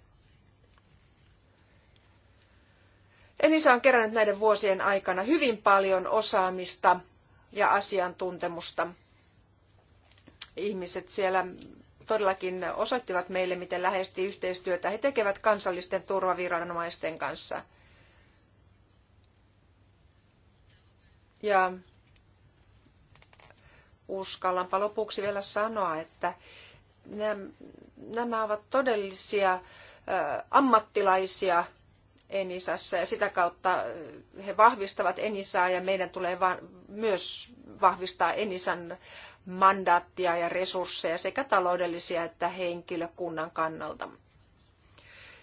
Enisa on kerännyt näiden vuosien aikana hyvin paljon osaamista ja asiantuntemusta. Ihmiset siellä todellakin osoittivat meille, miten läheisesti yhteistyötä he tekevät kansallisten turvaviranomaisten kanssa. Ja uskallanpa lopuksi vielä sanoa, että nämä ovat todellisia ammattilaisia Enisassa ja sitä kautta he vahvistavat Enisaa ja meidän tulee myös vahvistaa Enisan mandaattia ja resursseja sekä taloudellisia että henkilökunnan kannalta.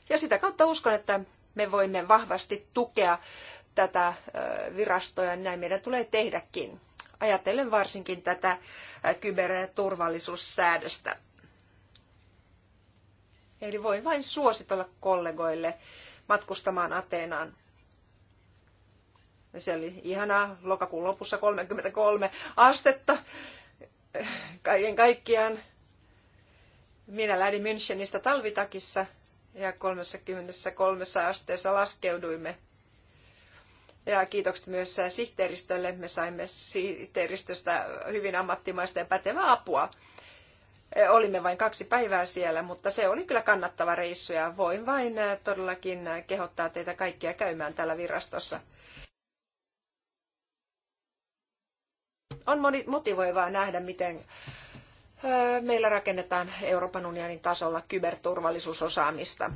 Ja sitä kautta uskon, että me voimme vahvasti tukea tätä virastoa ja näin meidän tulee tehdäkin. Ajatellen varsinkin tätä kyber kyberturvallisuussäädöstä. Eli voin vain suositella kollegoille matkustamaan Ateenaan. Se oli ihanaa lokakuun lopussa 33 astetta kaiken kaikkiaan. Minä lähdin Münchenistä talvitakissa ja 33 asteessa laskeuduimme. Ja kiitokset myös sihteeristölle. Me saimme sihteeristöstä hyvin ammattimaista ja pätevää apua. Olimme vain kaksi päivää siellä, mutta se oli kyllä kannattava reissu ja voin vain äh, todellakin äh, kehottaa teitä kaikkia käymään täällä virastossa. On motivoivaa nähdä, miten äh, meillä rakennetaan Euroopan unionin tasolla kyberturvallisuusosaamista.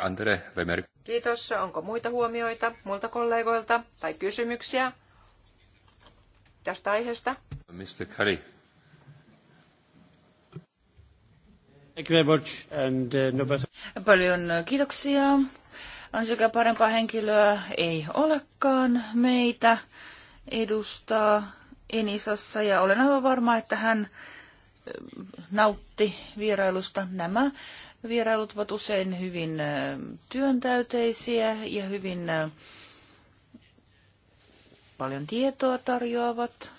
Andre Kiitos. Onko muita huomioita muilta kollegoilta tai kysymyksiä tästä aiheesta? Mr. Curry. Thank you very much and, uh, no Paljon kiitoksia. On sekä parempaa henkilöä ei olekaan meitä edustaa Enisassa ja olen aivan varma, että hän äh, nautti vierailusta. Nämä vierailut ovat usein hyvin äh, työntäyteisiä ja hyvin äh, paljon tietoa tarjoavat.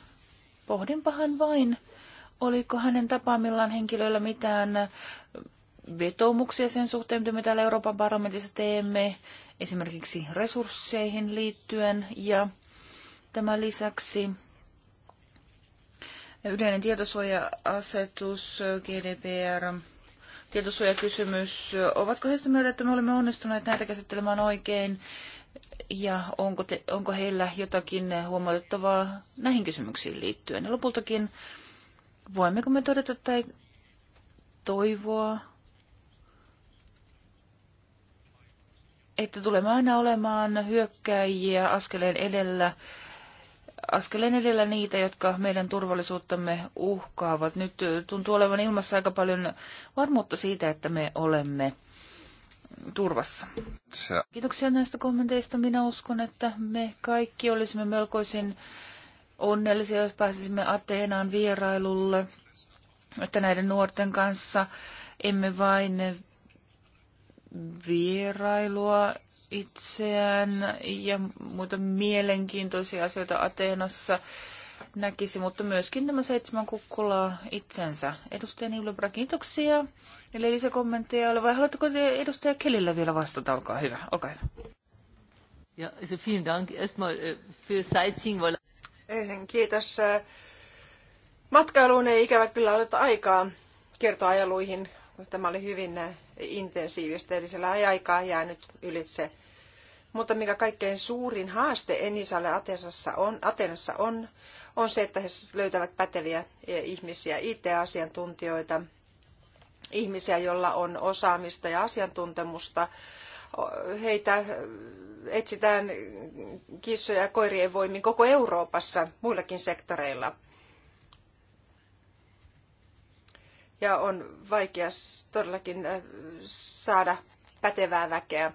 Pohdinpahan vain, Oliko hänen tapaamillaan henkilöillä mitään vetoomuksia sen suhteen, mitä me täällä Euroopan parlamentissa teemme, esimerkiksi resursseihin liittyen ja tämän lisäksi yleinen tietosuoja-asetus, GDPR, tietosuojakysymys. Ovatko he sitä mieltä, että me olemme onnistuneet näitä käsittelemään oikein? Ja onko, te, onko heillä jotakin huomautettavaa näihin kysymyksiin liittyen? Ja lopultakin voimmeko me todeta tai toivoa, että tulemme aina olemaan hyökkäjiä askeleen edellä, askeleen edellä niitä, jotka meidän turvallisuuttamme uhkaavat. Nyt tuntuu olevan ilmassa aika paljon varmuutta siitä, että me olemme turvassa. Kiitoksia näistä kommenteista. Minä uskon, että me kaikki olisimme melkoisin onnellisia, jos pääsisimme Ateenaan vierailulle, että näiden nuorten kanssa emme vain vierailua itseään ja muita mielenkiintoisia asioita Ateenassa näkisi, mutta myöskin nämä seitsemän kukkulaa itsensä. Edustaja Niulebra, kiitoksia. Eli kommentteja ole, vai haluatteko te edustaja Kelillä vielä vastata? Olkaa hyvä. Olkaa hyvä. Ja, also vielen Dank erstmal äh, für Sightseeing, weil kiitos. Äh, matkailuun ei ikävä kyllä oteta aikaa kiertoajeluihin. Tämä oli hyvin äh, intensiivistä, eli siellä ei aikaa jäänyt ylitse. Mutta mikä kaikkein suurin haaste Enisalle Atenassa on, Atenassa on, on se, että he siis löytävät päteviä e, ihmisiä, IT-asiantuntijoita, ihmisiä, joilla on osaamista ja asiantuntemusta heitä etsitään kissoja ja koirien voimin koko Euroopassa muillakin sektoreilla. Ja on vaikea todellakin äh, saada pätevää väkeä.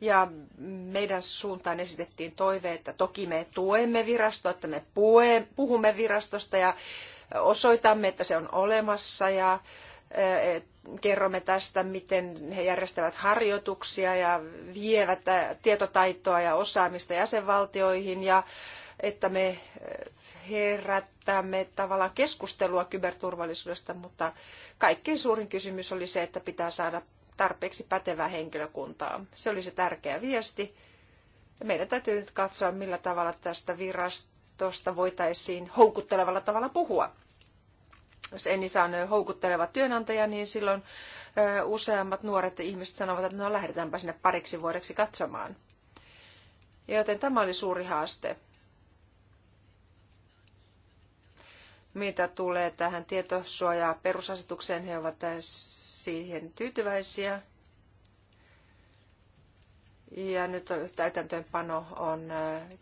Ja meidän suuntaan esitettiin toive, että toki me tuemme virastoa, että me puhumme virastosta ja osoitamme, että se on olemassa ja kerromme tästä, miten he järjestävät harjoituksia ja vievät tietotaitoa ja osaamista jäsenvaltioihin ja että me herättämme tavallaan keskustelua kyberturvallisuudesta, mutta kaikkein suurin kysymys oli se, että pitää saada tarpeeksi pätevää henkilökuntaa. Se oli se tärkeä viesti. Ja meidän täytyy nyt katsoa, millä tavalla tästä virastosta voitaisiin houkuttelevalla tavalla puhua jos Enisa on houkutteleva työnantaja, niin silloin useammat nuoret ihmiset sanovat, että no lähdetäänpä sinne pariksi vuodeksi katsomaan. Ja joten tämä oli suuri haaste. Mitä tulee tähän tietosuojaa perusasetukseen, he ovat siihen tyytyväisiä. Ja nyt täytäntöönpano on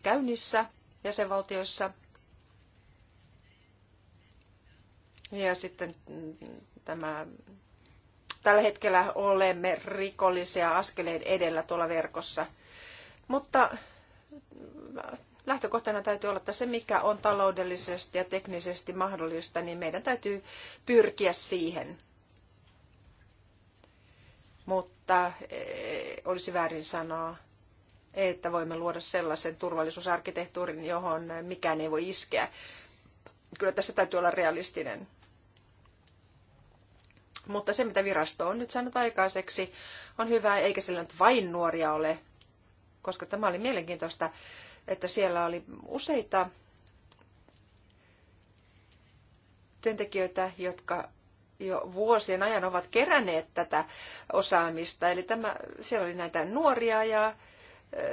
käynnissä jäsenvaltioissa – Ja sitten mm, tämä, tällä hetkellä olemme rikollisia askeleen edellä tuolla verkossa. Mutta mm, lähtökohtana täytyy olla, että se mikä on taloudellisesti ja teknisesti mahdollista, niin meidän täytyy pyrkiä siihen. Mutta eh, olisi väärin sanoa, että voimme luoda sellaisen turvallisuusarkkitehtuurin, johon mikään ei voi iskeä. Kyllä tässä täytyy olla realistinen. Mutta se, mitä virasto on nyt saanut aikaiseksi, on hyvä, eikä sillä nyt vain nuoria ole, koska tämä oli mielenkiintoista, että siellä oli useita työntekijöitä, jotka jo vuosien ajan ovat keränneet tätä osaamista. Eli tämä, siellä oli näitä nuoria ja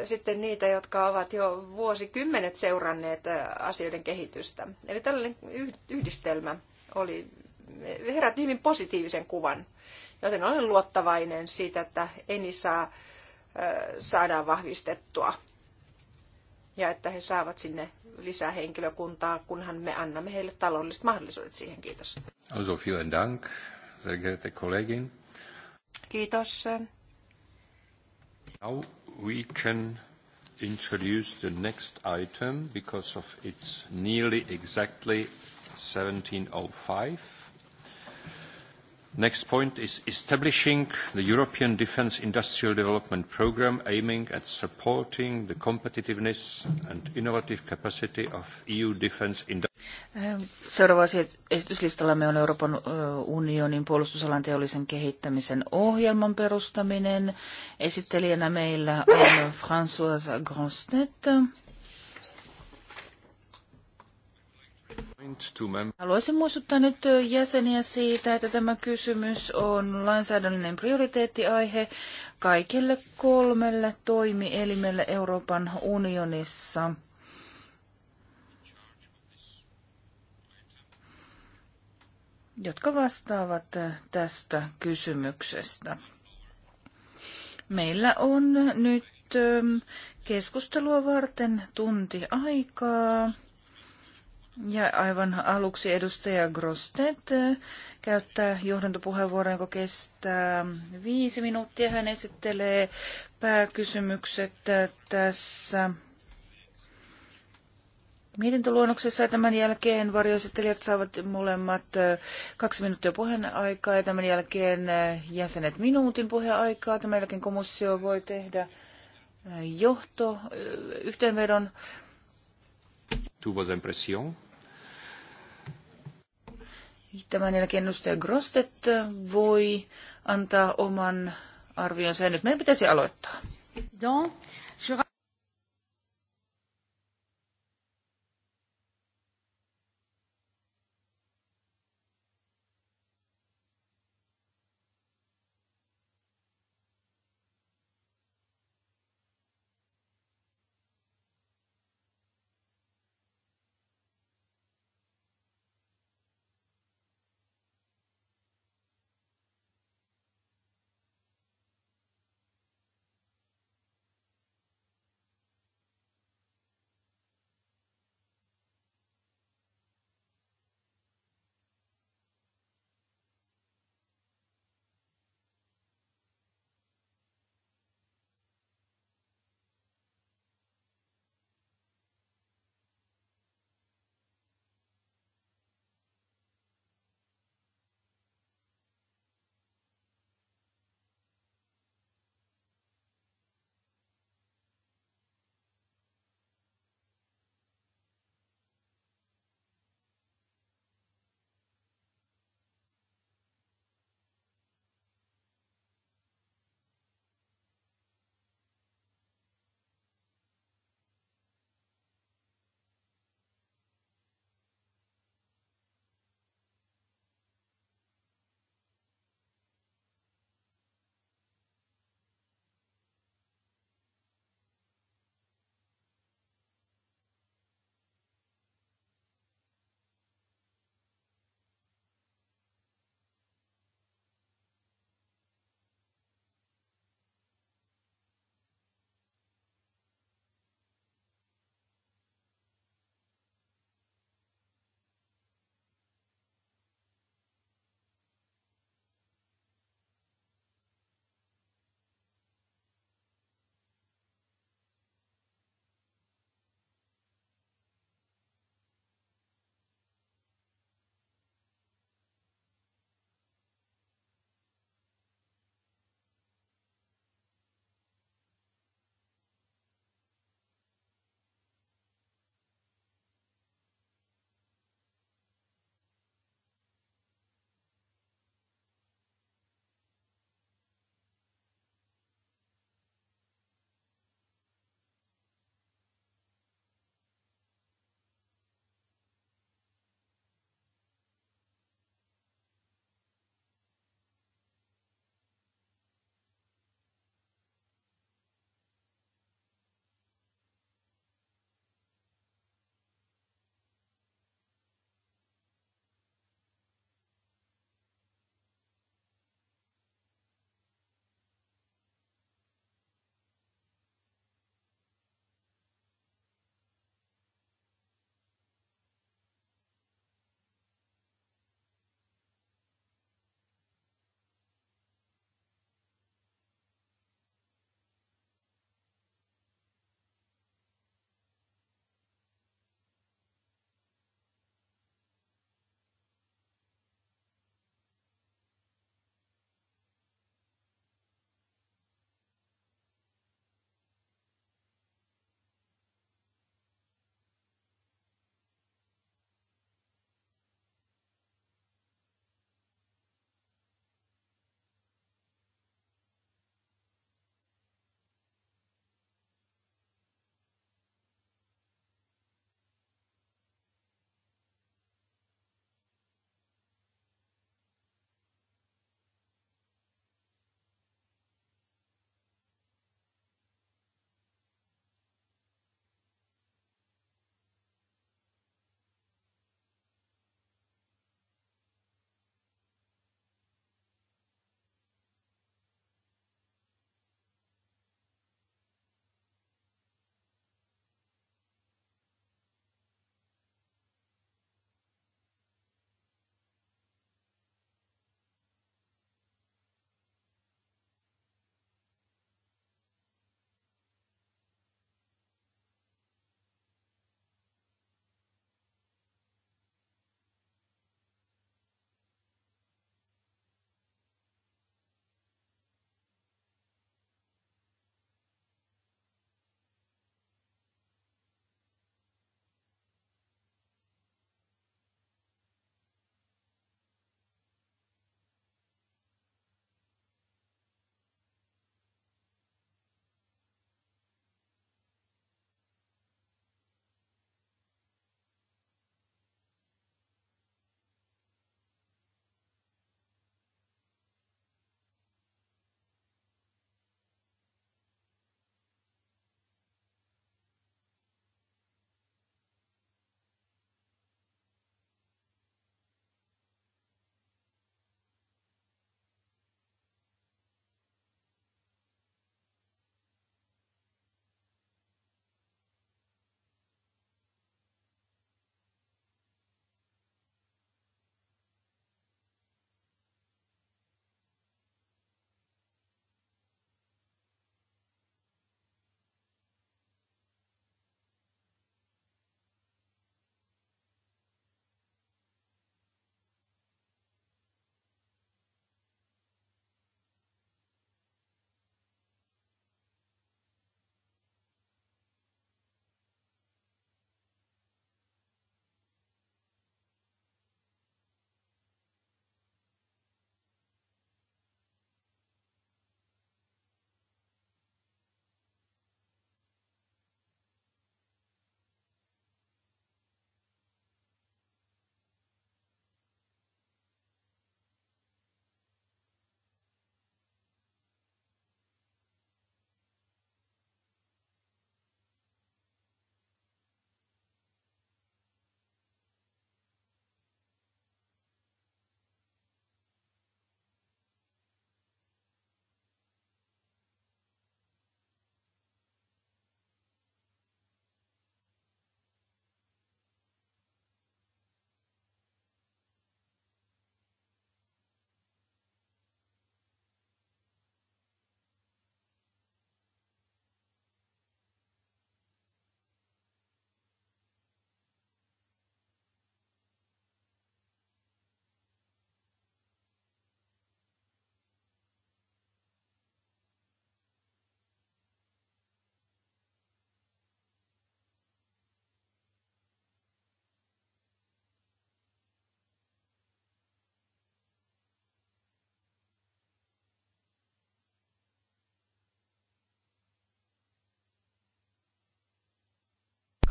sitten niitä, jotka ovat jo vuosikymmenet seuranneet asioiden kehitystä. Eli tällainen yhdistelmä oli herätti hyvin positiivisen kuvan, joten olen luottavainen siitä, että Enisaa saadaan vahvistettua ja että he saavat sinne lisää henkilökuntaa, kunhan me annamme heille taloudelliset mahdollisuudet siihen. Kiitos. Also vielen Dank, sehr geehrte Kollegin. Kiitos. Now we can introduce the next item because of it's nearly exactly 1705. Next point is establishing the European Defence Industrial Development Programme aiming at supporting the competitiveness and innovative capacity of EU defence industry. Äh, seuraava esityslistallamme on Euroopan äh, unionin puolustusalan teollisen kehittämisen ohjelman perustaminen. Esittelijänä meillä on Françoise Haluaisin muistuttaa nyt jäseniä siitä, että tämä kysymys on lainsäädännöllinen prioriteettiaihe kaikille kolmelle toimielimelle Euroopan unionissa. jotka vastaavat tästä kysymyksestä. Meillä on nyt keskustelua varten tunti aikaa. Ja aivan aluksi edustaja Grostet äh, käyttää johdantopuheenvuoron, joka kestää viisi minuuttia. Hän esittelee pääkysymykset äh, tässä mietintöluonnoksessa ja tämän jälkeen varjoesittelijät saavat molemmat äh, kaksi minuuttia puheenaikaa ja tämän jälkeen jäsenet minuutin puheenaikaa. Tämän jälkeen komissio voi tehdä johto, yhteenvedon. Tu vos impressions Tämän jälkeen edustaja Grostet voi antaa oman arvionsa. Ja nyt meidän pitäisi aloittaa.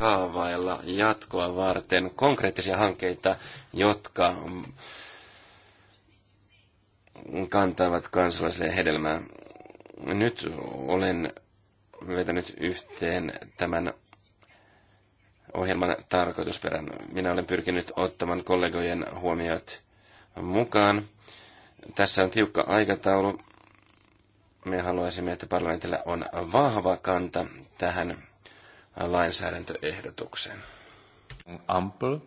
kaavailla jatkoa varten konkreettisia hankkeita, jotka kantavat kansalaisille hedelmää. Nyt olen vetänyt yhteen tämän ohjelman tarkoitusperän. Minä olen pyrkinyt ottamaan kollegojen huomiot mukaan. Tässä on tiukka aikataulu. Me haluaisimme, että parlamentilla on vahva kanta tähän lainsäädäntöehdotuksen. Ample.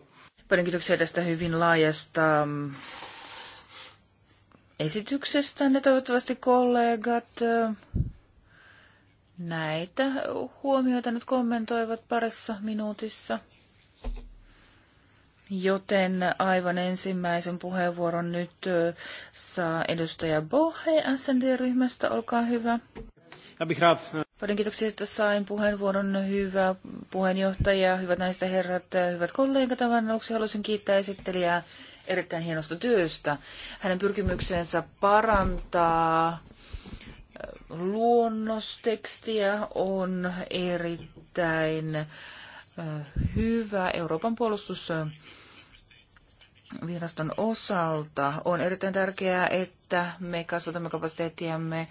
Paljon kiitoksia tästä hyvin laajasta mm, esityksestä. Ne toivottavasti kollegat mm, näitä huomioita nyt kommentoivat parissa minuutissa. Joten aivan ensimmäisen puheenvuoron nyt mm, saa edustaja Bohe SND-ryhmästä. Olkaa hyvä. Ja Paljon kiitoksia, että sain puheenvuoron. Hyvä puheenjohtaja, hyvät naiset ja herrat, hyvät kollegat. Tämän aluksi haluaisin kiittää esittelijää erittäin hienosta työstä. Hänen pyrkimyksensä parantaa äh, luonnostekstiä on erittäin äh, hyvä. Euroopan puolustus viraston osalta on erittäin tärkeää, että me kasvatamme kapasiteettiamme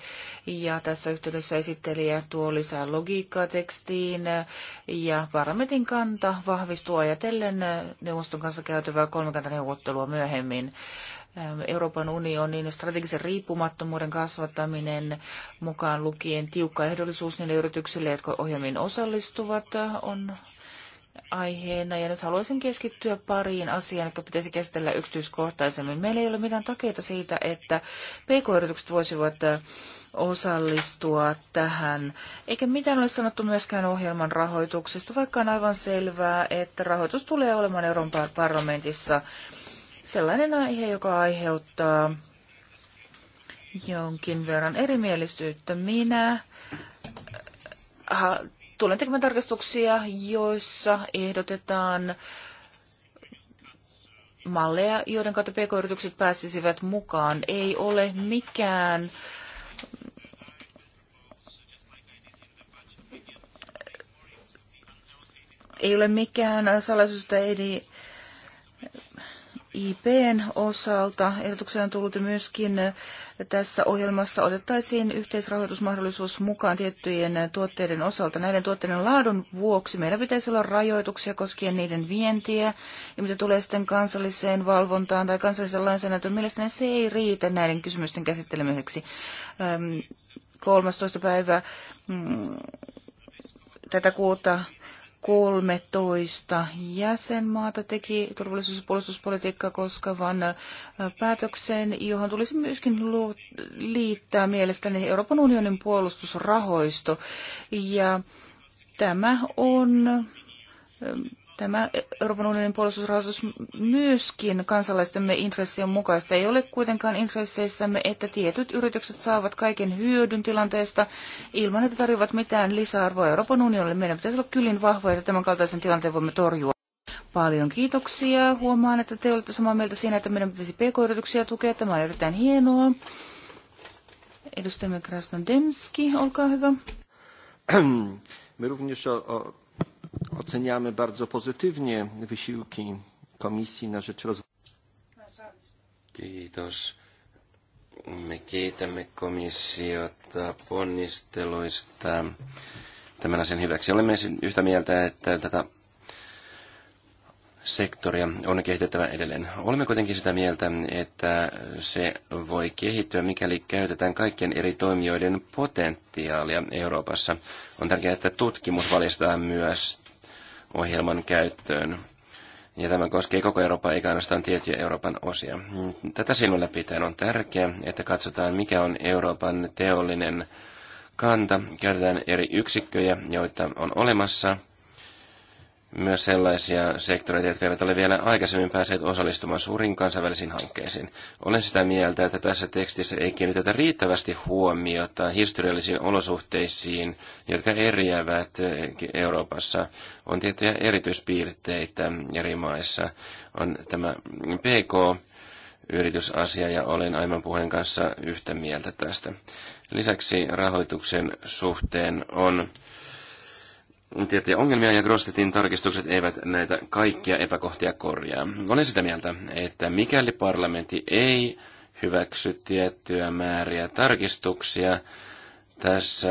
ja tässä yhteydessä esittelijä tuo lisää logiikkaa tekstiin ja parlamentin kanta vahvistuu ajatellen neuvoston kanssa käytävää kolmikantaneuvottelua myöhemmin. Euroopan unionin strategisen riippumattomuuden kasvattaminen mukaan lukien tiukka ehdollisuus niille yrityksille, jotka ohjelmiin osallistuvat, on aiheena ja nyt haluaisin keskittyä pariin asiaan, jotka pitäisi käsitellä yksityiskohtaisemmin. Meillä ei ole mitään takeita siitä, että pk-yritykset voisivat osallistua tähän, eikä mitään ole sanottu myöskään ohjelman rahoituksesta, vaikka on aivan selvää, että rahoitus tulee olemaan Euroopan parlamentissa sellainen aihe, joka aiheuttaa jonkin verran erimielisyyttä. Minä tulen tekemään tarkastuksia, joissa ehdotetaan malleja, joiden kautta pk-yritykset pääsisivät mukaan. Ei ole mikään ei ole mikään salaisuus, että ei IPn osalta. Ehdotuksena on tullut myöskin tässä ohjelmassa otettaisiin yhteisrahoitusmahdollisuus mukaan tiettyjen tuotteiden osalta. Näiden tuotteiden laadun vuoksi meillä pitäisi olla rajoituksia koskien niiden vientiä ja mitä tulee sitten kansalliseen valvontaan tai kansalliseen lainsäädäntöön. Mielestäni se ei riitä näiden kysymysten käsittelemiseksi. 13. päivä mm, tätä kuuta 13 jäsenmaata teki turvallisuus- ja puolustuspolitiikkaa koskevan äh, päätöksen, johon tulisi myöskin liittää mielestäni Euroopan unionin puolustusrahoisto. Ja tämä on ähm, Tämä Euroopan unionin puolustusrahoitus myöskin kansalaistemme intressien mukaista ei ole kuitenkaan intresseissämme, että tietyt yritykset saavat kaiken hyödyn tilanteesta ilman, että tarjoavat mitään lisäarvoa Euroopan unionille. Meidän pitäisi olla kyllin vahvoja, että tämän kaltaisen tilanteen voimme torjua. Paljon kiitoksia. Huomaan, että te olette samaa mieltä siinä, että meidän pitäisi pk-yrityksiä tukea. Tämä on erittäin hienoa. Edustajamme Krasnodemski, olkaa hyvä. Me również o, o Oceniamy bardzo pozytywnie wysiłki Komisji na rzecz rozwoju. Me kiitämme komissiota ponnisteluista tämän asian hyväksi. Olemme siis yhtä mieltä, että tätä sektoria on kehitettävä edelleen. Olemme kuitenkin sitä mieltä, että se voi kehittyä, mikäli käytetään kaikkien eri toimijoiden potentiaalia Euroopassa. On tärkeää, että tutkimus valistaa myös ohjelman käyttöön. Ja tämä koskee koko Eurooppaa, eikä ainoastaan tiettyjä Euroopan osia. Tätä silmällä pitäen on tärkeää, että katsotaan, mikä on Euroopan teollinen kanta. Käytetään eri yksikköjä, joita on olemassa, myös sellaisia sektoreita, jotka eivät ole vielä aikaisemmin päässeet osallistumaan suuriin kansainvälisiin hankkeisiin. Olen sitä mieltä, että tässä tekstissä ei kiinnitetä riittävästi huomiota historiallisiin olosuhteisiin, jotka eriävät Euroopassa. On tiettyjä erityispiirteitä eri maissa. On tämä PK, yritysasia ja olen aivan puheen kanssa yhtä mieltä tästä. Lisäksi rahoituksen suhteen on tiettyjä ongelmia ja Grostetin tarkistukset eivät näitä kaikkia epäkohtia korjaa. Olen sitä mieltä, että mikäli parlamentti ei hyväksy tiettyä määriä tarkistuksia, tässä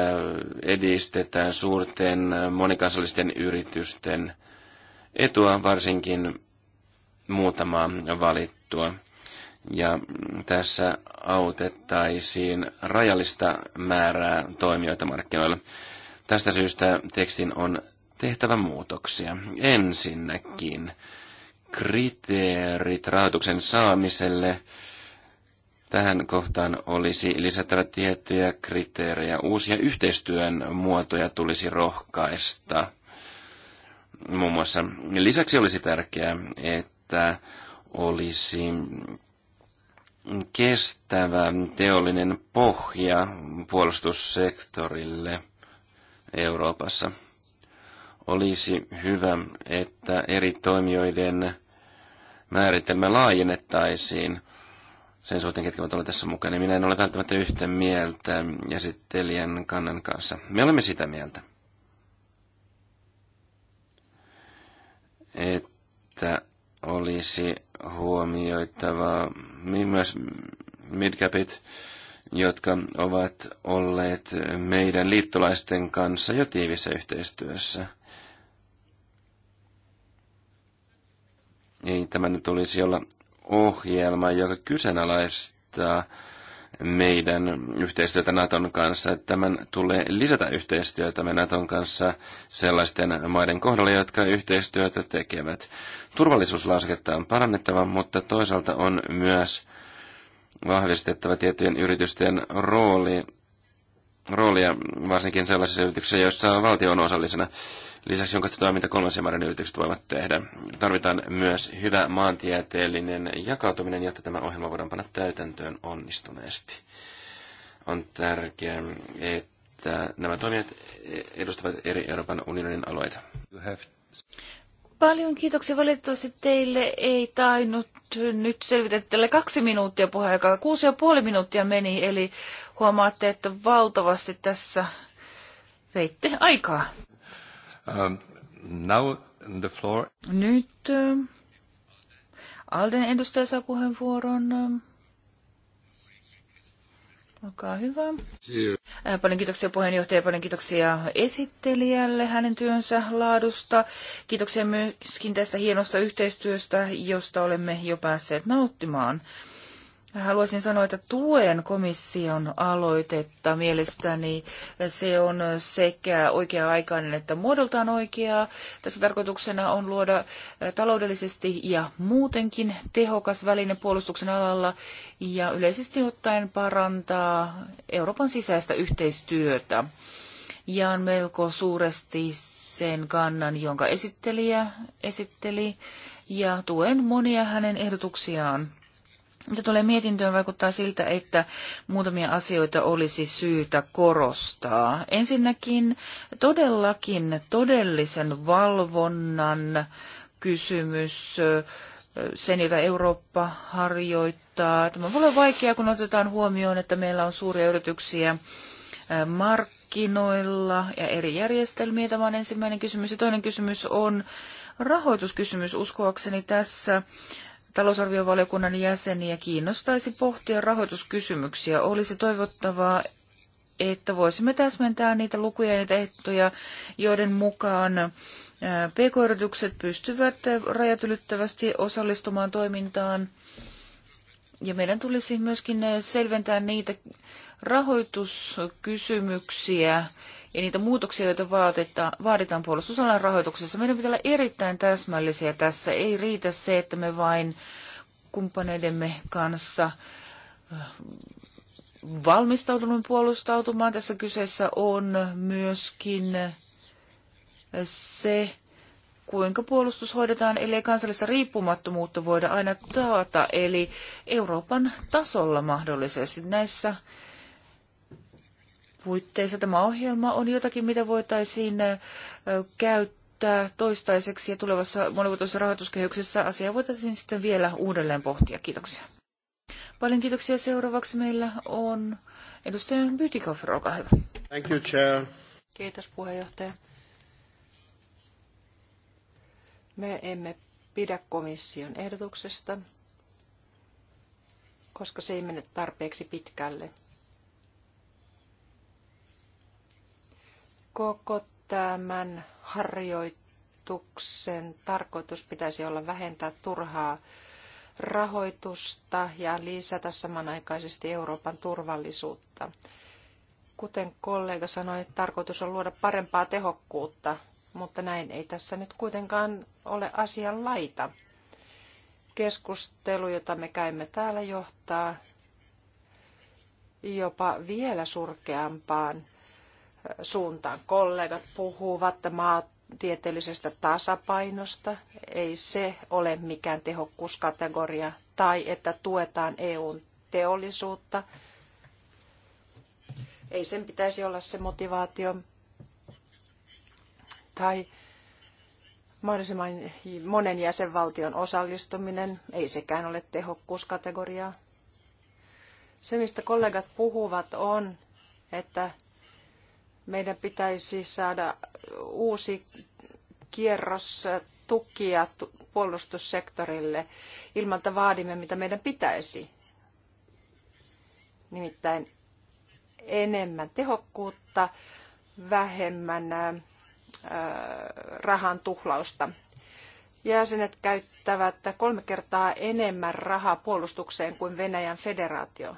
edistetään suurten monikansallisten yritysten etua, varsinkin muutamaa valittua. Ja tässä autettaisiin rajallista määrää toimijoita markkinoilla. Tästä syystä tekstin on tehtävä muutoksia. Ensinnäkin kriteerit rahoituksen saamiselle. Tähän kohtaan olisi lisättävä tiettyjä kriteerejä. Uusia yhteistyön muotoja tulisi rohkaista. Muun muassa lisäksi olisi tärkeää, että olisi kestävä teollinen pohja puolustussektorille – Euroopassa. Olisi hyvä, että eri toimijoiden määritelmä laajennettaisiin sen suhteen, ketkä ovat olleet tässä mukana. Minä en ole välttämättä yhtä mieltä jäsittelijän kannan kanssa. Me olemme sitä mieltä, että olisi huomioitava myös midcapit, jotka ovat olleet meidän liittolaisten kanssa jo tiivissä yhteistyössä. Ei tämä nyt tulisi olla ohjelma, joka kyseenalaistaa meidän yhteistyötä Naton kanssa. Tämän tulee lisätä yhteistyötä me Naton kanssa sellaisten maiden kohdalla, jotka yhteistyötä tekevät. Turvallisuuslausketta on parannettava, mutta toisaalta on myös vahvistettava tiettyjen yritysten rooli, roolia, varsinkin sellaisissa yrityksissä, joissa valtio on osallisena. Lisäksi on katsotaan, mitä kolmansien maiden yritykset voivat tehdä. Tarvitaan myös hyvä maantieteellinen jakautuminen, jotta tämä ohjelma voidaan panna täytäntöön onnistuneesti. On tärkeää, että nämä toimijat edustavat eri Euroopan unionin alueita. Paljon kiitoksia. Valitettavasti teille ei tainnut nyt selvitä tälle kaksi minuuttia puheaikaa. Kuusi ja puoli minuuttia meni, eli huomaatte, että valtavasti tässä veitte aikaa. Um, now the floor. Nyt äh, Alden edustaja saa puheenvuoron. Olkaa hyvä. Paljon kiitoksia puheenjohtaja, paljon kiitoksia esittelijälle hänen työnsä laadusta. Kiitoksia myöskin tästä hienosta yhteistyöstä, josta olemme jo päässeet nauttimaan. Haluaisin sanoa, että tuen komission aloitetta. Mielestäni se on sekä oikea-aikainen että muodoltaan oikeaa. Tässä tarkoituksena on luoda taloudellisesti ja muutenkin tehokas väline puolustuksen alalla ja yleisesti ottaen parantaa Euroopan sisäistä yhteistyötä. Jaan melko suuresti sen kannan, jonka esittelijä esitteli, ja tuen monia hänen ehdotuksiaan. Mitä tulee mietintöön, vaikuttaa siltä, että muutamia asioita olisi syytä korostaa. Ensinnäkin todellakin todellisen valvonnan kysymys, sen jota Eurooppa harjoittaa. Tämä voi olla vaikeaa, kun otetaan huomioon, että meillä on suuria yrityksiä markkinoilla ja eri järjestelmiä. Tämä on ensimmäinen kysymys. Ja toinen kysymys on rahoituskysymys. Uskoakseni tässä talousarviovaliokunnan jäseniä kiinnostaisi pohtia rahoituskysymyksiä. Olisi toivottavaa, että voisimme täsmentää niitä lukuja ja niitä ehtoja, joiden mukaan PK-yritykset pystyvät rajat ylittävästi osallistumaan toimintaan. Ja meidän tulisi myöskin selventää niitä rahoituskysymyksiä, ja niitä muutoksia, joita vaaditaan, puolustusalan rahoituksessa. Meidän pitää olla erittäin täsmällisiä tässä. Ei riitä se, että me vain kumppaneidemme kanssa äh, valmistautunut puolustautumaan. Tässä kyseessä on myöskin se, kuinka puolustus hoidetaan, eli kansallista riippumattomuutta voida aina taata, eli Euroopan tasolla mahdollisesti näissä puitteissa. Tämä ohjelma on jotakin, mitä voitaisiin käyttää toistaiseksi ja tulevassa monivuotoisessa rahoituskehyksessä asiaa voitaisiin sitten vielä uudelleen pohtia. Kiitoksia. Paljon kiitoksia. Seuraavaksi meillä on edustaja Bytikoff, olkaa hyvä. Thank you, chair. Kiitos puheenjohtaja. Me emme pidä komission ehdotuksesta, koska se ei mene tarpeeksi pitkälle – koko tämän harjoituksen tarkoitus pitäisi olla vähentää turhaa rahoitusta ja lisätä samanaikaisesti Euroopan turvallisuutta. Kuten kollega sanoi, tarkoitus on luoda parempaa tehokkuutta, mutta näin ei tässä nyt kuitenkaan ole asian laita. Keskustelu, jota me käymme täällä, johtaa jopa vielä surkeampaan suuntaan. Kollegat puhuvat maatieteellisestä tasapainosta. Ei se ole mikään tehokkuuskategoria. Tai että tuetaan EUn teollisuutta. Ei sen pitäisi olla se motivaatio. Tai mahdollisimman monen jäsenvaltion osallistuminen, ei sekään ole tehokkuuskategoriaa. Se, mistä kollegat puhuvat, on, että meidän pitäisi saada uusi kierros tukia puolustussektorille ilman, että vaadimme, mitä meidän pitäisi. Nimittäin enemmän tehokkuutta, vähemmän rahan tuhlausta. Jäsenet käyttävät kolme kertaa enemmän rahaa puolustukseen kuin Venäjän federaatio.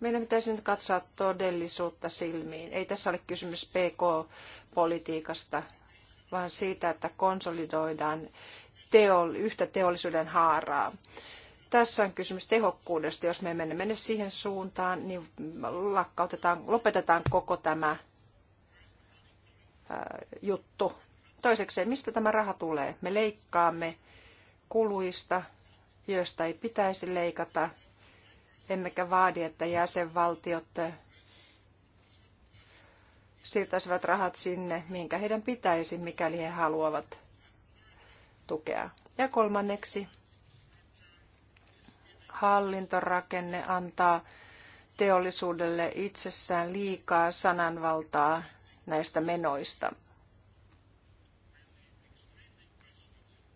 Meidän pitäisi nyt katsoa todellisuutta silmiin. Ei tässä ole kysymys PK-politiikasta, vaan siitä, että konsolidoidaan teol, yhtä teollisuuden haaraa. Tässä on kysymys tehokkuudesta. Jos me emme mene siihen suuntaan, niin lakkautetaan, lopetetaan koko tämä ää, juttu. Toiseksi, mistä tämä raha tulee? Me leikkaamme kuluista, joista ei pitäisi leikata, emmekä vaadi, että jäsenvaltiot siirtäisivät rahat sinne, minkä heidän pitäisi, mikäli he haluavat tukea. Ja kolmanneksi, hallintorakenne antaa teollisuudelle itsessään liikaa sananvaltaa näistä menoista.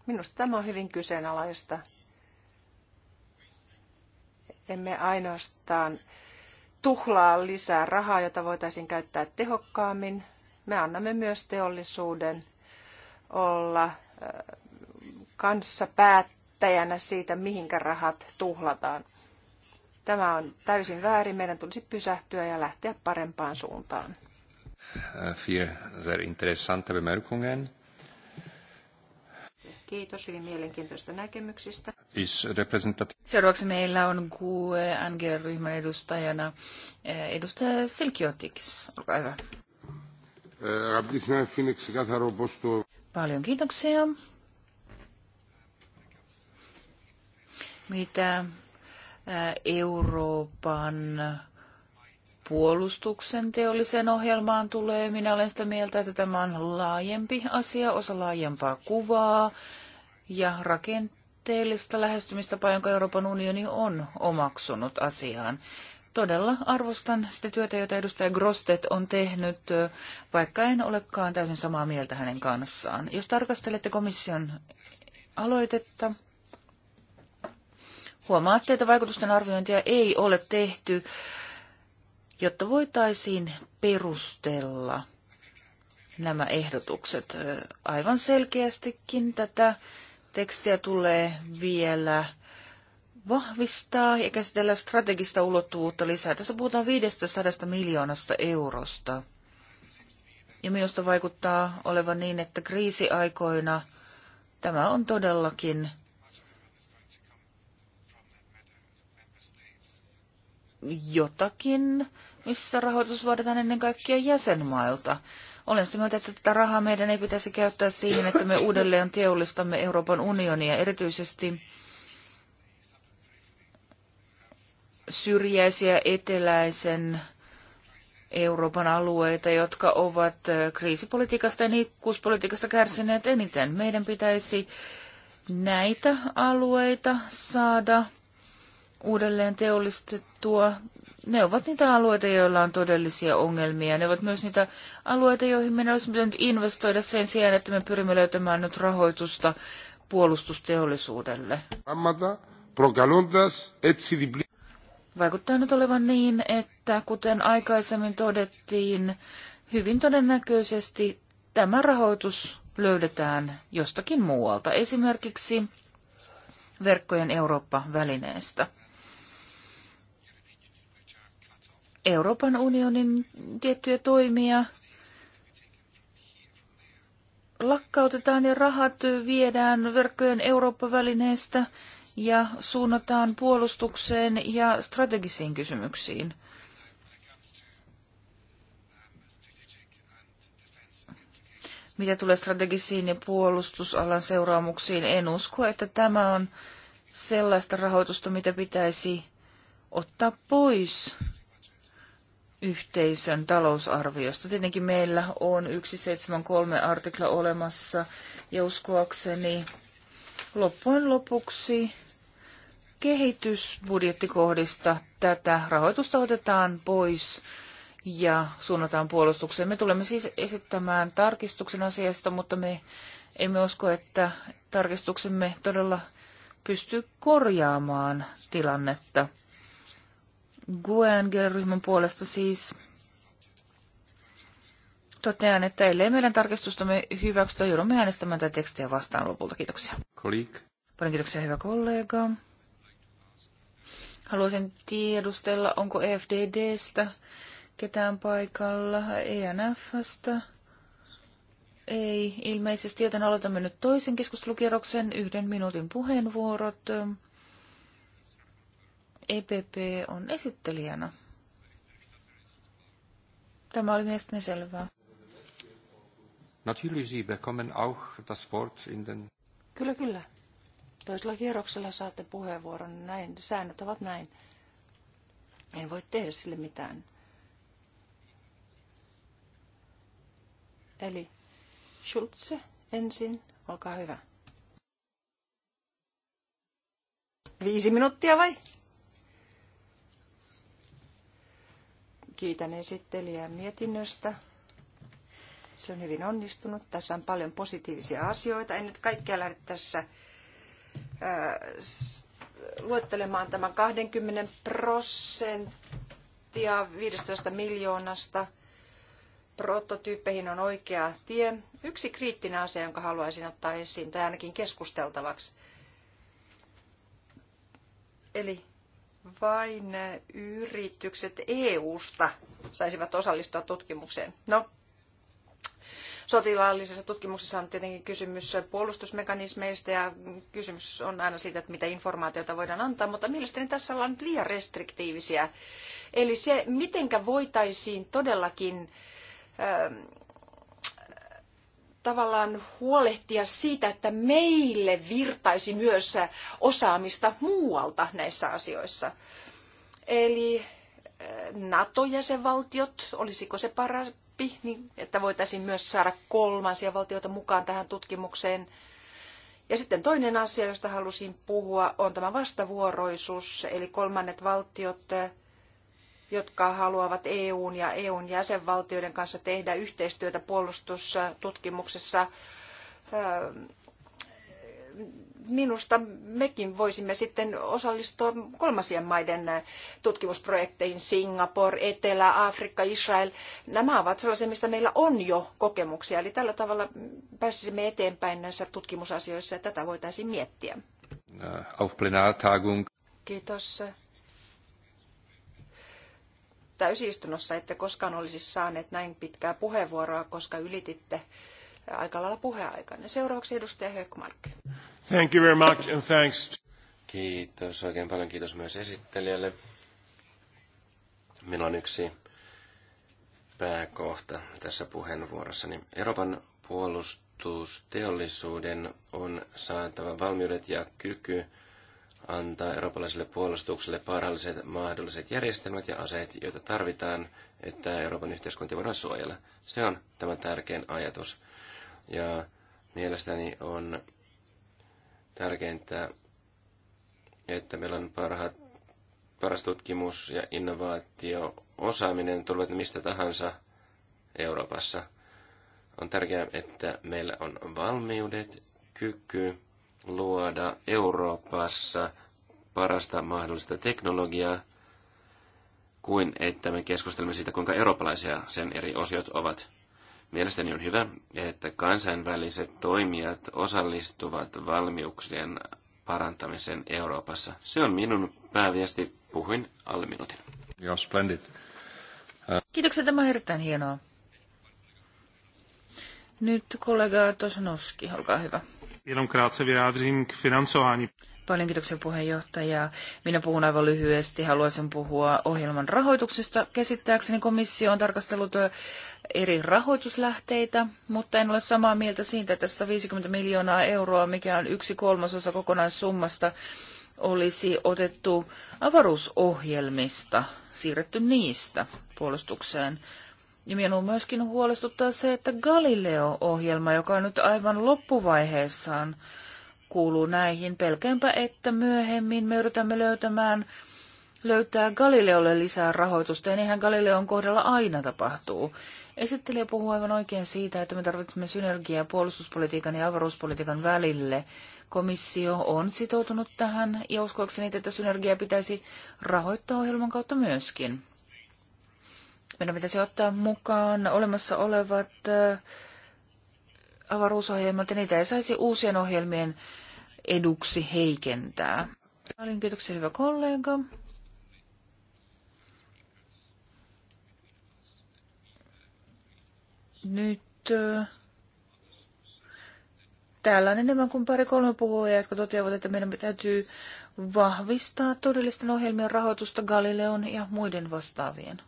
Minusta tämä on hyvin kyseenalaista emme ainoastaan tuhlaa lisää rahaa, jota voitaisiin käyttää tehokkaammin. Me annamme myös teollisuuden olla kanssa päättäjänä siitä, mihinkä rahat tuhlataan. Tämä on täysin väärin. Meidän tulisi pysähtyä ja lähteä parempaan suuntaan. Vier sehr interessante Bemerkungen. Kiitos hyvin mielenkiintoista näkemyksistä. Seuraavaksi meillä on QE NGR-ryhmän edustajana eh, edustaja Silkiotikis. Olkaa hyvä. Eh, Paljon kiitoksia. Mitä eh, Euroopan puolustuksen teolliseen ohjelmaan tulee, minä olen sitä mieltä, että tämä on laajempi asia, osa laajempaa kuvaa ja rakenteellista lähestymistapaa, jonka Euroopan unioni on omaksunut asiaan. Todella arvostan sitä työtä, jota edustaja Grostet on tehnyt, vaikka en olekaan täysin samaa mieltä hänen kanssaan. Jos tarkastelette komission aloitetta, huomaatte, että vaikutusten arviointia ei ole tehty jotta voitaisiin perustella nämä ehdotukset. Aivan selkeästikin tätä tekstiä tulee vielä vahvistaa ja käsitellä strategista ulottuvuutta lisää. Tässä puhutaan 500 miljoonasta eurosta. Ja minusta vaikuttaa olevan niin, että kriisiaikoina tämä on todellakin jotakin, missä rahoitus vaaditaan ennen kaikkea jäsenmailta. Olen sitä mieltä, että tätä rahaa meidän ei pitäisi käyttää siihen, että me uudelleen teollistamme Euroopan unionia, erityisesti syrjäisiä eteläisen Euroopan alueita, jotka ovat kriisipolitiikasta ja niikkuuspolitiikasta kärsineet eniten. Meidän pitäisi näitä alueita saada uudelleen teollistettua ne ovat niitä alueita, joilla on todellisia ongelmia. Ne ovat myös niitä alueita, joihin meidän olisi pitänyt investoida sen sijaan, että me pyrimme löytämään nyt rahoitusta puolustusteollisuudelle. Vaikuttaa nyt olevan niin, että kuten aikaisemmin todettiin, hyvin todennäköisesti tämä rahoitus löydetään jostakin muualta, esimerkiksi verkkojen Eurooppa-välineestä. Euroopan unionin tiettyjä toimia lakkautetaan ja rahat viedään verkkojen Eurooppa-välineestä ja suunnataan puolustukseen ja strategisiin kysymyksiin. Mitä tulee strategisiin ja puolustusalan seuraamuksiin, en usko, että tämä on sellaista rahoitusta, mitä pitäisi ottaa pois yhteisön talousarviosta. Tietenkin meillä on 173 artikla olemassa ja uskoakseni loppujen lopuksi kehitysbudjettikohdista tätä rahoitusta otetaan pois ja suunnataan puolustukseen. Me tulemme siis esittämään tarkistuksen asiasta, mutta me emme usko, että tarkistuksemme todella pystyy korjaamaan tilannetta gue ryhmän puolesta siis totean, että ellei meidän tarkistustamme hyväksytä, joudumme äänestämään tätä tekstiä vastaan lopulta. Kiitoksia. Kolik. Paljon kiitoksia, hyvä kollega. Haluaisin tiedustella, onko FDDstä ketään paikalla, ENFstä. Ei, ilmeisesti, joten aloitamme nyt toisen keskustelukierroksen, yhden minuutin puheenvuorot. EPP on esittelijänä. Tämä oli mielestäni selvää. Natürlich, Sie bekommen auch das Wort in den... Kyllä, kyllä. Toisella kierroksella saatte puheenvuoron. Näin, säännöt ovat näin. En voi tehdä sille mitään. Eli Schulze ensin, olkaa hyvä. Viisi minuuttia vai? Kiitän esittelijää mietinnöstä. Se on hyvin onnistunut. Tässä on paljon positiivisia asioita. En nyt kaikkia lähde tässä ää, äh, luettelemaan tämän 20 prosenttia 15 miljoonasta. Prototyyppeihin on oikea tie. Yksi kriittinen asia, jonka haluaisin ottaa esiin, tai ainakin keskusteltavaksi. Eli vain yritykset EU-sta saisivat osallistua tutkimukseen. No, sotilaallisessa tutkimuksessa on tietenkin kysymys puolustusmekanismeista ja kysymys on aina siitä, että mitä informaatiota voidaan antaa, mutta mielestäni tässä ollaan nyt liian restriktiivisiä. Eli se, mitenkä voitaisiin todellakin tavallaan huolehtia siitä, että meille virtaisi myös osaamista muualta näissä asioissa. Eli eh, NATO-jäsenvaltiot, olisiko se parempi, niin että voitaisiin myös saada kolmansia valtioita mukaan tähän tutkimukseen. Ja sitten toinen asia, josta halusin puhua, on tämä vastavuoroisuus, eli kolmannet valtiot eh, jotka haluavat EUn ja EUn jäsenvaltioiden kanssa tehdä yhteistyötä puolustustutkimuksessa. Minusta mekin voisimme sitten osallistua kolmasien maiden tutkimusprojekteihin, Singapore, Etelä-Afrikka, Israel. Nämä ovat sellaisia, mistä meillä on jo kokemuksia, eli tällä tavalla pääsisimme eteenpäin näissä tutkimusasioissa ja tätä voitaisiin miettiä. Äh, Kiitos täysistunnossa ette koskaan olisi saaneet näin pitkää puheenvuoroa, koska ylititte aika lailla puheaikaan. Seuraavaksi edustaja Höckmark. Thank you very much and thanks. Kiitos oikein paljon. Kiitos myös esittelijälle. Minulla on yksi pääkohta tässä puheenvuorossani. Euroopan puolustusteollisuuden on saatava valmiudet ja kyky antaa eurooppalaiselle puolustukselle parhaalliset mahdolliset järjestelmät ja aseet, joita tarvitaan, että Euroopan yhteiskuntia voidaan suojella. Se on tämä tärkein ajatus. Ja mielestäni on tärkeintä, että meillä on parhaat, paras tutkimus ja innovaatio, osaaminen tulevat mistä tahansa Euroopassa. On tärkeää, että meillä on valmiudet, kyky luoda Euroopassa parasta mahdollista teknologiaa, kuin että me keskustelemme siitä, kuinka eurooppalaisia sen eri osiot ovat. Mielestäni on hyvä, että kansainväliset toimijat osallistuvat valmiuksien parantamisen Euroopassa. Se on minun pääviesti. Puhuin alle minuutin. Joo, splendid. Kiitoksia, tämä on erittäin hienoa. Nyt kollega Tosnowski, olkaa hyvä. Jenom krátce vyjádřím k financování. Paljon kiitoksia puheenjohtaja. Minä puhun aivan lyhyesti. Haluaisin puhua ohjelman rahoituksesta. Käsittääkseni komissio on tarkastellut eri rahoituslähteitä, mutta en ole samaa mieltä siitä, että 150 miljoonaa euroa, mikä on yksi kolmasosa kokonaissummasta, olisi otettu avaruusohjelmista, siirretty niistä puolustukseen. Ja minua myöskin huolestuttaa se, että Galileo-ohjelma, joka on nyt aivan loppuvaiheessaan, kuuluu näihin. Pelkäänpä, että myöhemmin me yritämme löytämään, löytää Galileolle lisää rahoitusta, ja niinhän Galileon kohdalla aina tapahtuu. Esittelijä puhuu aivan oikein siitä, että me tarvitsemme synergiaa puolustuspolitiikan ja avaruuspolitiikan välille. Komissio on sitoutunut tähän, ja uskoakseni tätä synergiaa pitäisi rahoittaa ohjelman kautta myöskin. Meidän pitäisi ottaa mukaan olemassa olevat äh, avaruusohjelmat, ja niitä ei saisi uusien ohjelmien eduksi heikentää. Paljon kiitoksia, hyvä kollega. Nyt äh, täällä on enemmän kuin pari-kolme puhujaa, jotka toteavat, että meidän täytyy vahvistaa todellisten ohjelmien rahoitusta Galileon ja muiden vastaavien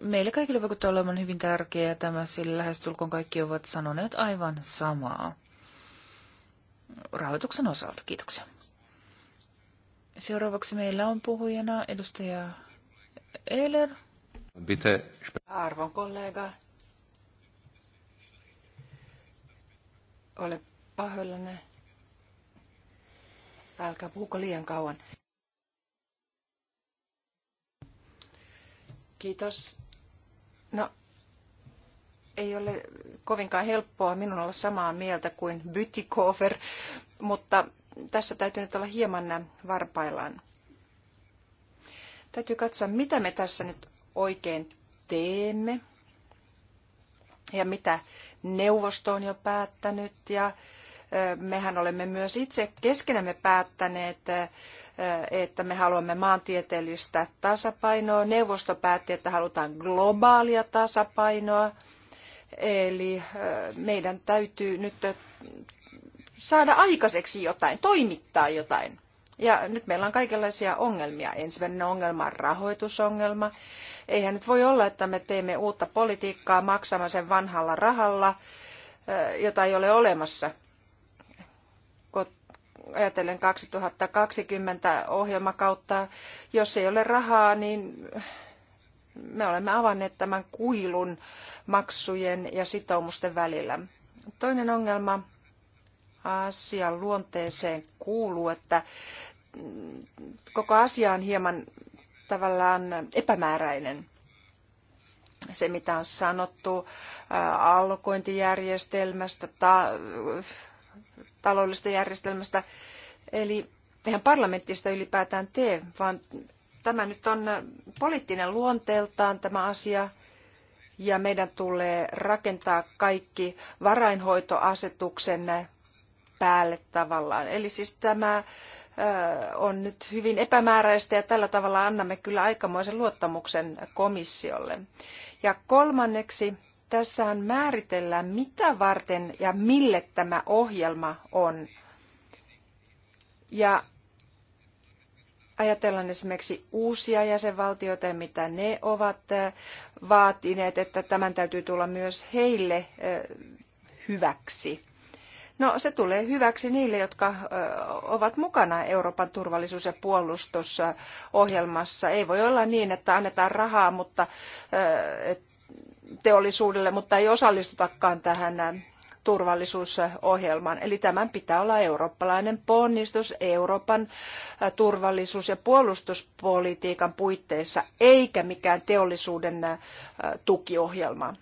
meille kaikille vaikuttaa olevan hyvin tärkeää tämä, sillä lähestulkoon kaikki ovat sanoneet aivan samaa rahoituksen osalta. Kiitoksia. Seuraavaksi meillä on puhujana edustaja Eiler. Arvon kollega, ole pahoillani. Älkää puhuko liian kauan. Kiitos. No, ei ole kovinkaan helppoa minun olla samaa mieltä kuin Bytikofer, mutta tässä täytyy nyt olla hieman varpaillaan. Täytyy katsoa, mitä me tässä nyt oikein teemme ja mitä neuvosto on jo päättänyt ja mehän olemme myös itse keskenämme päättäneet että me haluamme maantieteellistä tasapainoa. Neuvosto päätti, että halutaan globaalia tasapainoa. Eli meidän täytyy nyt saada aikaiseksi jotain, toimittaa jotain. Ja nyt meillä on kaikenlaisia ongelmia. Ensimmäinen ongelma on rahoitusongelma. Eihän nyt voi olla, että me teemme uutta politiikkaa maksamaan sen vanhalla rahalla, jota ei ole olemassa ajatellen 2020 ohjelmakautta, jos ei ole rahaa, niin me olemme avanneet tämän kuilun maksujen ja sitoumusten välillä. Toinen ongelma asian luonteeseen kuuluu, että koko asia on hieman tavallaan epämääräinen. Se, mitä on sanottu allokointijärjestelmästä, ta- taloudellisesta järjestelmästä. Eli eihän parlamenttista ylipäätään tee, vaan tämä nyt on poliittinen luonteeltaan tämä asia. Ja meidän tulee rakentaa kaikki varainhoitoasetuksen päälle tavallaan. Eli siis tämä on nyt hyvin epämääräistä ja tällä tavalla annamme kyllä aikamoisen luottamuksen komissiolle. Ja kolmanneksi tässähän määritellään, mitä varten ja mille tämä ohjelma on. Ja ajatellaan esimerkiksi uusia jäsenvaltioita ja mitä ne ovat äh, vaatineet, että tämän täytyy tulla myös heille äh, hyväksi. No se tulee hyväksi niille, jotka äh, ovat mukana Euroopan turvallisuus- ja puolustusohjelmassa. Ei voi olla niin, että annetaan rahaa, mutta että teollisuudelle, mutta ei osallistutakaan tähän äh, turvallisuusohjelmaan. Eli tämän pitää olla eurooppalainen ponnistus Euroopan äh, turvallisuus- ja puolustuspolitiikan puitteissa, eikä mikään teollisuuden äh, tukiohjelma.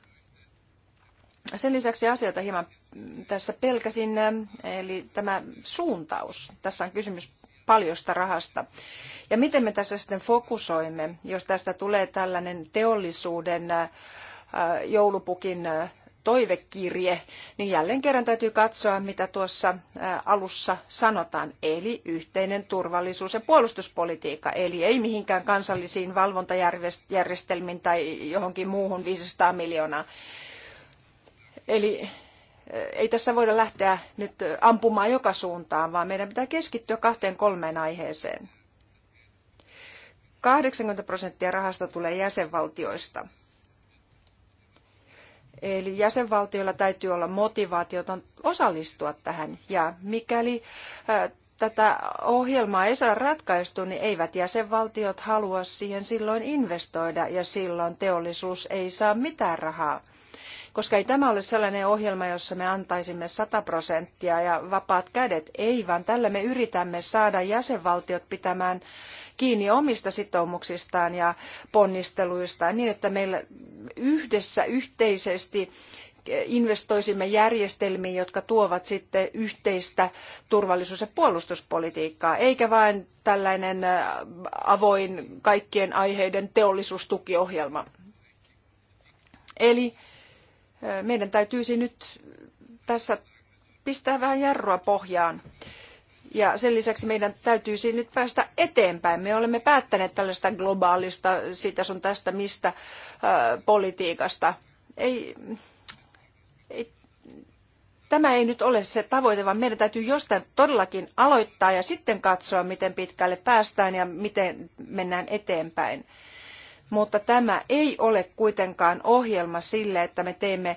Sen lisäksi asioita hieman tässä pelkäsin, eli tämä suuntaus. Tässä on kysymys paljosta rahasta. Ja miten me tässä sitten fokusoimme, jos tästä tulee tällainen teollisuuden joulupukin toivekirje, niin jälleen kerran täytyy katsoa, mitä tuossa alussa sanotaan, eli yhteinen turvallisuus- ja puolustuspolitiikka, eli ei mihinkään kansallisiin valvontajärjestelmiin tai johonkin muuhun 500 miljoonaa. Eli ei tässä voida lähteä nyt ampumaan joka suuntaan, vaan meidän pitää keskittyä kahteen kolmeen aiheeseen. 80 prosenttia rahasta tulee jäsenvaltioista Eli jäsenvaltioilla täytyy olla motivaatiota osallistua tähän. Ja mikäli tätä ohjelmaa ei saada ratkaistua, niin eivät jäsenvaltiot halua siihen silloin investoida ja silloin teollisuus ei saa mitään rahaa. Koska ei tämä ole sellainen ohjelma, jossa me antaisimme 100 prosenttia ja vapaat kädet. Ei, vaan tällä me yritämme saada jäsenvaltiot pitämään kiinni omista sitoumuksistaan ja ponnisteluistaan niin, että meillä yhdessä yhteisesti investoisimme järjestelmiin, jotka tuovat sitten yhteistä turvallisuus- ja puolustuspolitiikkaa, eikä vain tällainen äh, avoin kaikkien aiheiden teollisuustukiohjelma. Eli äh, meidän täytyisi nyt tässä pistää vähän jarrua pohjaan ja sen lisäksi meidän täytyisi nyt päästä eteenpäin. Me olemme päättäneet tällaista globaalista, sitä sun tästä mistä, politiikasta. Ei, ei, tämä ei nyt ole se tavoite, vaan meidän täytyy jostain todellakin aloittaa ja sitten katsoa, miten pitkälle päästään ja miten mennään eteenpäin mutta tämä ei ole kuitenkaan ohjelma sille, että me teemme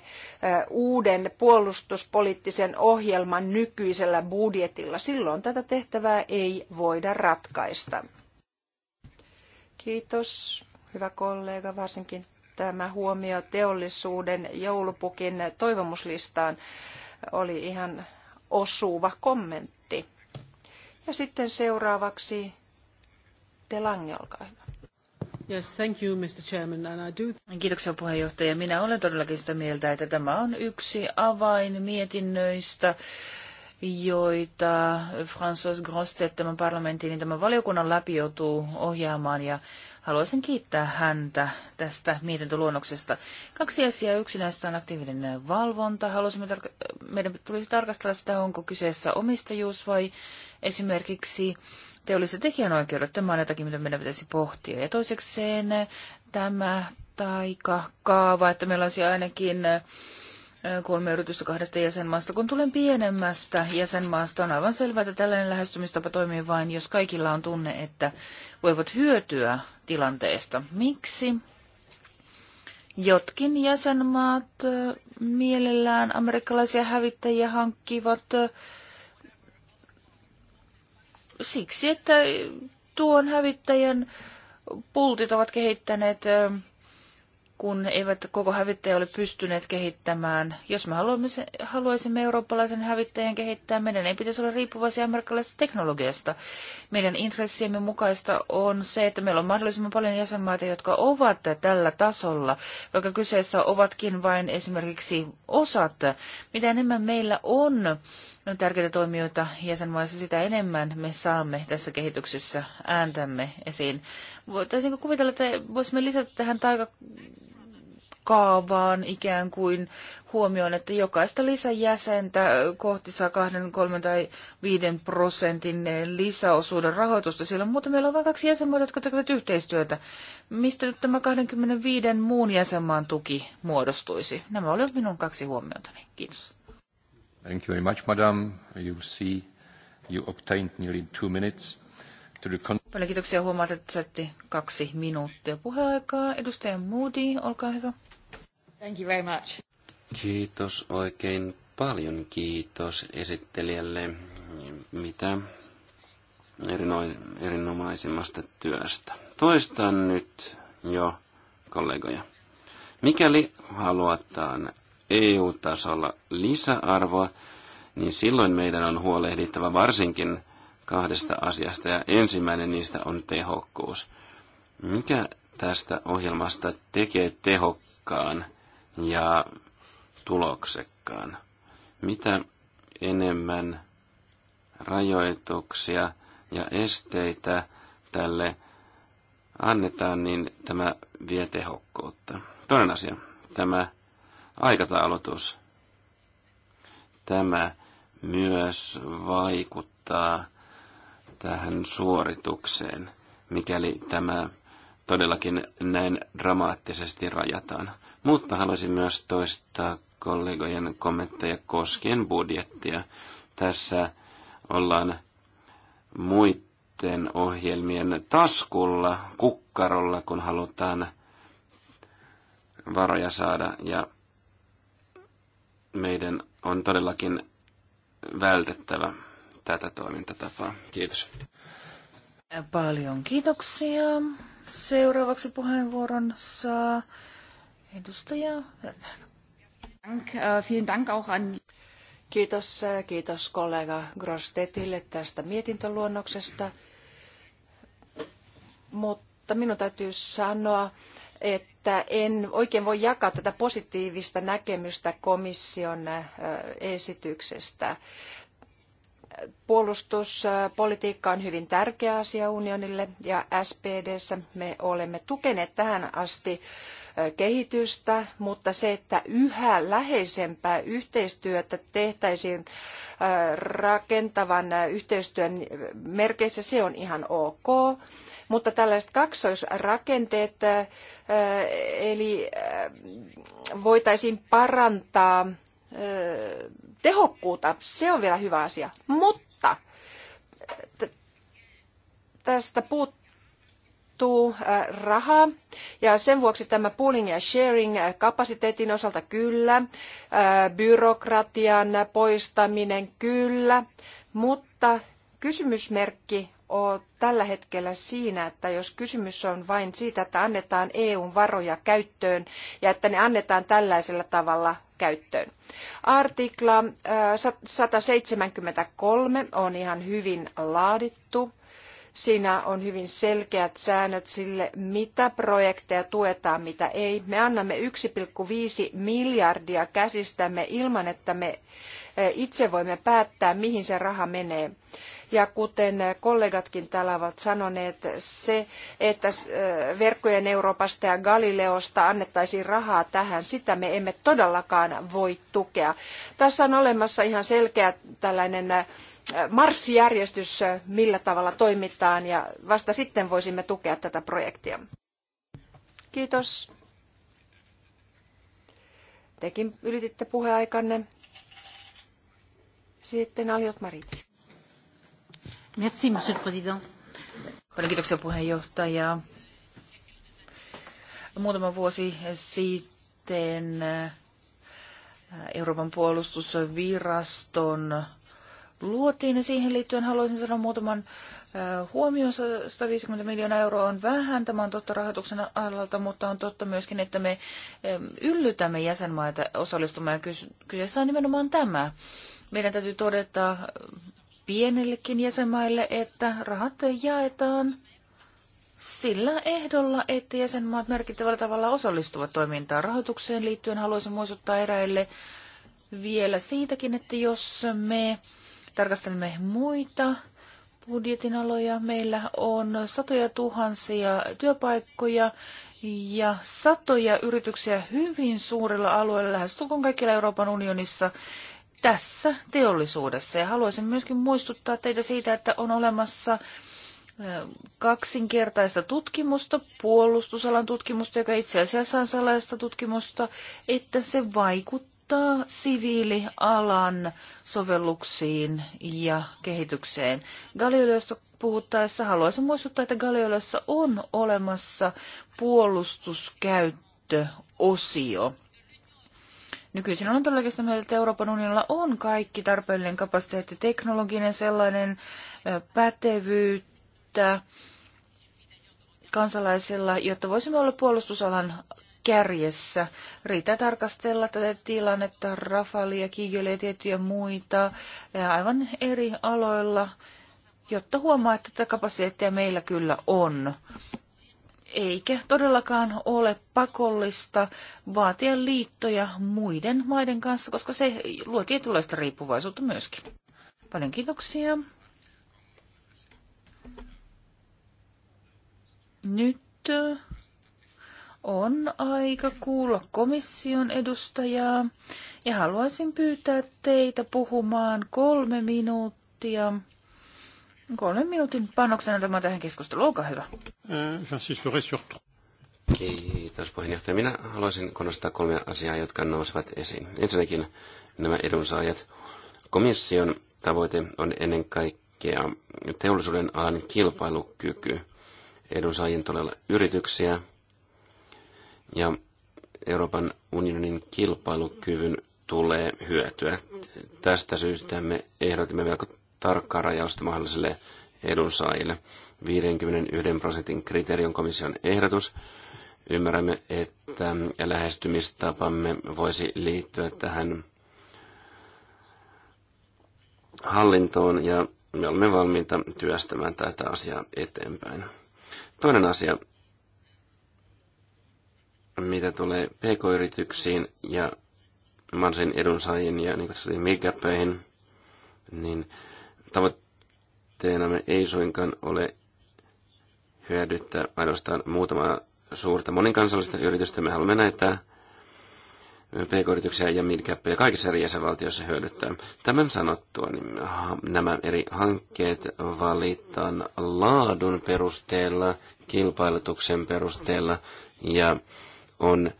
uuden puolustuspoliittisen ohjelman nykyisellä budjetilla. Silloin tätä tehtävää ei voida ratkaista. Kiitos, hyvä kollega, varsinkin tämä huomio teollisuuden joulupukin toivomuslistaan oli ihan osuva kommentti. Ja sitten seuraavaksi Telange, olkaa hyvä. Yes, thank you, Mr. Chairman, and I do... Kiitoksia puheenjohtaja. Minä olen todellakin sitä mieltä, että tämä on yksi avain mietinnöistä, joita François Grostet tämän parlamentin ja niin tämän valiokunnan läpi joutuu ohjaamaan ja haluaisin kiittää häntä tästä mietintöluonnoksesta. Kaksi asiaa. Yksi näistä on aktiivinen valvonta. Haluaisimme meidän tulisi tarkastella sitä, onko kyseessä omistajuus vai esimerkiksi teolliset tekijänoikeudet. Tämä on jotakin, mitä meidän pitäisi pohtia. Ja toisekseen tämä taikakaava, että meillä olisi ainakin äh, kolme yritystä kahdesta jäsenmaasta. Kun tulen pienemmästä jäsenmaasta, on aivan selvää, että tällainen lähestymistapa toimii vain, jos kaikilla on tunne, että voivat hyötyä tilanteesta. Miksi? Jotkin jäsenmaat äh, mielellään amerikkalaisia hävittäjiä hankkivat äh, Siksi, että tuon hävittäjän pultit ovat kehittäneet kun eivät koko hävittäjä ole pystyneet kehittämään. Jos me haluaisimme eurooppalaisen hävittäjän kehittää, meidän ei pitäisi olla riippuvaisia amerikkalaisesta teknologiasta. Meidän intressiemme mukaista on se, että meillä on mahdollisimman paljon jäsenmaita, jotka ovat tällä tasolla, vaikka kyseessä ovatkin vain esimerkiksi osat. Mitä enemmän meillä on tärkeitä toimijoita jäsenmaissa, sitä enemmän me saamme tässä kehityksessä ääntämme esiin. Voitaisiinko kuvitella, että voisimme lisätä tähän taika kaavaan ikään kuin huomioon, että jokaista lisäjäsentä kohti saa kahden, kolmen tai viiden prosentin lisäosuuden rahoitusta. Siellä muuta meillä on vain kaksi jäsenmaata, jotka tekevät yhteistyötä. Mistä nyt tämä 25 muun jäsenmaan tuki muodostuisi? Nämä olivat minun kaksi huomiotani. Kiitos. Thank you very much, madam. You see, you obtained nearly two minutes. Paljon kiitoksia. Huomaat, että saatte kaksi minuuttia puheaikaa. Edustaja Moody, olkaa hyvä. Thank you very much. Kiitos oikein paljon. Kiitos esittelijälle. Mitä erino- erinomaisimmasta työstä. Toistan nyt jo kollegoja. Mikäli haluataan EU-tasolla lisäarvoa, niin silloin meidän on huolehdittava varsinkin kahdesta asiasta, ja ensimmäinen niistä on tehokkuus. Mikä tästä ohjelmasta tekee tehokkaan? ja tuloksekkaan. Mitä enemmän rajoituksia ja esteitä tälle annetaan, niin tämä vie tehokkuutta. Toinen asia, tämä aikataulutus. Tämä myös vaikuttaa tähän suoritukseen, mikäli tämä todellakin näin dramaattisesti rajataan. Mutta haluaisin myös toistaa kollegojen kommentteja koskien budjettia. Tässä ollaan muiden ohjelmien taskulla, kukkarolla, kun halutaan varoja saada. Ja meidän on todellakin vältettävä tätä toimintatapaa. Kiitos. Paljon kiitoksia. Seuraavaksi puheenvuoron saa edustaja äh, Kiitos, äh, kiitos kollega Grostetille tästä mietintöluonnoksesta. Mutta minun täytyy sanoa, että en oikein voi jakaa tätä positiivista näkemystä komission äh, esityksestä. Puolustuspolitiikka on hyvin tärkeä asia unionille ja SPDssä me olemme tukeneet tähän asti kehitystä, mutta se, että yhä läheisempää yhteistyötä tehtäisiin rakentavan yhteistyön merkeissä, se on ihan ok. Mutta tällaiset kaksoisrakenteet, eli voitaisiin parantaa tehokkuutta, se on vielä hyvä asia. Mutta tästä puuttuu äh, rahaa ja sen vuoksi tämä pooling ja sharing äh, kapasiteetin osalta kyllä, äh, byrokratian poistaminen kyllä, mutta kysymysmerkki ole tällä hetkellä siinä, että jos kysymys on vain siitä, että annetaan EUn varoja käyttöön ja että ne annetaan tällaisella tavalla käyttöön. Artikla 173 on ihan hyvin laadittu. Siinä on hyvin selkeät säännöt sille, mitä projekteja tuetaan, mitä ei. Me annamme 1,5 miljardia käsistämme ilman, että me itse voimme päättää, mihin se raha menee. Ja kuten kollegatkin täällä ovat sanoneet, se, että verkkojen Euroopasta ja Galileosta annettaisiin rahaa tähän, sitä me emme todellakaan voi tukea. Tässä on olemassa ihan selkeä tällainen marssijärjestys, millä tavalla toimitaan, ja vasta sitten voisimme tukea tätä projektia. Kiitos. Tekin ylititte puheaikanne. Sitten Aliot Marit. Merci, monsieur le président. kiitoksia puheenjohtaja. Muutama vuosi sitten äh, Euroopan puolustusviraston luotiin ja siihen liittyen haluaisin sanoa muutaman äh, huomioon. 150 miljoonaa euroa on vähän, tämä on totta rahoituksen alalta, mutta on totta myöskin, että me ähm, yllytämme jäsenmaita osallistumaan ja kyseessä on nimenomaan tämä meidän täytyy todeta pienellekin jäsenmaille, että rahat jaetaan sillä ehdolla, että jäsenmaat merkittävällä tavalla osallistuvat toimintaan rahoitukseen liittyen. Haluaisin muistuttaa eräille vielä siitäkin, että jos me tarkastelemme muita budjetin aloja, meillä on satoja tuhansia työpaikkoja ja satoja yrityksiä hyvin suurilla alueilla, lähes kaikilla Euroopan unionissa, tässä teollisuudessa. Ja haluaisin myöskin muistuttaa teitä siitä, että on olemassa kaksinkertaista tutkimusta, puolustusalan tutkimusta, joka itse asiassa on salaista tutkimusta, että se vaikuttaa siviilialan sovelluksiin ja kehitykseen. Galileosta puhuttaessa haluaisin muistuttaa, että Galileossa on olemassa puolustuskäyttöosio. Nykyisin on todellakin sitä mieltä, että Euroopan unionilla on kaikki tarpeellinen kapasiteetti, teknologinen sellainen, pätevyyttä kansalaisilla, jotta voisimme olla puolustusalan kärjessä. Riitä tarkastella tätä tilannetta, Rafalia, Kigelia ja tiettyjä muita ja aivan eri aloilla, jotta huomaa, että tätä kapasiteettia meillä kyllä on eikä todellakaan ole pakollista vaatia liittoja muiden maiden kanssa, koska se luo tietynlaista riippuvaisuutta myöskin. Paljon kiitoksia. Nyt on aika kuulla komission edustajaa ja haluaisin pyytää teitä puhumaan kolme minuuttia kolmen minuutin panoksena tämä tähän keskusteluun. Olkaa hyvä. Euh, Kiitos puheenjohtaja. Minä haluaisin korostaa kolme asiaa, jotka nousevat esiin. Ensinnäkin nämä edunsaajat. Komission tavoite on ennen kaikkea teollisuuden alan kilpailukyky. Edunsaajien todella yrityksiä ja Euroopan unionin kilpailukyvyn tulee hyötyä. Tästä syystä me ehdotimme melko tarkkaa rajausta mahdollisille edunsaajille. 51 prosentin kriteerion komission ehdotus. Ymmärrämme, että lähestymistapamme voisi liittyä tähän hallintoon ja me olemme valmiita työstämään tätä asiaa eteenpäin. Toinen asia, mitä tulee pk-yrityksiin ja mansin edunsaajien ja niin kutsuttiin niin Tavoitteenamme ei suinkaan ole hyödyttää ainoastaan muutamaa suurta monikansallista yritystä. Me haluamme näitä pk-yrityksiä ja midcappeja kaikissa eri jäsenvaltioissa hyödyttää. Tämän sanottua niin nämä eri hankkeet valitaan laadun perusteella, kilpailutuksen perusteella ja on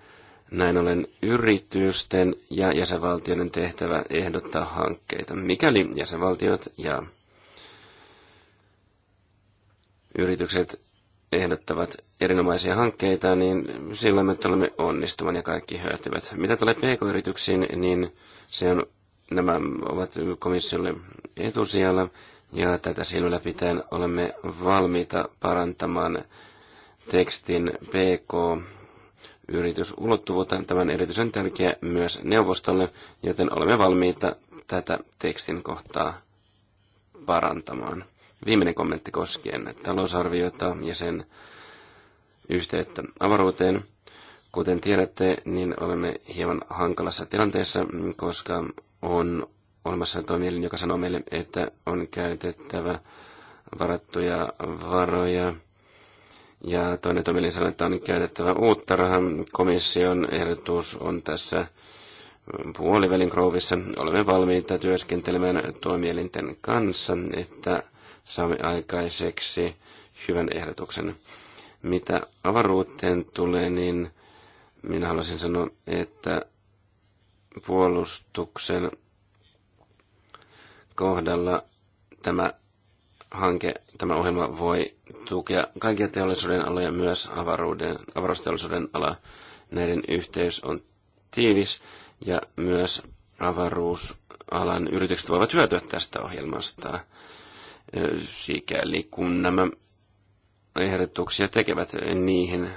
näin ollen yritysten ja jäsenvaltioiden tehtävä ehdottaa hankkeita. Mikäli jäsenvaltiot ja yritykset ehdottavat erinomaisia hankkeita, niin silloin me tulemme onnistumaan ja kaikki hyötyvät. Mitä tulee pk-yrityksiin, niin se on, nämä ovat komissiolle etusijalla ja tätä silmällä pitäen olemme valmiita parantamaan tekstin pk yritysulottuvuutta. Tämä on erityisen tärkeä myös neuvostolle, joten olemme valmiita tätä tekstin kohtaa parantamaan. Viimeinen kommentti koskien talousarviota ja sen yhteyttä avaruuteen. Kuten tiedätte, niin olemme hieman hankalassa tilanteessa, koska on olemassa toimielin, joka sanoo meille, että on käytettävä varattuja varoja – ja toinen toimielin sanoi, että on käytettävä uutta rahaa. Komission ehdotus on tässä puolivälin krouvissa. Olemme valmiita työskentelemään toimielinten kanssa, että saamme aikaiseksi hyvän ehdotuksen. Mitä avaruuteen tulee, niin minä haluaisin sanoa, että puolustuksen kohdalla tämä hanke, tämä ohjelma voi tukea kaikkia teollisuuden aloja, myös avaruuden, avaruusteollisuuden ala. Näiden yhteys on tiivis ja myös avaruusalan yritykset voivat hyötyä tästä ohjelmasta. Sikäli kun nämä ehdotuksia tekevät, niihin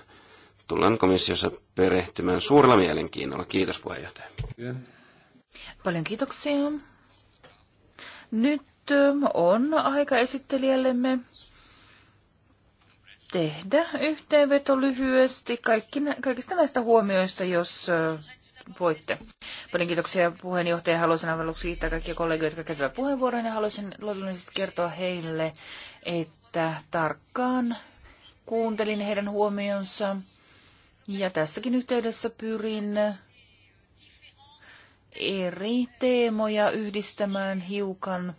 tullaan komissiossa perehtymään suurella mielenkiinnolla. Kiitos puheenjohtaja. Paljon kiitoksia. Nyt on aika esittelijällemme tehdä yhteenveto lyhyesti kaikki, kaikista näistä huomioista, jos voitte. Paljon kiitoksia puheenjohtaja. Haluaisin aivan aluksi kiittää kaikkia kollegoita, jotka käyttävät puheenvuoron ja haluaisin luonnollisesti kertoa heille, että tarkkaan kuuntelin heidän huomionsa. Ja tässäkin yhteydessä pyrin eri teemoja yhdistämään hiukan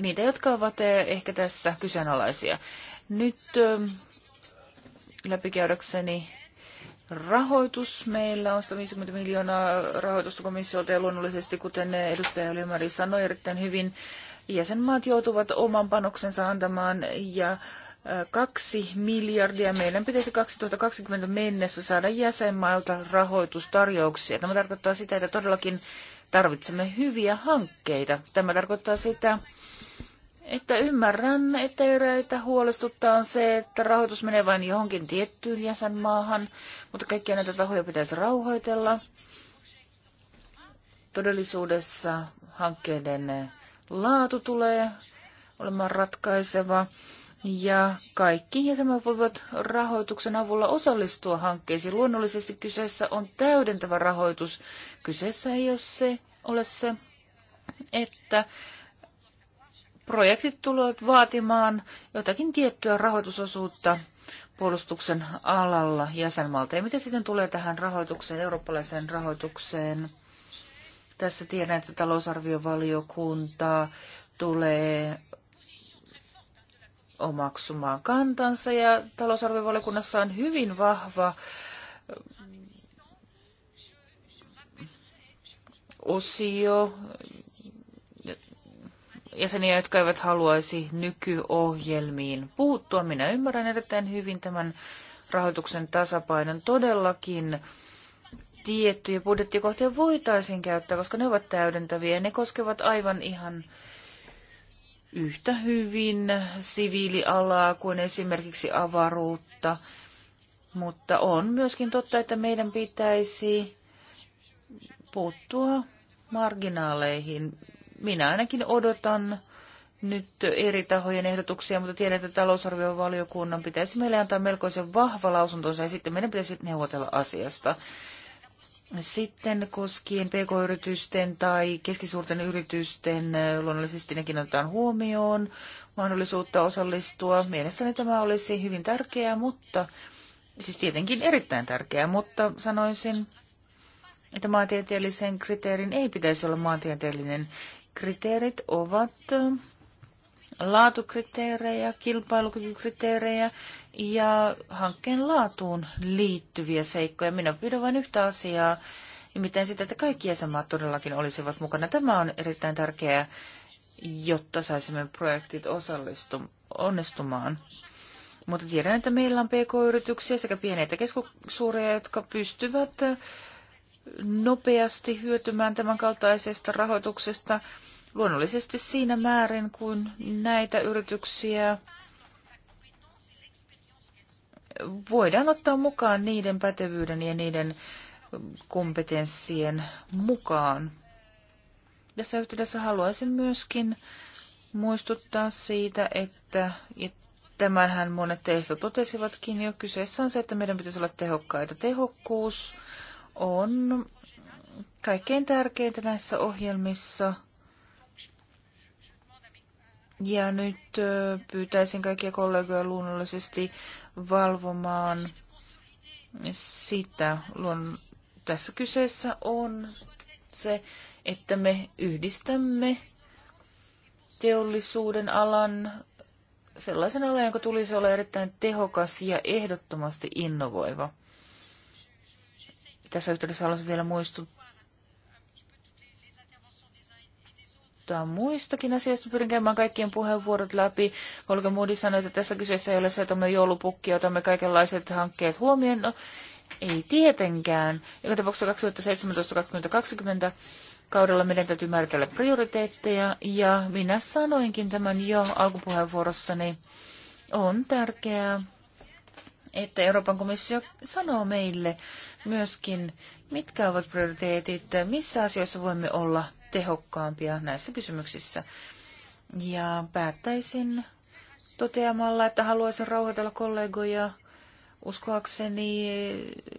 niitä, jotka ovat eh, ehkä tässä kyseenalaisia. Nyt ähm, läpikäydäkseni rahoitus. Meillä on 150 miljoonaa rahoitusta komissiolta ja luonnollisesti, kuten edustaja Ylimari sanoi erittäin hyvin, jäsenmaat joutuvat oman panoksensa antamaan ja äh, kaksi miljardia. Meidän pitäisi 2020 mennessä saada jäsenmailta rahoitustarjouksia. Tämä tarkoittaa sitä, että todellakin tarvitsemme hyviä hankkeita. Tämä tarkoittaa sitä, että ymmärrän, että eräitä huolestuttaa on se, että rahoitus menee vain johonkin tiettyyn jäsenmaahan, mutta kaikkia näitä tahoja pitäisi rauhoitella. Todellisuudessa hankkeiden laatu tulee olemaan ratkaiseva ja kaikki jäsenmaat voivat rahoituksen avulla osallistua hankkeisiin. Luonnollisesti kyseessä on täydentävä rahoitus. Kyseessä ei ole se, ole se että projektit tulevat vaatimaan jotakin tiettyä rahoitusosuutta puolustuksen alalla jäsenmaalta. Ja mitä sitten tulee tähän rahoitukseen, eurooppalaiseen rahoitukseen? Tässä tiedän, että talousarviovaliokunta tulee omaksumaan kantansa ja talousarviovaliokunnassa on hyvin vahva hm, osio jäseniä, jotka eivät haluaisi nykyohjelmiin puuttua. Minä ymmärrän erittäin hyvin tämän rahoituksen tasapainon todellakin tiettyjä budjettikohtia voitaisiin käyttää, koska ne ovat täydentäviä ja ne koskevat aivan ihan yhtä hyvin siviilialaa kuin esimerkiksi avaruutta. Mutta on myöskin totta, että meidän pitäisi puuttua marginaaleihin minä ainakin odotan nyt eri tahojen ehdotuksia, mutta tiedän, että talousarviovaliokunnan pitäisi meille antaa melkoisen vahva lausuntonsa ja sitten meidän pitäisi neuvotella asiasta. Sitten koskien pk-yritysten tai keskisuurten yritysten luonnollisesti nekin otetaan huomioon mahdollisuutta osallistua. Mielestäni tämä olisi hyvin tärkeää, mutta siis tietenkin erittäin tärkeää, mutta sanoisin, että maantieteellisen kriteerin ei pitäisi olla maantieteellinen kriteerit ovat äh, laatukriteerejä, kilpailukykykriteerejä ja hankkeen laatuun liittyviä seikkoja. Minä pyydän vain yhtä asiaa, nimittäin sitä, että kaikki jäsenmaat todellakin olisivat mukana. Tämä on erittäin tärkeää, jotta saisimme projektit osallistu- onnistumaan. Mutta tiedän, että meillä on pk-yrityksiä sekä pieniä että keskusuuria, jotka pystyvät äh, nopeasti hyötymään tämän kaltaisesta rahoituksesta luonnollisesti siinä määrin, kun näitä yrityksiä voidaan ottaa mukaan niiden pätevyyden ja niiden kompetenssien mukaan. Tässä yhteydessä haluaisin myöskin muistuttaa siitä, että tämänhän monet teistä totesivatkin jo, kyseessä on se, että meidän pitäisi olla tehokkaita. Tehokkuus on kaikkein tärkeintä näissä ohjelmissa. Ja nyt pyytäisin kaikkia kollegoja luonnollisesti valvomaan sitä. Luon, tässä kyseessä on se, että me yhdistämme teollisuuden alan sellaisen alan, jonka tulisi olla erittäin tehokas ja ehdottomasti innovoiva. Tässä yhteydessä haluaisin vielä muistuttaa muistakin asioista. Pyrin käymään kaikkien puheenvuorot läpi. Kolka Moody sanoi, että tässä kyseessä ei ole se, että me joulupukki otamme kaikenlaiset hankkeet huomioon. No, ei tietenkään. Joka tapauksessa 2017-2020 kaudella meidän täytyy määritellä prioriteetteja, ja minä sanoinkin tämän jo alkupuheenvuorossani. On tärkeää että Euroopan komissio sanoo meille myöskin, mitkä ovat prioriteetit, missä asioissa voimme olla tehokkaampia näissä kysymyksissä. Ja päättäisin toteamalla, että haluaisin rauhoitella kollegoja. Uskoakseni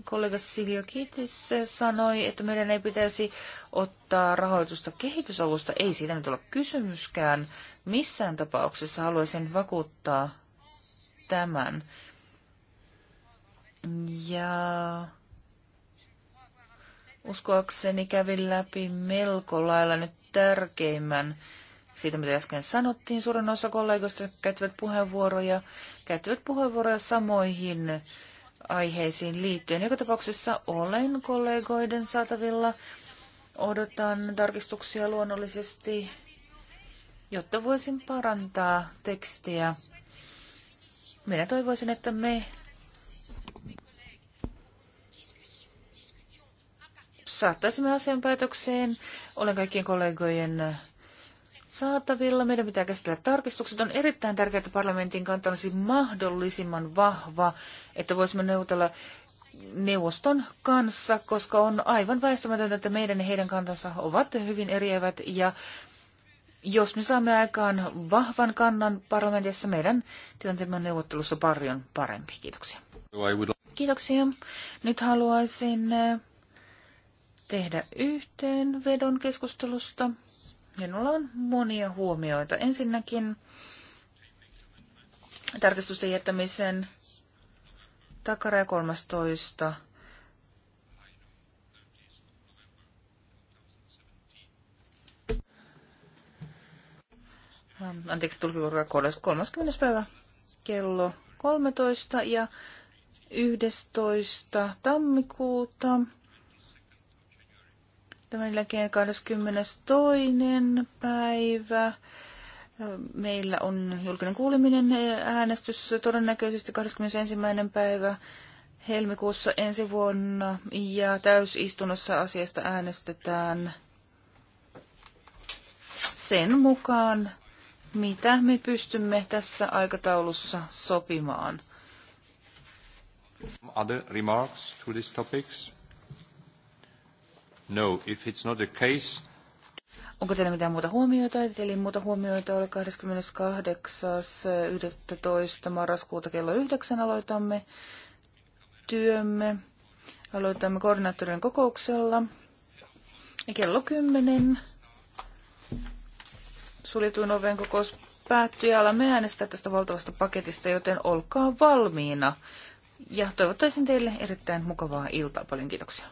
kollega Siljo Kitis sanoi, että meidän ei pitäisi ottaa rahoitusta kehitysavusta. Ei siitä nyt ole kysymyskään. Missään tapauksessa haluaisin vakuuttaa tämän. Ja uskoakseni kävin läpi melko lailla nyt tärkeimmän siitä, mitä äsken sanottiin. Suurin osa kollegoista käyttävät puheenvuoroja, käyttävät puheenvuoroja samoihin aiheisiin liittyen. Joka tapauksessa olen kollegoiden saatavilla. Odotan tarkistuksia luonnollisesti, jotta voisin parantaa tekstiä. Minä toivoisin, että me saattaisimme asian päätökseen. Olen kaikkien kollegojen saatavilla. Meidän pitää käsitellä tarkistukset. On erittäin tärkeää, että parlamentin kanta olisi mahdollisimman vahva, että voisimme neuvotella neuvoston kanssa, koska on aivan väistämätöntä, että meidän ja heidän kantansa ovat hyvin eriävät ja jos me saamme aikaan vahvan kannan parlamentissa, meidän tilanteemme on neuvottelussa paljon parempi. Kiitoksia. Kiitoksia. Nyt haluaisin tehdä yhteenvedon keskustelusta. Minulla on monia huomioita. Ensinnäkin tarkistusten jättämisen takaraja 13. Ähm, anteeksi, tulki 30. päivä kello 13 ja 11. tammikuuta Tämän jälkeen 22. päivä. Meillä on julkinen kuuleminen äänestys todennäköisesti 21. päivä helmikuussa ensi vuonna ja täysistunnossa asiasta äänestetään sen mukaan, mitä me pystymme tässä aikataulussa sopimaan. Other remarks to these topics? No, if it's not the case... Onko teillä mitään muuta huomioita? Eli muuta huomioita oli 28.11. marraskuuta kello 9 aloitamme työmme. Aloitamme koordinaattorin kokouksella. Ja kello 10 suljetuin oven kokous päättyy ja alamme äänestää tästä valtavasta paketista, joten olkaa valmiina. Ja toivottaisin teille erittäin mukavaa iltaa. Paljon kiitoksia.